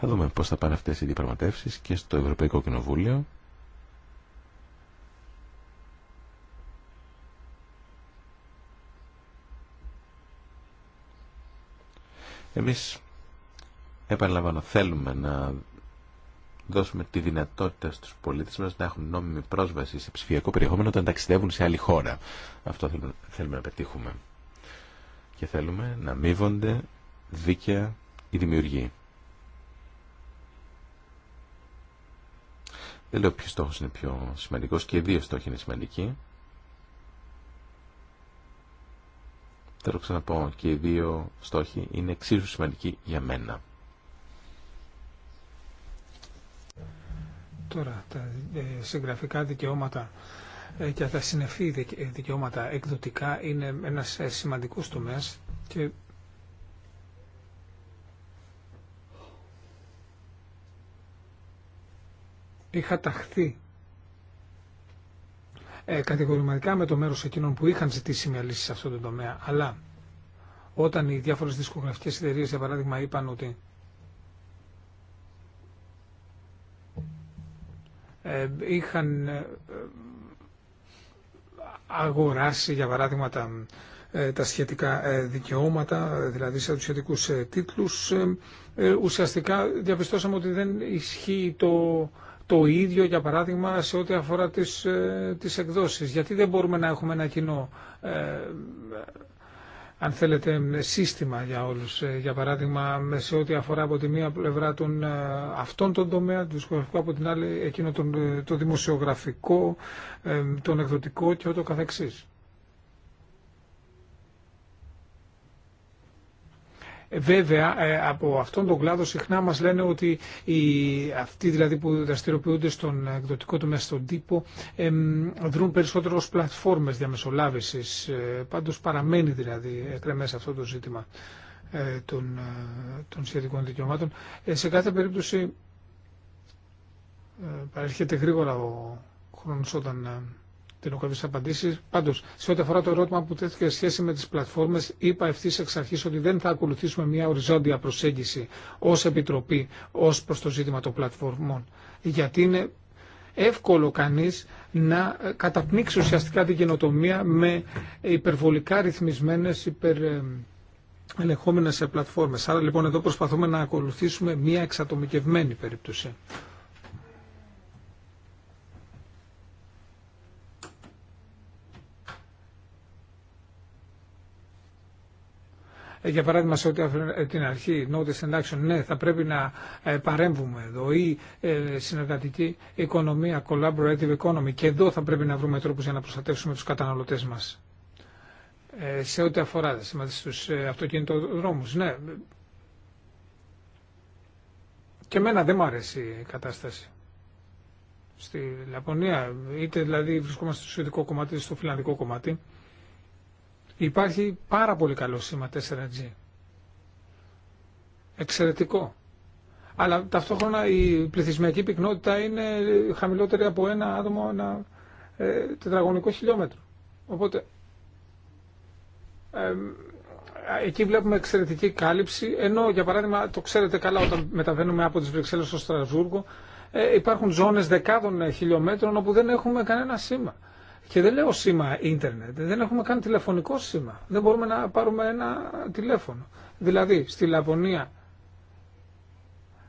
Θα δούμε πώς θα πάνε αυτές οι διαπραγματεύσεις και στο Ευρωπαϊκό Κοινοβούλιο. Εμείς, επαναλαμβάνω, θέλουμε να δώσουμε τη δυνατότητα στους πολίτες μας να έχουν νόμιμη πρόσβαση σε ψηφιακό περιεχόμενο όταν ταξιδεύουν σε άλλη χώρα. Αυτό θέλουμε, να πετύχουμε. Και θέλουμε να αμείβονται δίκαια οι δημιουργοί. Δεν λέω ποιος στόχος είναι πιο σημαντικός και οι δύο στόχοι είναι σημαντικοί. Θέλω ξαναπώ και οι δύο στόχοι είναι εξίσου σημαντικοί για μένα. Τώρα, τα ε, συγγραφικά δικαιώματα ε, και τα συνεφή ε, δικαιώματα εκδοτικά είναι ένας σημαντικός τομέας και είχα ταχθεί ε, κατηγορηματικά με το μέρος εκείνων που είχαν ζητήσει μια λύση σε αυτό το τομέα. Αλλά όταν οι διάφορες δισκογραφικές εταιρείε, για παράδειγμα, είπαν ότι Ε, είχαν ε, αγοράσει για παράδειγμα τα, ε, σχετικά δικαιώματα, δηλαδή σε τους σχετικούς τίτλους, ουσιαστικά διαπιστώσαμε ότι δεν ισχύει το, το ίδιο για παράδειγμα σε ό,τι αφορά τις, τις εκδόσεις. Γιατί δεν μπορούμε να έχουμε ένα κοινό αν θέλετε, σύστημα για όλους. Ε, για παράδειγμα, σε ό,τι αφορά από τη μία πλευρά τον, ε, αυτόν τον τομέα, του από την άλλη εκείνο τον, ε, το δημοσιογραφικό, τον εκδοτικό και ό,τι καθεξής. Βέβαια, ε, από αυτόν τον κλάδο συχνά μας λένε ότι οι, αυτοί δηλαδή που δραστηριοποιούνται στον εκδοτικό τομέα, στον τύπο, εμ, δρούν περισσότερο ως πλατφόρμες διαμεσολάβησης. Ε, πάντως παραμένει δηλαδή εκρεμές αυτό το ζήτημα ε, των, των σχετικών δικαιωμάτων. Σε κάθε περίπτωση παρέρχεται γρήγορα ο χρόνος όταν τελικότερε απαντήσει. Πάντω, σε ό,τι αφορά το ερώτημα που τέθηκε σχέση με τι πλατφόρμε, είπα ευθύ εξ αρχή ότι δεν θα ακολουθήσουμε μια οριζόντια προσέγγιση ω Επιτροπή ω προ το ζήτημα των πλατφορμών. Γιατί είναι εύκολο κανεί να καταπνίξει ουσιαστικά την καινοτομία με υπερβολικά ρυθμισμένε, υπερ ε, ελεγχόμενες πλατφόρμες. Άρα λοιπόν εδώ προσπαθούμε να ακολουθήσουμε μία εξατομικευμένη περίπτωση. Ε, για παράδειγμα σε ό,τι αφορά ε, την αρχή notice and action, ναι, θα πρέπει να ε, παρέμβουμε εδώ ή συνεργατική οικονομία, collaborative economy και εδώ θα πρέπει να βρούμε τρόπους για να προστατεύσουμε τους καταναλωτές μας. σε ό,τι αφορά στους αυτοκινητοδρόμους, ναι. Και εμένα δεν μου αρέσει η κατάσταση στη Λαπωνία, είτε δηλαδή βρισκόμαστε στο σουηδικό κομμάτι στο φιλανδικό κομμάτι, Υπάρχει πάρα πολύ καλό σήμα 4G. Εξαιρετικό. Αλλά ταυτόχρονα η πληθυσμιακή πυκνότητα είναι χαμηλότερη από ένα άτομο ένα ε, τετραγωνικό χιλιόμετρο. Οπότε ε, εκεί βλέπουμε εξαιρετική κάλυψη, ενώ για παράδειγμα το ξέρετε καλά όταν μεταβαίνουμε από τις Βρυξέλλες στο Στρασβούργο ε, υπάρχουν ζώνες δεκάδων χιλιόμετρων όπου δεν έχουμε κανένα σήμα. Και δεν λέω σήμα ίντερνετ, δεν έχουμε καν τηλεφωνικό σήμα. Δεν μπορούμε να πάρουμε ένα τηλέφωνο. Δηλαδή, στη Λαπωνία,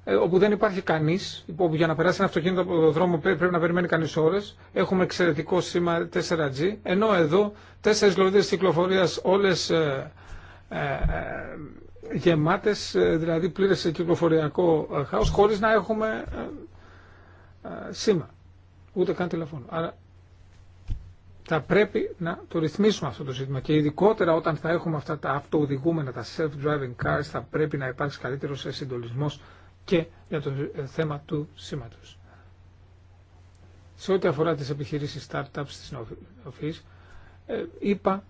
ε, όπου δεν υπάρχει κανεί, όπου για να περάσει ένα αυτοκίνητο από το δρόμο πρέπει να περιμένει κανεί ώρε, έχουμε εξαιρετικό σήμα 4G, ενώ εδώ τέσσερι λωρίδε κυκλοφορία όλε ε, ε, γεμάτε, δηλαδή πλήρε κυκλοφοριακό χάο, χωρί να έχουμε σήμα. Ούτε καν τηλεφώνου. Άρα θα πρέπει να το ρυθμίσουμε αυτό το ζήτημα και ειδικότερα όταν θα έχουμε αυτά τα αυτοοδηγούμενα, τα self-driving cars, θα πρέπει να υπάρξει καλύτερος συντολισμό και για το θέμα του σήματο. Σε ό,τι αφορά τις επιχειρήσεις startups της νοφής, ε, είπα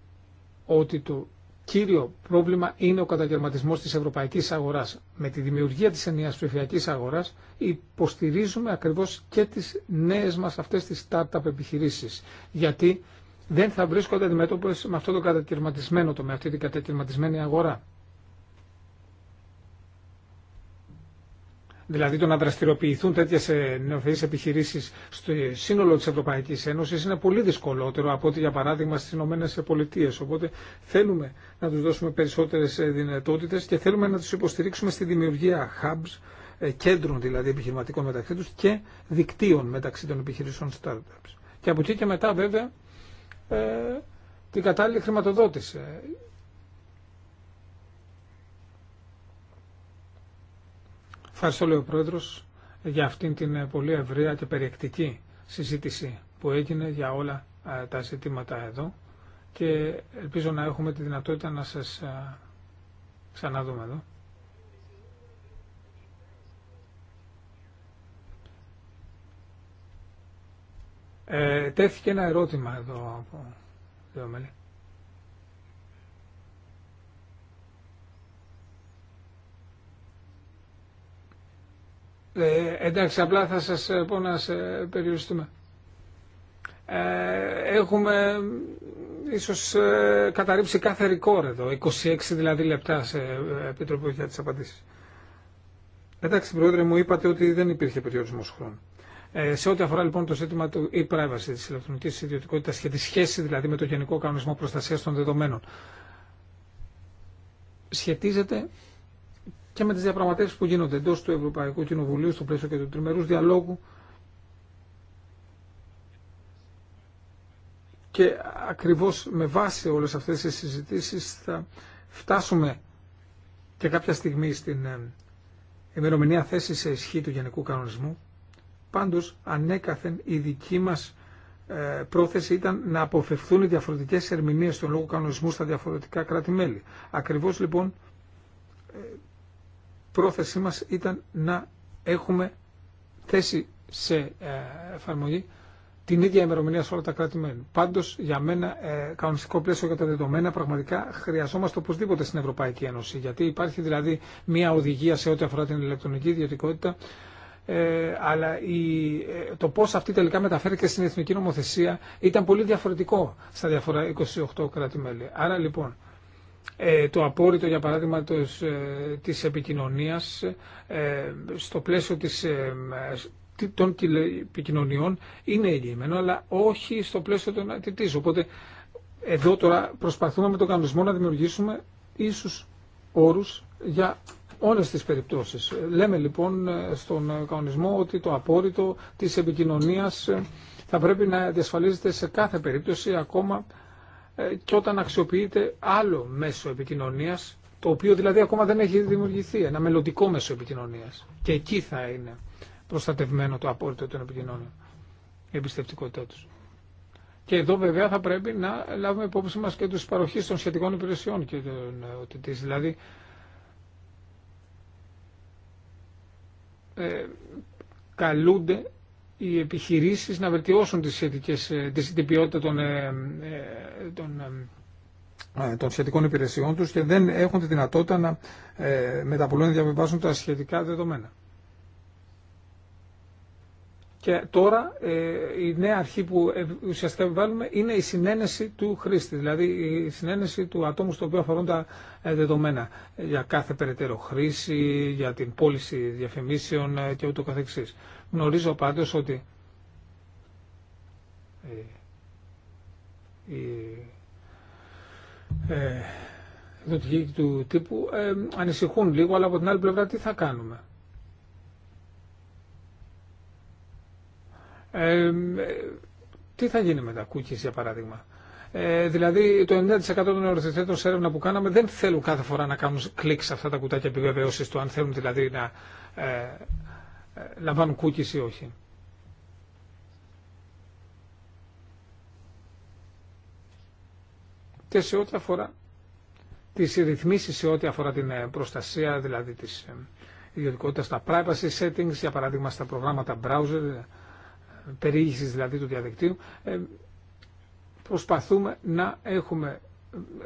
ότι το κύριο πρόβλημα είναι ο καταγερματισμός της ευρωπαϊκής αγοράς. Με τη δημιουργία της ενιαία ψηφιακή αγοράς υποστηρίζουμε ακριβώς και τις νέες μας αυτές τις startup επιχειρήσει, Γιατί δεν θα βρίσκονται αντιμέτωπε με αυτό το κατακαιρματισμένο με αυτή την κατακαιρματισμένη αγορά. δηλαδή το να δραστηριοποιηθούν τέτοιε νεοφυεί επιχειρήσει στο σύνολο τη Ευρωπαϊκή Ένωση είναι πολύ δυσκολότερο από ό,τι για παράδειγμα στι Ηνωμένες Πολιτείες. Οπότε θέλουμε να του δώσουμε περισσότερε δυνατότητε και θέλουμε να του υποστηρίξουμε στη δημιουργία hubs, ε, κέντρων δηλαδή επιχειρηματικών μεταξύ του και δικτύων μεταξύ των επιχειρήσεων startups. Και από εκεί και μετά βέβαια ε, την κατάλληλη χρηματοδότηση. Ευχαριστώ, λέει ο Πρόεδρος, για αυτήν την ε, πολύ ευρεία και περιεκτική συζήτηση που έγινε για όλα ε, τα ζητήματα εδώ και ελπίζω να έχουμε τη δυνατότητα να σας ε, ξαναδούμε εδώ. τέθηκε ένα ερώτημα εδώ από δύο μέλη. Ε, εντάξει, απλά θα σας ε, πω να σε περιοριστούμε. Ε, έχουμε ίσως ε, καταρρύψει κάθε ρικόρ εδώ, 26 δηλαδή λεπτά σε ε, Επιτροπή για τις απαντήσεις. Εντάξει, Πρόεδρε, μου είπατε ότι δεν υπήρχε περιορισμό χρόνου. Ε, σε ό,τι αφορά λοιπόν το ζήτημα του e-privacy, τη ηλεκτρονική ιδιωτικότητα και τη σχέση δηλαδή με το Γενικό Κανονισμό Προστασία των Δεδομένων, σχετίζεται και με τι διαπραγματεύσει που γίνονται εντό του Ευρωπαϊκού Κοινοβουλίου στο πλαίσιο και του Τριμερού διαλόγου και ακριβώς με βάση όλες αυτές τις συζητήσει θα φτάσουμε και κάποια στιγμή στην ε, ημερομηνία θέση σε ισχύ του Γενικού Κανονισμού. Πάντως, ανέκαθεν η δική μας ε, πρόθεση ήταν να αποφευθούν οι διαφορετικές ερμηνείες του λόγου κανονισμού στα διαφορετικά κράτη-μέλη. Ακριβώς λοιπόν ε, πρόθεσή μας ήταν να έχουμε θέση σε ε, εφαρμογή την ίδια ημερομηνία σε όλα τα κράτη-μέλη. Πάντω, για μένα, ε, κανονιστικό πλαίσιο για τα δεδομένα πραγματικά χρειαζόμαστε οπωσδήποτε στην Ευρωπαϊκή Ένωση. Γιατί υπάρχει δηλαδή μια οδηγία σε ό,τι αφορά την ηλεκτρονική ιδιωτικότητα, ε, αλλά η, ε, το πώ αυτή τελικά μεταφέρει και στην εθνική νομοθεσία ήταν πολύ διαφορετικό στα διαφορά 28 κράτη-μέλη. Άρα λοιπόν, ε, το απόρριτο για παράδειγμα της, ε, της επικοινωνίας ε, στο πλαίσιο της, των επικοινωνιών είναι εγγυημένο αλλά όχι στο πλαίσιο των αιτητής. Οπότε εδώ τώρα προσπαθούμε με τον κανονισμό να δημιουργήσουμε ίσους όρους για όλες τις περιπτώσεις. Λέμε λοιπόν στον κανονισμό ότι το απόρριτο της επικοινωνίας θα πρέπει να διασφαλίζεται σε κάθε περίπτωση ακόμα ε, και όταν αξιοποιείται άλλο μέσο επικοινωνίας, το οποίο δηλαδή ακόμα δεν έχει δημιουργηθεί, ένα μελλοντικό μέσο επικοινωνίας. Και εκεί θα είναι προστατευμένο το απόρριτο των επικοινωνιών, η εμπιστευτικότητά τους. Και εδώ βέβαια θα πρέπει να λάβουμε υπόψη μας και τους παροχή των σχετικών υπηρεσιών και των Δηλαδή, ε, καλούνται οι επιχειρήσεις να βελτιώσουν τις σχετικές, ε, τις, ποιότητα των, ε, ε, των, των σχετικών υπηρεσιών τους και δεν έχουν τη δυνατότητα να μεταπολούν να διαβιβάσουν τα σχετικά δεδομένα. Και τώρα η νέα αρχή που ουσιαστικά επιβάλλουμε είναι η συνένεση του χρήστη, δηλαδή η συνένεση του ατόμου στο οποίο αφορούν τα δεδομένα για κάθε περαιτέρω χρήση, για την πώληση διαφημίσεων και ούτω καθεξής. Γνωρίζω πάντως ότι ε, η ε, δοτικοί του τύπου ε, ανησυχούν λίγο, αλλά από την άλλη πλευρά τι θα κάνουμε. Ε, τι θα γίνει με τα κούκκις για παράδειγμα. Ε, δηλαδή το 90% των ερωτηθέτων σε έρευνα που κάναμε δεν θέλουν κάθε φορά να κάνουν κλικ σε αυτά τα κουτάκια επιβεβαίωση του αν θέλουν δηλαδή να ε, ε, λαμβάνουν κούκκις ή όχι. Και σε ό,τι αφορά τις ρυθμίσεις, σε ό,τι αφορά την ε, προστασία, δηλαδή της ε, ιδιωτικότητα, τα privacy settings, για παράδειγμα στα προγράμματα browser, περιήγησης δηλαδή του διαδικτύου, προσπαθούμε να έχουμε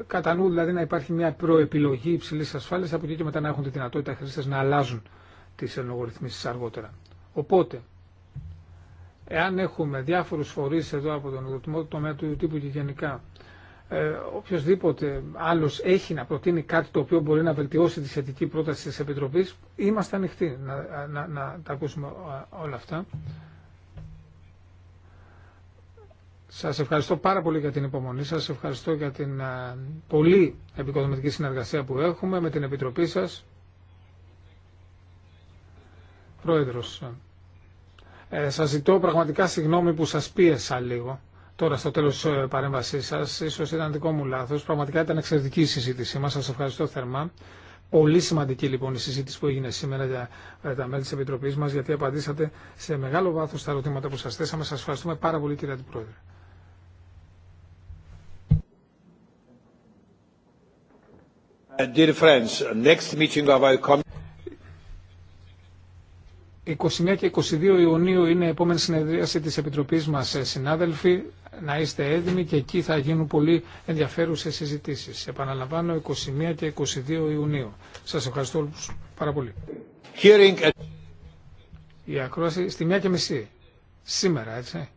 κατά νου δηλαδή να υπάρχει μια προεπιλογή υψηλής ασφάλειας, από εκεί και μετά να έχουν τη δυνατότητα οι χρήστες να αλλάζουν τις ενογορυθμίσεις αργότερα. Οπότε, εάν έχουμε διάφορους φορείς εδώ από τον ιδιωτικό τομέα του τύπου και γενικά, ε, οποιοδήποτε άλλος έχει να προτείνει κάτι το οποίο μπορεί να βελτιώσει τη σχετική πρόταση τη Επιτροπής, είμαστε ανοιχτοί να, να, να τα ακούσουμε όλα αυτά. Σας ευχαριστώ πάρα πολύ για την υπομονή σα ευχαριστώ για την ε, πολύ επικοδομητική συνεργασία που έχουμε με την Επιτροπή σα. Πρόεδρος, ε, σας ζητώ πραγματικά συγγνώμη που σας πίεσα λίγο τώρα στο τέλος της ε, παρέμβασής σας. Ίσως ήταν δικό μου λάθος. Πραγματικά ήταν εξαιρετική η συζήτησή μας. Σας ευχαριστώ θερμά. Πολύ σημαντική λοιπόν η συζήτηση που έγινε σήμερα για ε, τα μέλη τη Επιτροπή μα, γιατί απαντήσατε σε μεγάλο βάθο στα ερωτήματα που σα θέσαμε. Σα ευχαριστούμε πάρα πολύ, κύριε Αντιπρόεδρε. 29 και 22 Ιουνίου είναι η επόμενη συνεδρίαση της Επιτροπής μας, ε, συνάδελφοι. Να είστε έτοιμοι και εκεί θα γίνουν πολύ ενδιαφέρουσες συζητήσεις. Επαναλαμβάνω, 21 και 22 Ιουνίου. Σας ευχαριστώ όλους πάρα πολύ. Hearing... Η ακρόαση στη μία και μισή. Σήμερα, έτσι.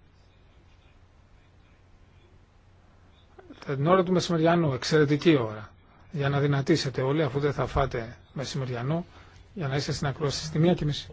Την ώρα του μεσημεριανού, εξαιρετική ώρα. Για να δυνατήσετε όλοι, αφού δεν θα φάτε μεσημεριανό, για να είστε στην ακρόαση στη μία και μισή.